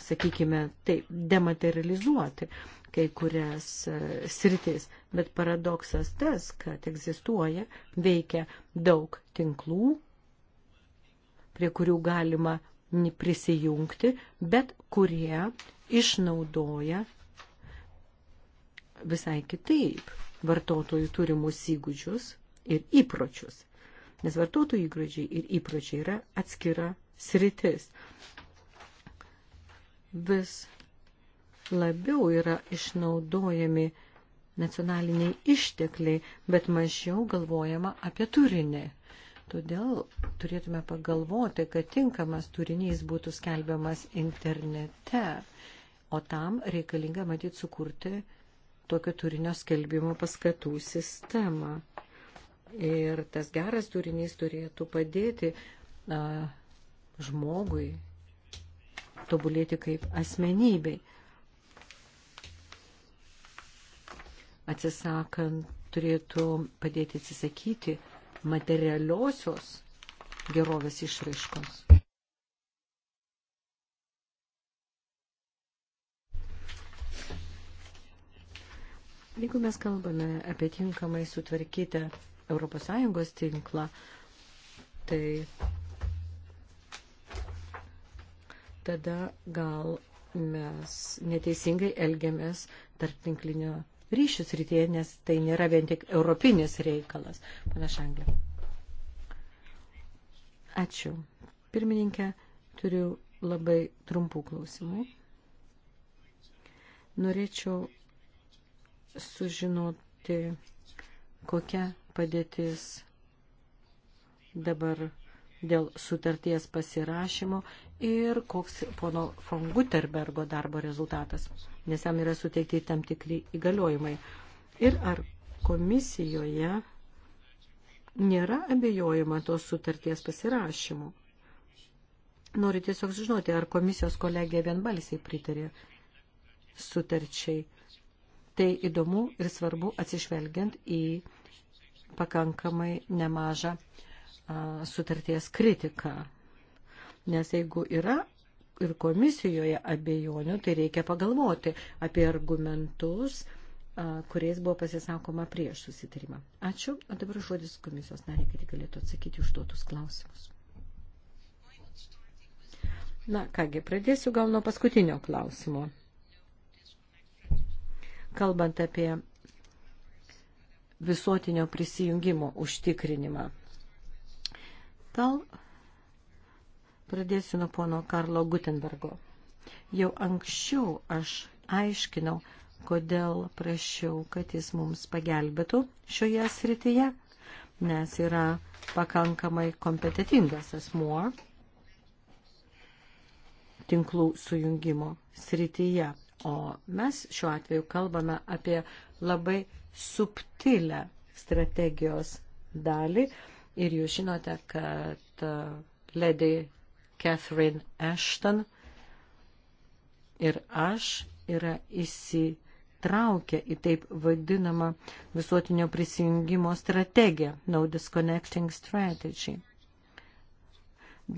sakykime, taip, dematerializuoti kai kurias e, sritis, bet paradoksas tas, kad egzistuoja, veikia daug tinklų, prie kurių galima prisijungti, bet kurie išnaudoja visai kitaip vartotojų turimus įgūdžius ir įpročius. Nes vartotojų įgūdžiai ir įpročiai yra atskira sritis. Vis labiau yra išnaudojami nacionaliniai ištekliai, bet mažiau galvojama apie turinį. Todėl turėtume pagalvoti, kad tinkamas turinys būtų skelbiamas internete, o tam reikalinga matyti sukurti tokio turinio skelbimo paskatų sistemą. Ir tas geras turinys turėtų padėti a, žmogui tobulėti kaip asmenybei. Atsisakant turėtų padėti atsisakyti materialiosios gerovės išraiškos. Jeigu mes kalbame apie tinkamai sutvarkytą ES tinklą, tai tada gal mes neteisingai elgiamės tarp tinklinio ryšių srityje, nes tai nėra vien tik europinis reikalas. Pana Šanglė. Ačiū. Pirmininkė, turiu labai trumpų klausimų. Norėčiau sužinoti, kokia padėtis dabar dėl sutarties pasirašymo ir koks pono von Guterbergo darbo rezultatas, nes jam yra suteikti tam tikri įgaliojimai. Ir ar komisijoje nėra abejojama tos sutarties pasirašymu. Noriu tiesiog žinoti, ar komisijos kolegija vienbalsiai pritarė sutarčiai. Tai įdomu ir svarbu atsižvelgiant į pakankamai nemažą a, sutarties kritiką nes jeigu yra ir komisijoje abejonių, tai reikia pagalvoti apie argumentus, kuriais buvo pasisakoma prieš susitarimą. Ačiū. O dabar žodis komisijos nariai, kad galėtų atsakyti užduotus klausimus. Na kągi, pradėsiu gal nuo paskutinio klausimo. Kalbant apie visuotinio prisijungimo užtikrinimą. Tal Pradėsiu nuo pono Karlo Gutenbergo. Jau anksčiau aš aiškinau, kodėl prašiau, kad jis mums pagelbėtų šioje srityje, nes yra pakankamai kompetitingas asmuo tinklų sujungimo srityje. O mes šiuo atveju kalbame apie labai subtilę strategijos dalį ir jūs žinote, kad uh, ledai Catherine Ashton ir aš yra įsitraukę į taip vadinamą visuotinio prisijungimo strategiją, No Disconnecting Strategy.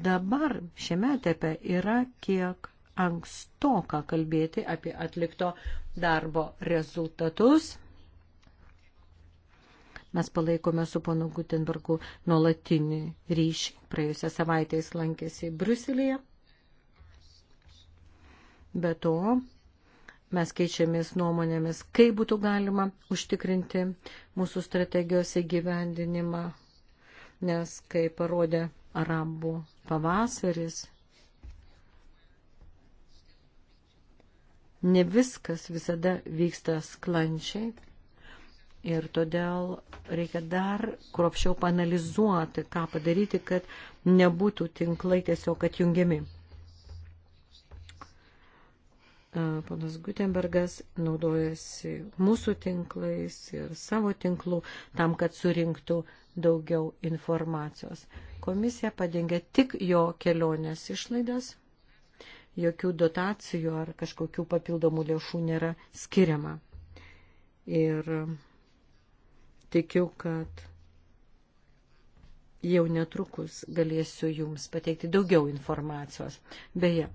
Dabar šiame etape yra kiek ankstoka kalbėti apie atlikto darbo rezultatus Mes palaikome su ponu Gutenbergu nuolatinį ryšį. Praėjusią savaitę jis lankėsi Bruselėje. Be to, mes keičiamės nuomonėmis, kaip būtų galima užtikrinti mūsų strategijos įgyvendinimą, nes, kaip parodė arabų pavasaris, ne viskas visada vyksta sklančiai Ir todėl reikia dar kruopščiau panalizuoti, ką padaryti, kad nebūtų tinklai tiesiog atjungiami. E, ponas Gutenbergas naudojasi mūsų tinklais ir savo tinklų tam, kad surinktų daugiau informacijos. Komisija padengia tik jo kelionės išlaidas, jokių dotacijų ar kažkokių papildomų lėšų nėra skiriama. Ir Tikiu, kad jau netrukus galėsiu jums pateikti daugiau informacijos. Beje,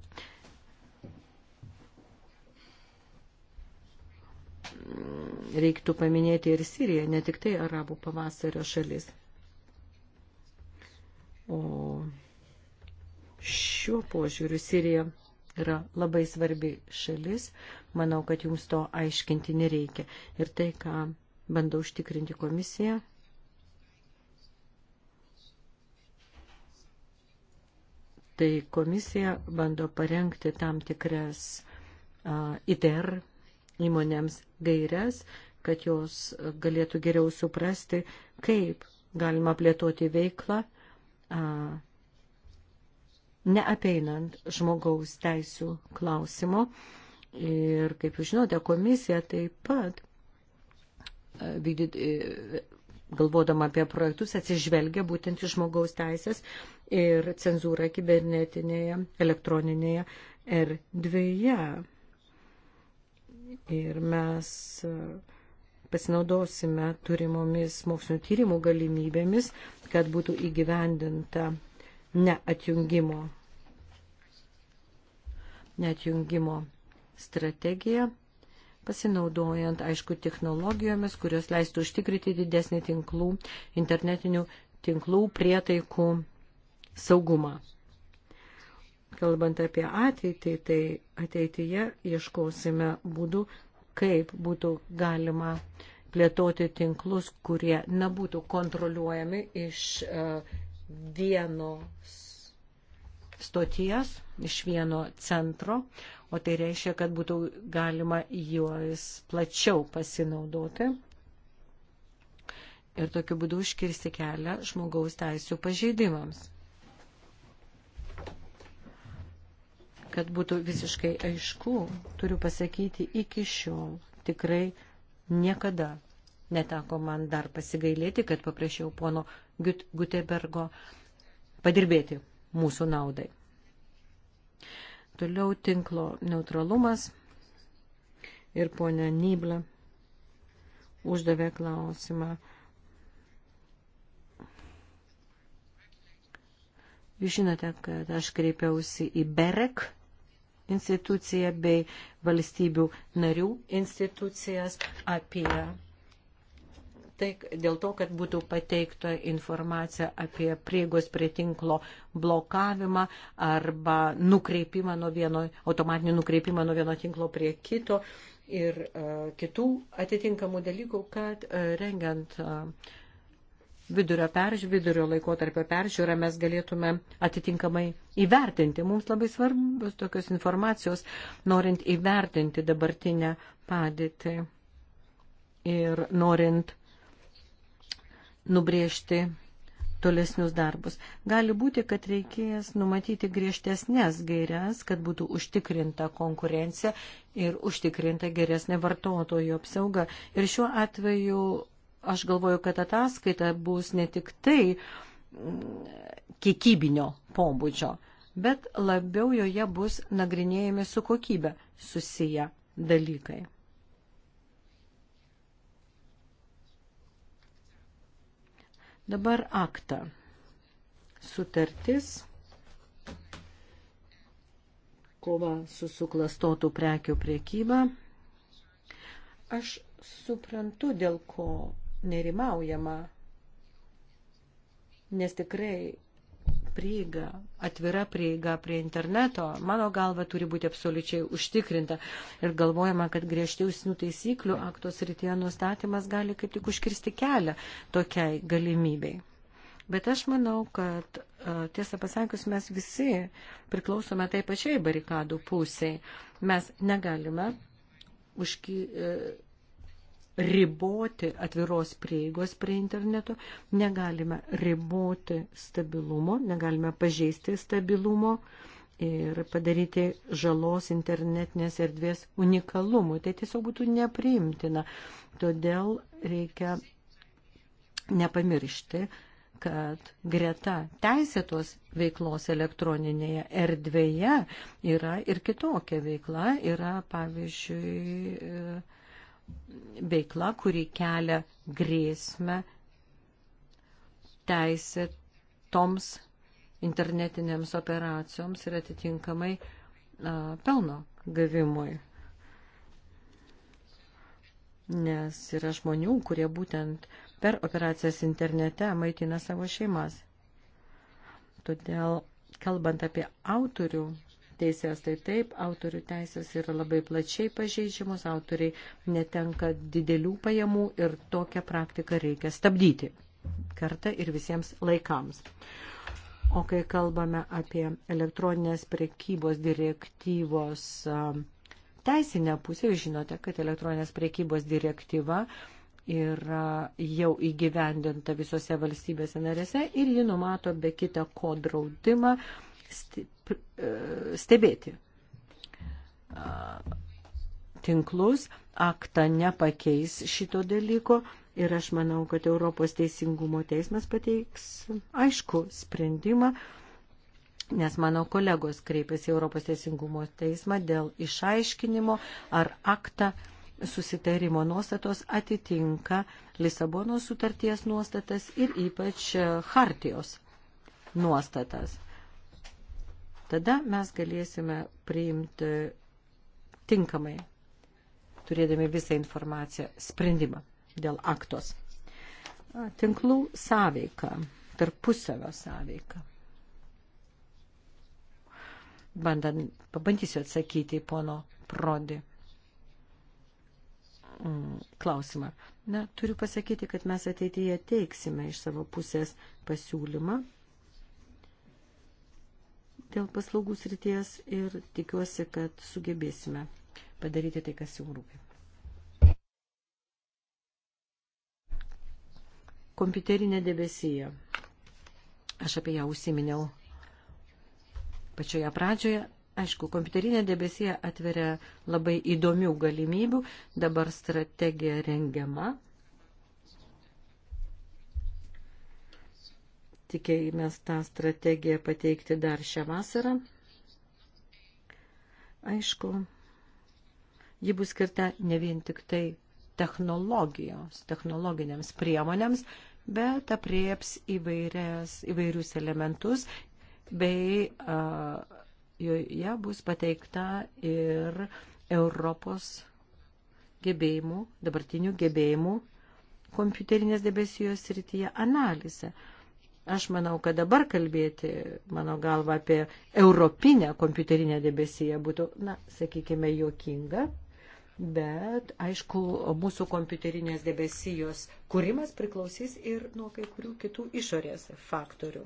reiktų paminėti ir Siriją, ne tik tai arabų pavasario šalis. O šiuo požiūriu Sirija yra labai svarbi šalis. Manau, kad jums to aiškinti nereikia. Ir tai, ką bando užtikrinti komisiją. Tai komisija bando parengti tam tikras uh, ITER įmonėms gairias, kad jos galėtų geriau suprasti, kaip galima plėtoti veiklą, uh, neapeinant žmogaus teisų klausimo. Ir, kaip jūs žinote, komisija taip pat vykdyti, e, galvodama apie projektus, atsižvelgia būtent į žmogaus teisės ir cenzūrą kibernetinėje, elektroninėje erdvėje. Ir mes e, pasinaudosime turimomis mokslinio tyrimų galimybėmis, kad būtų įgyvendinta neatjungimo, neatjungimo strategija pasinaudojant, aišku, technologijomis, kurios leistų užtikrinti didesnį tinklų, internetinių tinklų prietaikų saugumą. Kalbant apie ateitį, tai ateityje ieškosime būdų, kaip būtų galima plėtoti tinklus, kurie nebūtų kontroliuojami iš uh, vienos stoties, iš vieno centro, o tai reiškia, kad būtų galima juos plačiau pasinaudoti ir tokiu būdu užkirsti kelią žmogaus teisų pažeidimams. Kad būtų visiškai aišku, turiu pasakyti, iki šiol tikrai niekada neteko man dar pasigailėti, kad paprašiau pono Gut Gutebergo padirbėti mūsų naudai. Toliau tinklo neutralumas ir ponia Nybla uždavė klausimą. Jūs žinote, kad aš kreipiausi į BEREK instituciją bei valstybių narių institucijas apie tai dėl to, kad būtų pateikta informacija apie prieigos prie tinklo blokavimą arba nukreipimą nuo vieno, automatinį nukreipimą nuo vieno tinklo prie kito ir uh, kitų atitinkamų dalykų, kad uh, rengiant uh, vidurio, perž, vidurio laikotarpio peržiūrą mes galėtume atitinkamai įvertinti. Mums labai svarbios tokios informacijos, norint įvertinti dabartinę padėtį ir norint nubrėžti tolesnius darbus. Gali būti, kad reikės numatyti griežtesnės gairias, kad būtų užtikrinta konkurencija ir užtikrinta geresnė vartotojų apsauga. Ir šiuo atveju aš galvoju, kad ataskaita bus ne tik tai mm, kiekybinio pobūdžio, bet labiau joje bus nagrinėjami su kokybė susiję dalykai. Dabar aktą. Sutartis. Kova su suklastotų prekių priekyba. Aš suprantu, dėl ko nerimaujama, nes tikrai prieiga, atvira prieiga prie interneto, mano galva, turi būti absoliučiai užtikrinta. Ir galvojama, kad griežtiausnių taisyklių aktos rytyje nustatymas gali kaip tik užkirsti kelią tokiai galimybei. Bet aš manau, kad tiesą pasakius, mes visi priklausome tai pačiai barikadų pusiai. Mes negalime užki, e, riboti atviros prieigos prie interneto, negalime riboti stabilumo, negalime pažeisti stabilumo ir padaryti žalos internetinės erdvės unikalumui. Tai tiesiog būtų nepriimtina. Todėl reikia nepamiršti, kad greta teisėtos veiklos elektroninėje erdvėje yra ir kitokia veikla, yra pavyzdžiui veikla, kuri kelia grėsmę teisė toms internetinėms operacijoms ir atitinkamai a, pelno gavimui. Nes yra žmonių, kurie būtent per operacijas internete maitina savo šeimas. Todėl, kalbant apie autorių teisės, tai taip, autorių teisės yra labai plačiai pažeidžiamos, autoriai netenka didelių pajamų ir tokią praktiką reikia stabdyti kartą ir visiems laikams. O kai kalbame apie elektroninės prekybos direktyvos um, teisinę pusę, jūs žinote, kad elektroninės prekybos direktyva yra jau įgyvendinta visose valstybėse narėse ir ji numato be kita ko draudimą E, stebėti tinklus, aktą nepakeis šito dalyko ir aš manau, kad Europos teisingumo teismas pateiks aišku sprendimą, nes mano kolegos kreipėsi Europos teisingumo teismą dėl išaiškinimo ar aktą susitarimo nuostatos atitinka Lisabono sutarties nuostatas ir ypač Hartijos nuostatas. Tada mes galėsime priimti tinkamai, turėdami visą informaciją, sprendimą dėl aktos. Tinklų sąveika, tarpusavio sąveika. Bandant, pabandysiu atsakyti į pono Prodi mm, klausimą. Na, turiu pasakyti, kad mes ateityje teiksime iš savo pusės pasiūlymą dėl paslaugų srities ir tikiuosi, kad sugebėsime padaryti tai, kas jums rūpi. Kompiuterinė debesija. Aš apie ją užsiminiau pačioje pradžioje. Aišku, kompiuterinė debesija atveria labai įdomių galimybių. Dabar strategija rengiama Tikėjimės tą strategiją pateikti dar šią vasarą. Aišku, ji bus skirta ne vien tik tai technologijos, technologiniams priemonėms, bet aprieps įvairias, įvairius elementus bei a, joje bus pateikta ir Europos gebėjimų, dabartinių gebėjimų kompiuterinės debesijos srityje analizė. Aš manau, kad dabar kalbėti, mano galva, apie europinę kompiuterinę debesiją būtų, na, sakykime, juokinga, bet, aišku, mūsų kompiuterinės debesijos kūrimas priklausys ir nuo kai kurių kitų išorės faktorių.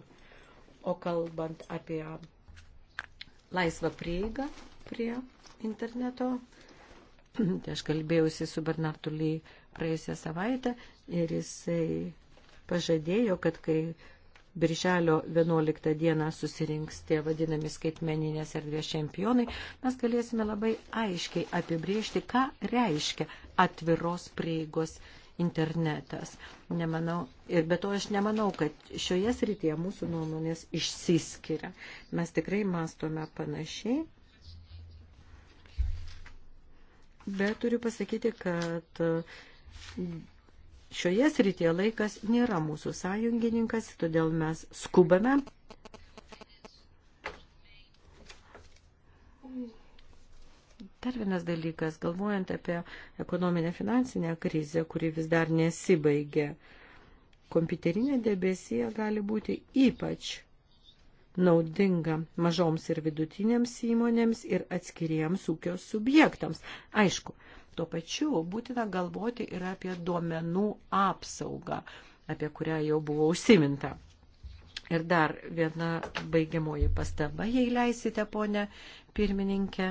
O kalbant apie laisvą prieigą prie interneto, tai aš kalbėjausi su Bernardu Lee praėjusią savaitę ir jisai pažadėjo, kad kai birželio 11 dieną susirinks tie vadinami skaitmeninės erdvės čempionai, mes galėsime labai aiškiai apibriežti, ką reiškia atviros prieigos internetas. Nemanau, ir be to aš nemanau, kad šioje srityje mūsų nuomonės išsiskiria. Mes tikrai mastome panašiai. Bet turiu pasakyti, kad Šioje srityje laikas nėra mūsų sąjungininkas, todėl mes skubame. Dar vienas dalykas, galvojant apie ekonominę finansinę krizę, kuri vis dar nesibaigė, kompiuterinė debesija gali būti ypač naudinga mažoms ir vidutinėms įmonėms ir atskiriems ūkio subjektams. Aišku, Tuo pačiu būtina galvoti ir apie duomenų apsaugą, apie kurią jau buvo užsiminta. Ir dar viena baigiamoji pastaba, jei leisite, ponė pirmininkė,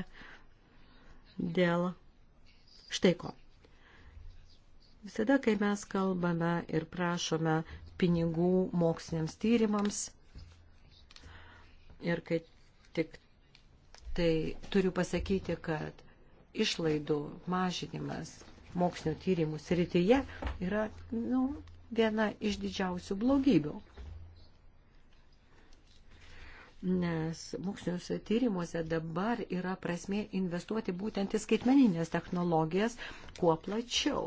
dėl štai ko. Visada, kai mes kalbame ir prašome pinigų moksliniams tyrimams, ir kai tik tai turiu pasakyti, kad išlaidų mažinimas mokslinio tyrimų srityje yra nu, viena iš didžiausių blogybių. Nes moksliniuose tyrimuose dabar yra prasmė investuoti būtent į skaitmeninės technologijas kuo plačiau.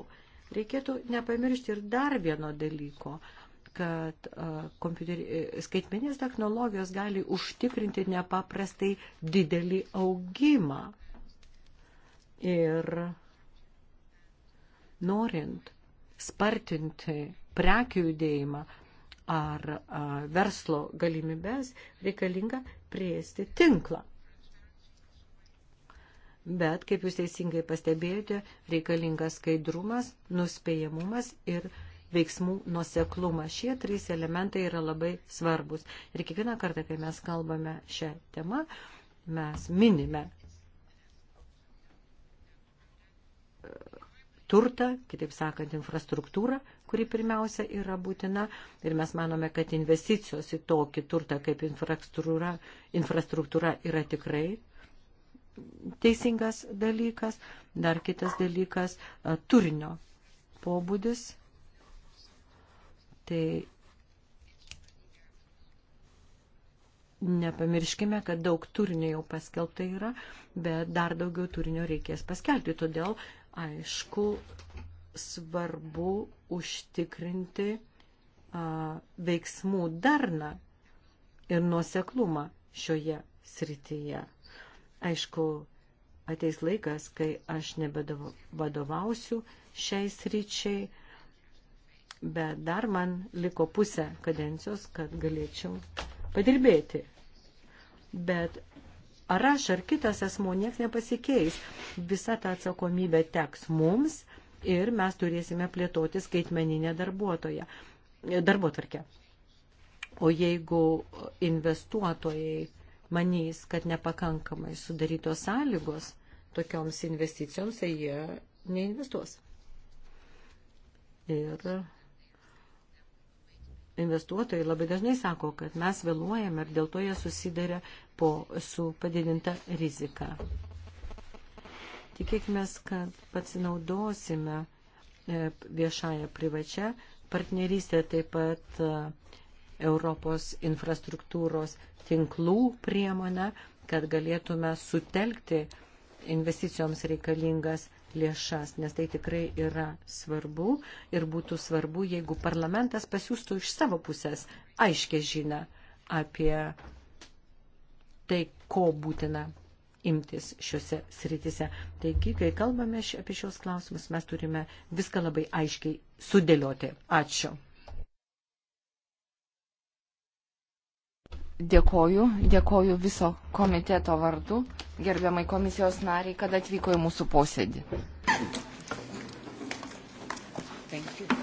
Reikėtų nepamiršti ir dar vieno dalyko kad e, skaitmenės technologijos gali užtikrinti nepaprastai didelį augimą. Ir norint spartinti prekių judėjimą ar a, verslo galimybės, reikalinga plėsti tinklą. Bet, kaip jūs teisingai pastebėjote, reikalingas skaidrumas, nuspėjamumas ir veiksmų nuseklumas. Šie trys elementai yra labai svarbus. Ir kiekvieną kartą, kai mes kalbame šią temą, mes minime turtą, kitaip sakant, infrastruktūrą, kuri pirmiausia yra būtina. Ir mes manome, kad investicijos į tokį turtą kaip infrastruktūra, infrastruktūra yra tikrai teisingas dalykas. Dar kitas dalykas - turinio pobūdis. Tai nepamirškime, kad daug turinio jau paskelbta yra, bet dar daugiau turinio reikės paskelbti. Todėl uh, Aišku, svarbu užtikrinti a, veiksmų darną ir nuoseklumą šioje srityje. Aišku, ateis laikas, kai aš nebedovausiu šiai sričiai, bet dar man liko pusę kadencijos, kad galėčiau padirbėti. Bet ar aš, ar kitas asmo, nieks nepasikeis. Visa ta atsakomybė teks mums ir mes turėsime plėtoti skaitmeninę darbuotoją, darbo tvarkę. O jeigu investuotojai manys, kad nepakankamai sudarytos sąlygos tokioms investicijoms, tai jie neinvestuos. Ir investuotojai labai dažnai sako, kad mes vėluojame ir dėl to jie susidarė po, su padidinta rizika. Tikėkime, kad pasinaudosime e, viešąją privačią partnerystę, taip pat e, Europos infrastruktūros tinklų priemonę, kad galėtume sutelkti investicijoms reikalingas lėšas, nes tai tikrai yra svarbu ir būtų svarbu, jeigu parlamentas pasiūstų iš savo pusės aiškę žinę apie tai, ko būtina imtis šiuose sritise. Taigi, kai kalbame apie šios klausimus, mes turime viską labai aiškiai sudėlioti. Ačiū. Dėkoju, dėkoju viso komiteto vardu, gerbiamai komisijos nariai, kad atvyko į mūsų posėdį. Thank you.